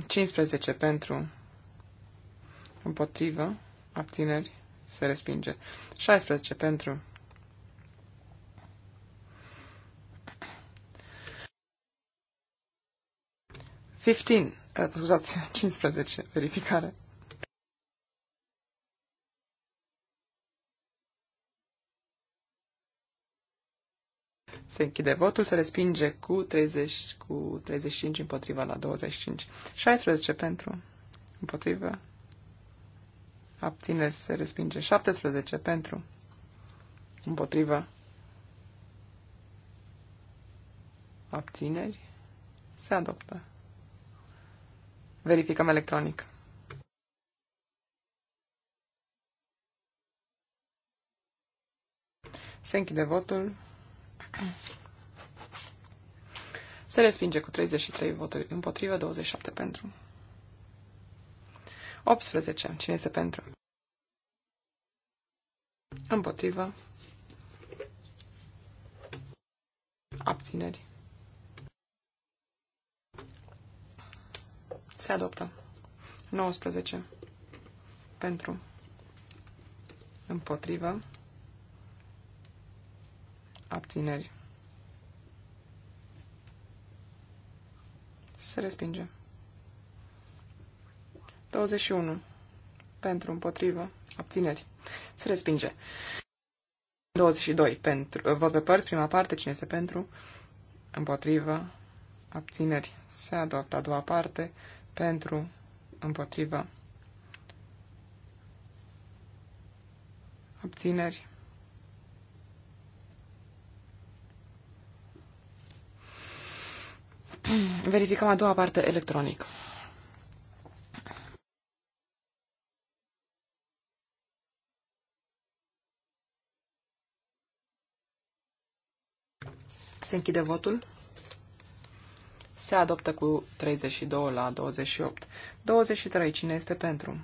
15 pentru, împotrivă, abțineri se respinge. 16 pentru, Fifteen, uh, scuzați, 15, verificare. Se închide votul, se respinge cu, 30, cu 35 împotriva la 25. 16 pentru, împotrivă, abțineri se respinge. 17 pentru, împotrivă, abțineri, se adoptă. Verificăm electronic. Se închide votul. Se respinge cu 33 voturi împotrivă, 27 pentru. 18. Cine este pentru? Împotrivă. Abțineri. Se adoptă. 19. Pentru. Împotrivă. Abțineri. Se respinge. 21. Pentru, împotrivă, abțineri. Se respinge. 22. Pentru, uh, vot pe părți, prima parte, cine este pentru, împotrivă, abțineri. Se adoptă a doua parte, pentru, împotrivă, abțineri. Verificăm a doua parte electronic. Se închide votul. Se adoptă cu 32 la 28. 23. Cine este pentru?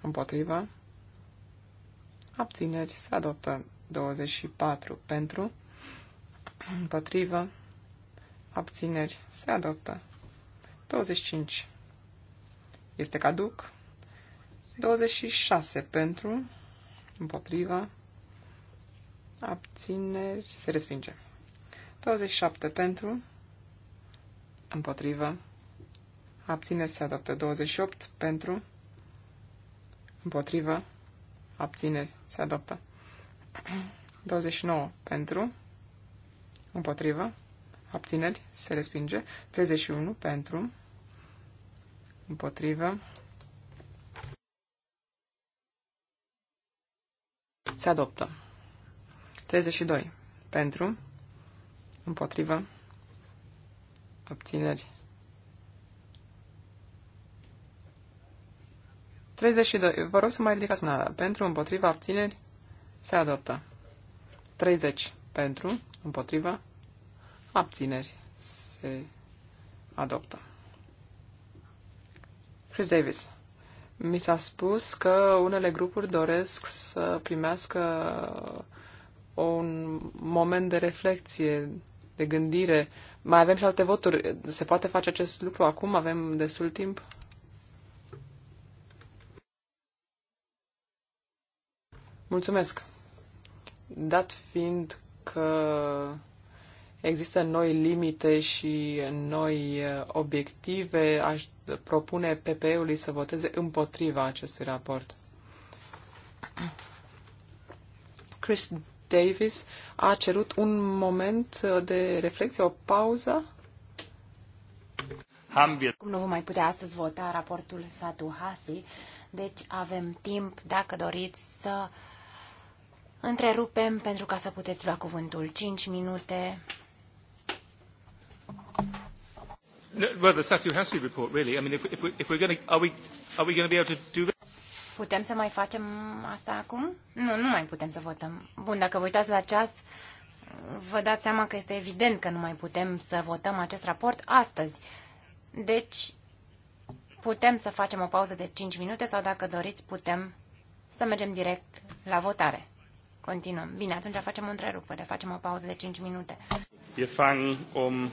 Împotrivă. Abțineri. Se adoptă 24 pentru. Împotrivă abțineri, se adoptă. 25 este caduc. 26 pentru, împotriva, abțineri, se respinge. 27 pentru, împotriva, abțineri, se adoptă. 28 pentru, împotriva, abțineri, se adoptă. 29 pentru, împotriva, abțineri, se respinge. 31 pentru, împotrivă, se adoptă. 32 pentru, împotrivă, abțineri. 32. Vă rog să mai ridicați mâna. Pentru, împotriva, abțineri, se adoptă. 30. Pentru, împotriva, Abțineri. Se adoptă. Chris Davis. Mi s-a spus că unele grupuri doresc să primească un moment de reflexie, de gândire. Mai avem și alte voturi. Se poate face acest lucru acum? Avem destul timp? Mulțumesc. Dat fiind că există noi limite și noi uh, obiective, aș propune PPE-ului să voteze împotriva acestui raport. Chris Davis a cerut un moment uh, de reflexie, o pauză. Cum nu vom mai putea astăzi vota raportul Satu Hasi, deci avem timp, dacă doriți, să întrerupem pentru ca să puteți lua cuvântul. 5 minute well, the Satu Hassi report, really. I mean, if, if, we, if we're going to, are we, are we going to be able to do that? Putem să mai facem asta acum? Nu, nu mai putem să votăm. Bun, dacă vă uitați la ceas, vă dați seama că este evident că nu mai putem să votăm acest raport astăzi. Deci, putem să facem o pauză de 5 minute sau, dacă doriți, putem să mergem direct la votare. Continuăm. Bine, atunci facem o întrerupere, facem o pauză de 5 minute. Wir fangen um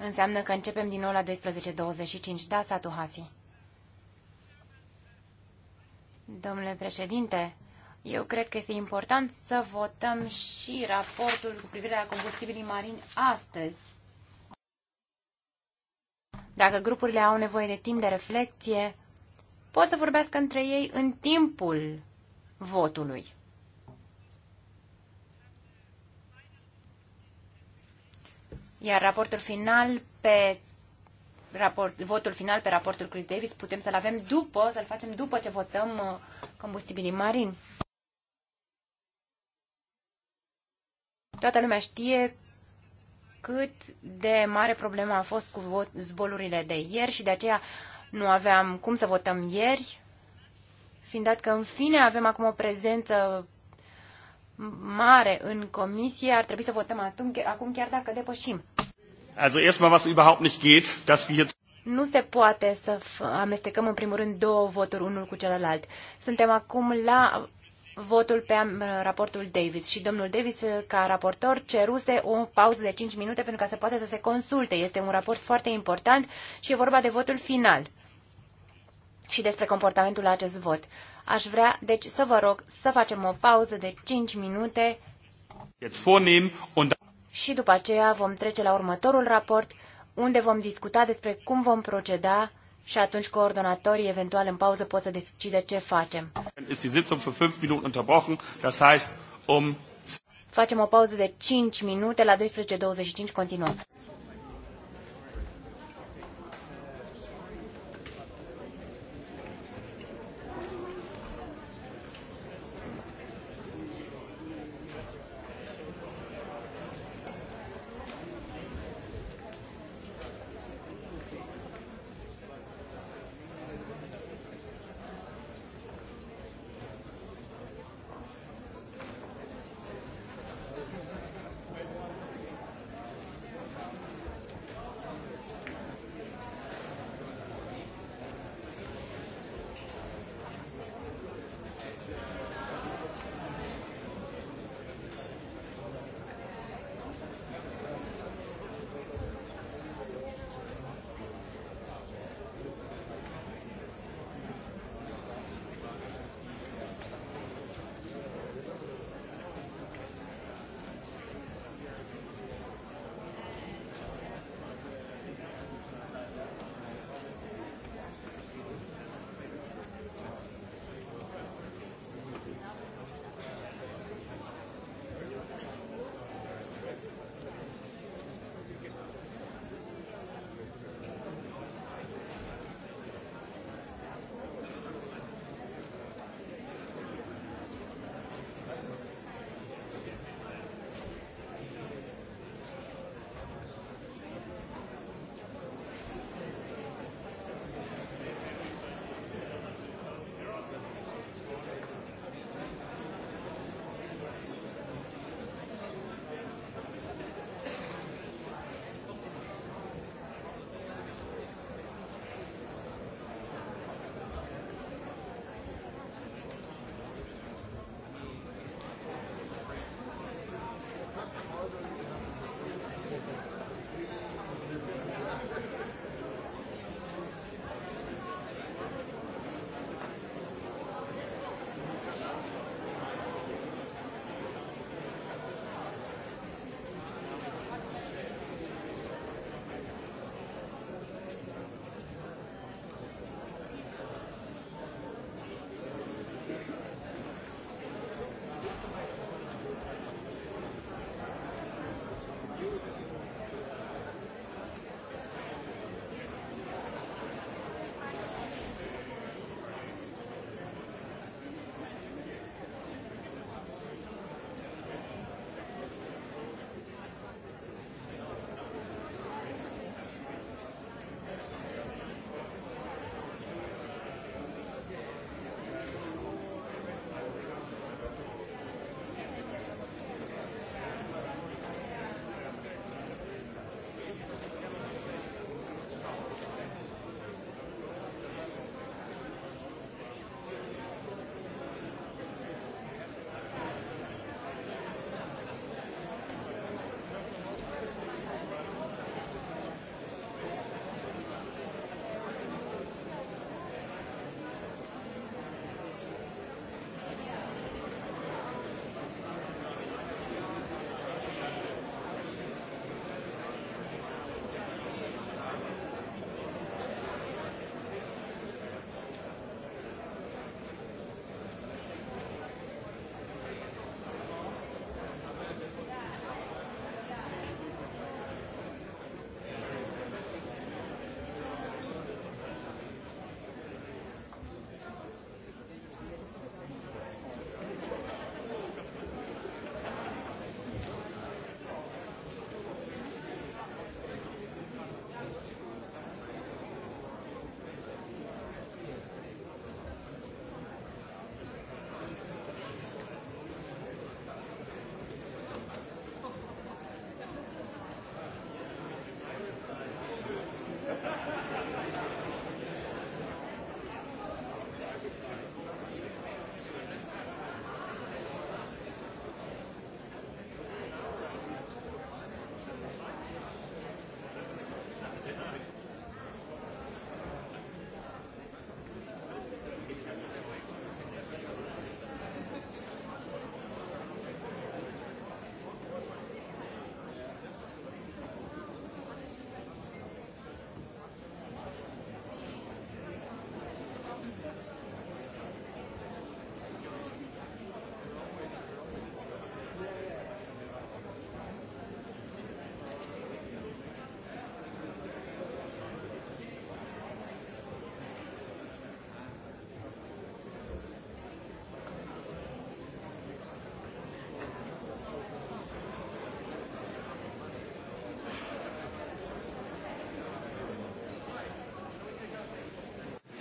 Înseamnă că începem din nou la 12.25. Da, Satu Hasi. Domnule președinte, eu cred că este important să votăm și raportul cu privire la combustibilii marini astăzi. Dacă grupurile au nevoie de timp de reflecție, pot să vorbească între ei în timpul votului. Iar raportul final pe raport, votul final pe raportul Chris Davis putem să-l avem după, să-l facem după ce votăm uh, combustibilii marini. Toată lumea știe cât de mare problemă a fost cu vot, zbolurile de ieri și de aceea nu aveam cum să votăm ieri, fiind dat că în fine avem acum o prezență mare în comisie, ar trebui să votăm atunci, acum chiar dacă depășim. Also erstmal was überhaupt nicht geht, dass wir jetzt nu se poate să amestecăm în primul rând două voturi unul cu celălalt. Suntem acum la votul pe raportul Davis și domnul Davis, ca raportor, ceruse o pauză de 5 minute pentru ca să poată să se consulte. Este un raport foarte important și e vorba de votul final și despre comportamentul la acest vot. Aș vrea, deci, să vă rog să facem o pauză de 5 minute și după aceea vom trece la următorul raport, unde vom discuta despre cum vom proceda și atunci coordonatorii eventual în pauză pot să decide ce facem. Um facem o pauză de 5 minute, la 12.25 continuăm.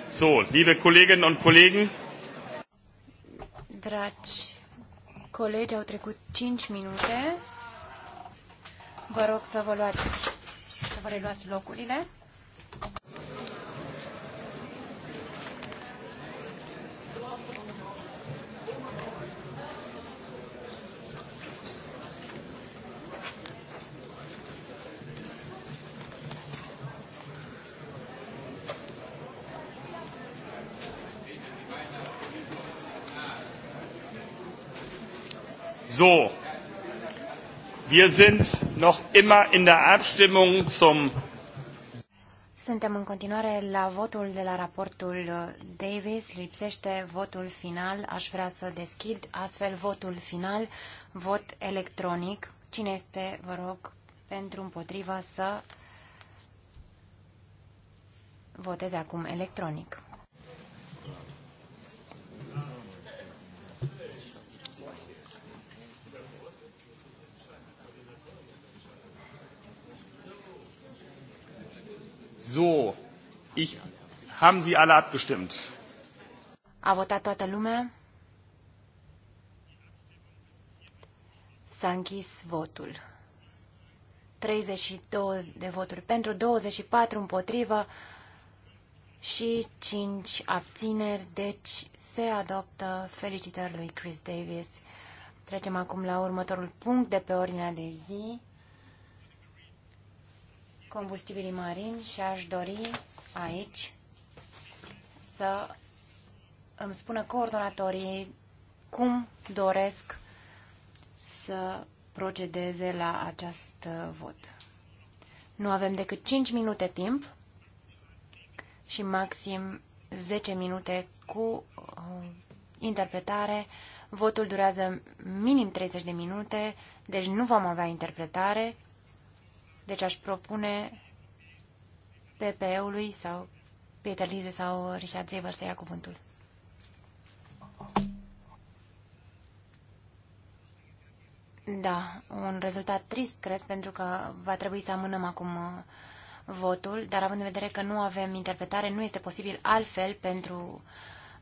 So, liebe Kolleginnen und Kollegen. Dragi colegi, au trecut 5 minute. Vă rog să vă luați, să vă reluați locurile. Wir sind noch immer in der Abstimmung zum suntem în continuare la votul de la raportul Davis. Lipsește votul final. Aș vrea să deschid astfel votul final, vot electronic. Cine este, vă rog, pentru împotriva să voteze acum electronic? So, ich, haben Sie alle abgestimmt? A votat toată lumea? S-a închis votul. 32 de voturi pentru, 24 împotrivă și 5 abțineri, deci se adoptă. Felicitări lui Chris Davis. Trecem acum la următorul punct de pe ordinea de zi combustibilii marini și aș dori aici să îmi spună coordonatorii cum doresc să procedeze la acest vot. Nu avem decât 5 minute timp și maxim 10 minute cu uh, interpretare. Votul durează minim 30 de minute, deci nu vom avea interpretare. Deci aș propune PPE-ului sau Peter Lize sau Richard Zeber să ia cuvântul. Da, un rezultat trist, cred, pentru că va trebui să amânăm acum uh, votul, dar având în vedere că nu avem interpretare, nu este posibil altfel pentru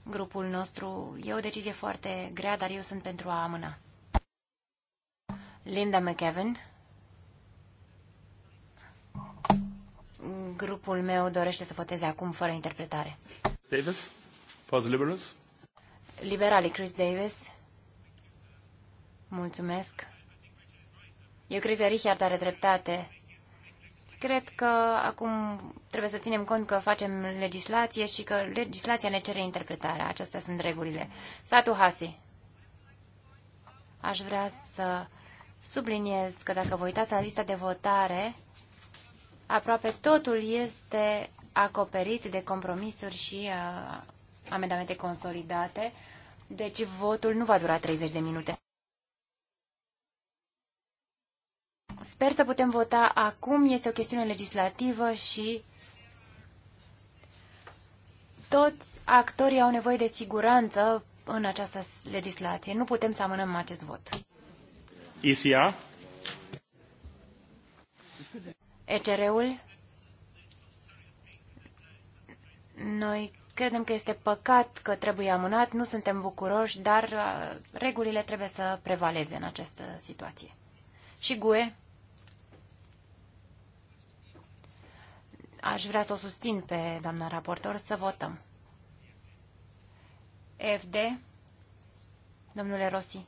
grupul nostru. E o decizie foarte grea, dar eu sunt pentru a amâna. Linda McEvan. grupul meu dorește să voteze acum fără interpretare. Davis, for the liberals. Liberalii, Chris Davis. Mulțumesc. Eu cred că Richard are dreptate. Cred că acum trebuie să ținem cont că facem legislație și că legislația ne cere interpretarea. Acestea sunt regulile. Satu Hasi. Aș vrea să subliniez că dacă vă uitați la lista de votare, Aproape totul este acoperit de compromisuri și uh, amendamente consolidate, deci votul nu va dura 30 de minute. Sper să putem vota acum. Este o chestiune legislativă și toți actorii au nevoie de siguranță în această legislație. Nu putem să amânăm acest vot. ICA? ECR-ul. Noi credem că este păcat că trebuie amânat, nu suntem bucuroși, dar uh, regulile trebuie să prevaleze în această situație. Și GUE? Aș vrea să o susțin pe doamna raportor să votăm. FD? Domnule Rossi.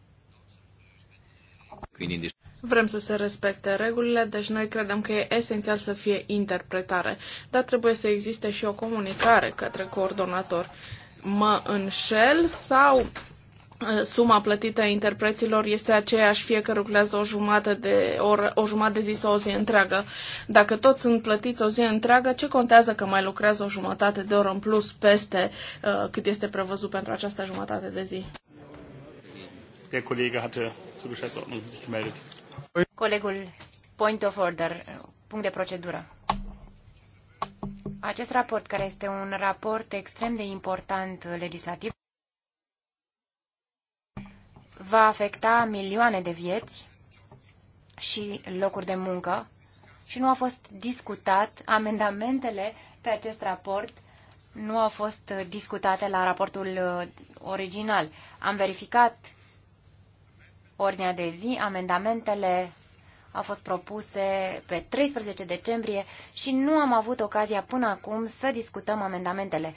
Vrem să se respecte regulile, deci noi credem că e esențial să fie interpretare, dar trebuie să existe și o comunicare către coordonator. Mă înșel sau uh, suma plătită a interpreților este aceeași fie că lucrează o jumătate de oră, o jumătate de zi sau o zi întreagă. Dacă toți sunt plătiți o zi întreagă, ce contează că mai lucrează o jumătate de oră în plus peste uh, cât este prevăzut pentru această jumătate de zi? Der Kollege hatte zu Geschäftsordnung sich gemeldet. Colegul, point of order, punct de procedură. Acest raport, care este un raport extrem de important legislativ, va afecta milioane de vieți și locuri de muncă și nu a fost discutat, amendamentele pe acest raport nu au fost discutate la raportul uh, original. Am verificat ordinea de zi. Amendamentele au fost propuse pe 13 decembrie și nu am avut ocazia până acum să discutăm amendamentele.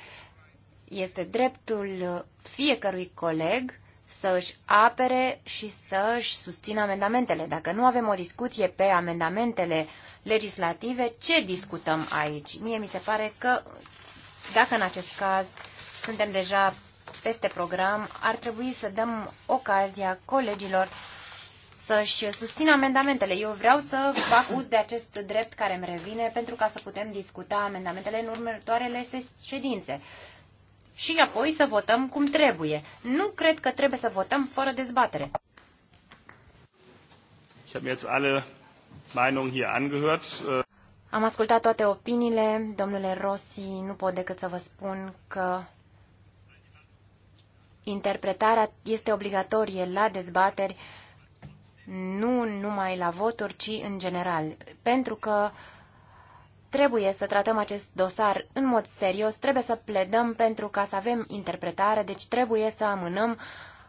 Este dreptul fiecărui coleg să își apere și să își susțină amendamentele. Dacă nu avem o discuție pe amendamentele legislative, ce discutăm aici? Mie mi se pare că, dacă în acest caz suntem deja peste program, ar trebui să dăm ocazia colegilor să-și susțină amendamentele. Eu vreau să fac uz de acest drept care îmi revine pentru ca să putem discuta amendamentele în următoarele ședințe. Și apoi să votăm cum trebuie. Nu cred că trebuie să votăm fără dezbatere. Am ascultat toate opiniile. Domnule Rossi, nu pot decât să vă spun că interpretarea este obligatorie la dezbateri, nu numai la voturi, ci în general, pentru că trebuie să tratăm acest dosar în mod serios, trebuie să pledăm pentru ca să avem interpretare, deci trebuie să amânăm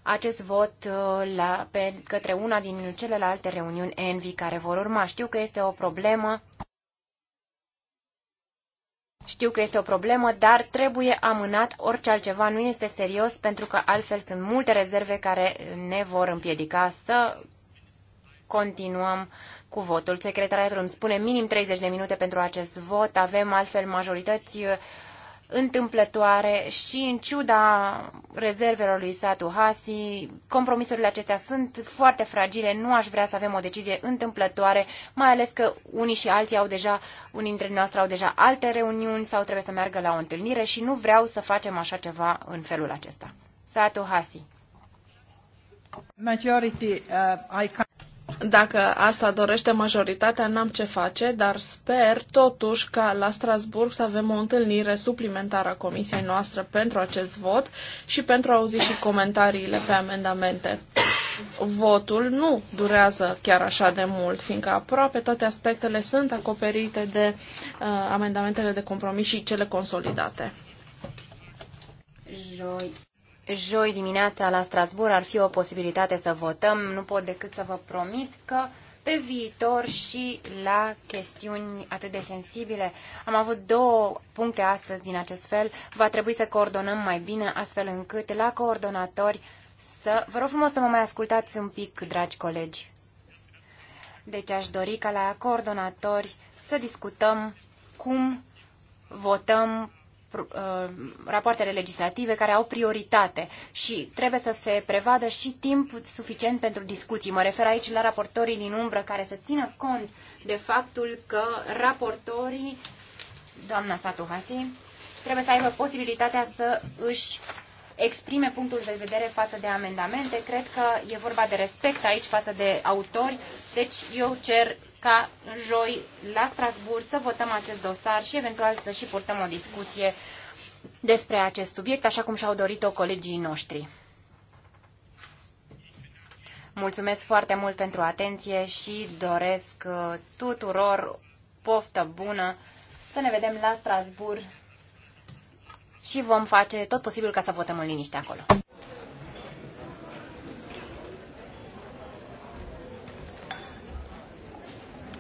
acest vot uh, la, pe, către una din celelalte reuniuni ENVI care vor urma. Știu că este o problemă. Știu că este o problemă, dar trebuie amânat orice altceva nu este serios, pentru că altfel sunt multe rezerve care ne vor împiedica să continuăm cu votul. Secretariatul îmi spune minim 30 de minute pentru acest vot. Avem altfel majorități întâmplătoare și în ciuda rezervelor lui Satu Hasi, compromisurile acestea sunt foarte fragile, nu aș vrea să avem o decizie întâmplătoare, mai ales că unii și alții au deja, unii dintre noastre au deja alte reuniuni sau trebuie să meargă la o întâlnire și nu vreau să facem așa ceva în felul acesta. Satu Hasi. Majority, uh, I can... Dacă asta dorește majoritatea, n-am ce face, dar sper totuși ca la Strasburg să avem o întâlnire suplimentară a comisiei noastre pentru acest vot și pentru a auzi și comentariile pe amendamente. Votul nu durează chiar așa de mult, fiindcă aproape toate aspectele sunt acoperite de uh, amendamentele de compromis și cele consolidate. Joi joi dimineața la Strasbourg ar fi o posibilitate să votăm. Nu pot decât să vă promit că pe viitor și la chestiuni atât de sensibile. Am avut două puncte astăzi din acest fel. Va trebui să coordonăm mai bine astfel încât la coordonatori să... Vă rog frumos să mă mai ascultați un pic, dragi colegi. Deci aș dori ca la coordonatori să discutăm cum votăm Uh, rapoartele legislative care au prioritate și trebuie să se prevadă și timp suficient pentru discuții. Mă refer aici la raportorii din umbră care să țină cont de faptul că raportorii, doamna Satuhasi, trebuie să aibă posibilitatea să își exprime punctul de vedere față de amendamente. Cred că e vorba de respect aici față de autori, deci eu cer ca joi la Strasburg să votăm acest dosar și eventual să și purtăm o discuție despre acest subiect, așa cum și-au dorit-o colegii noștri. Mulțumesc foarte mult pentru atenție și doresc uh, tuturor poftă bună. Să ne vedem la Strasburg și vom face tot posibil ca să votăm în liniște acolo.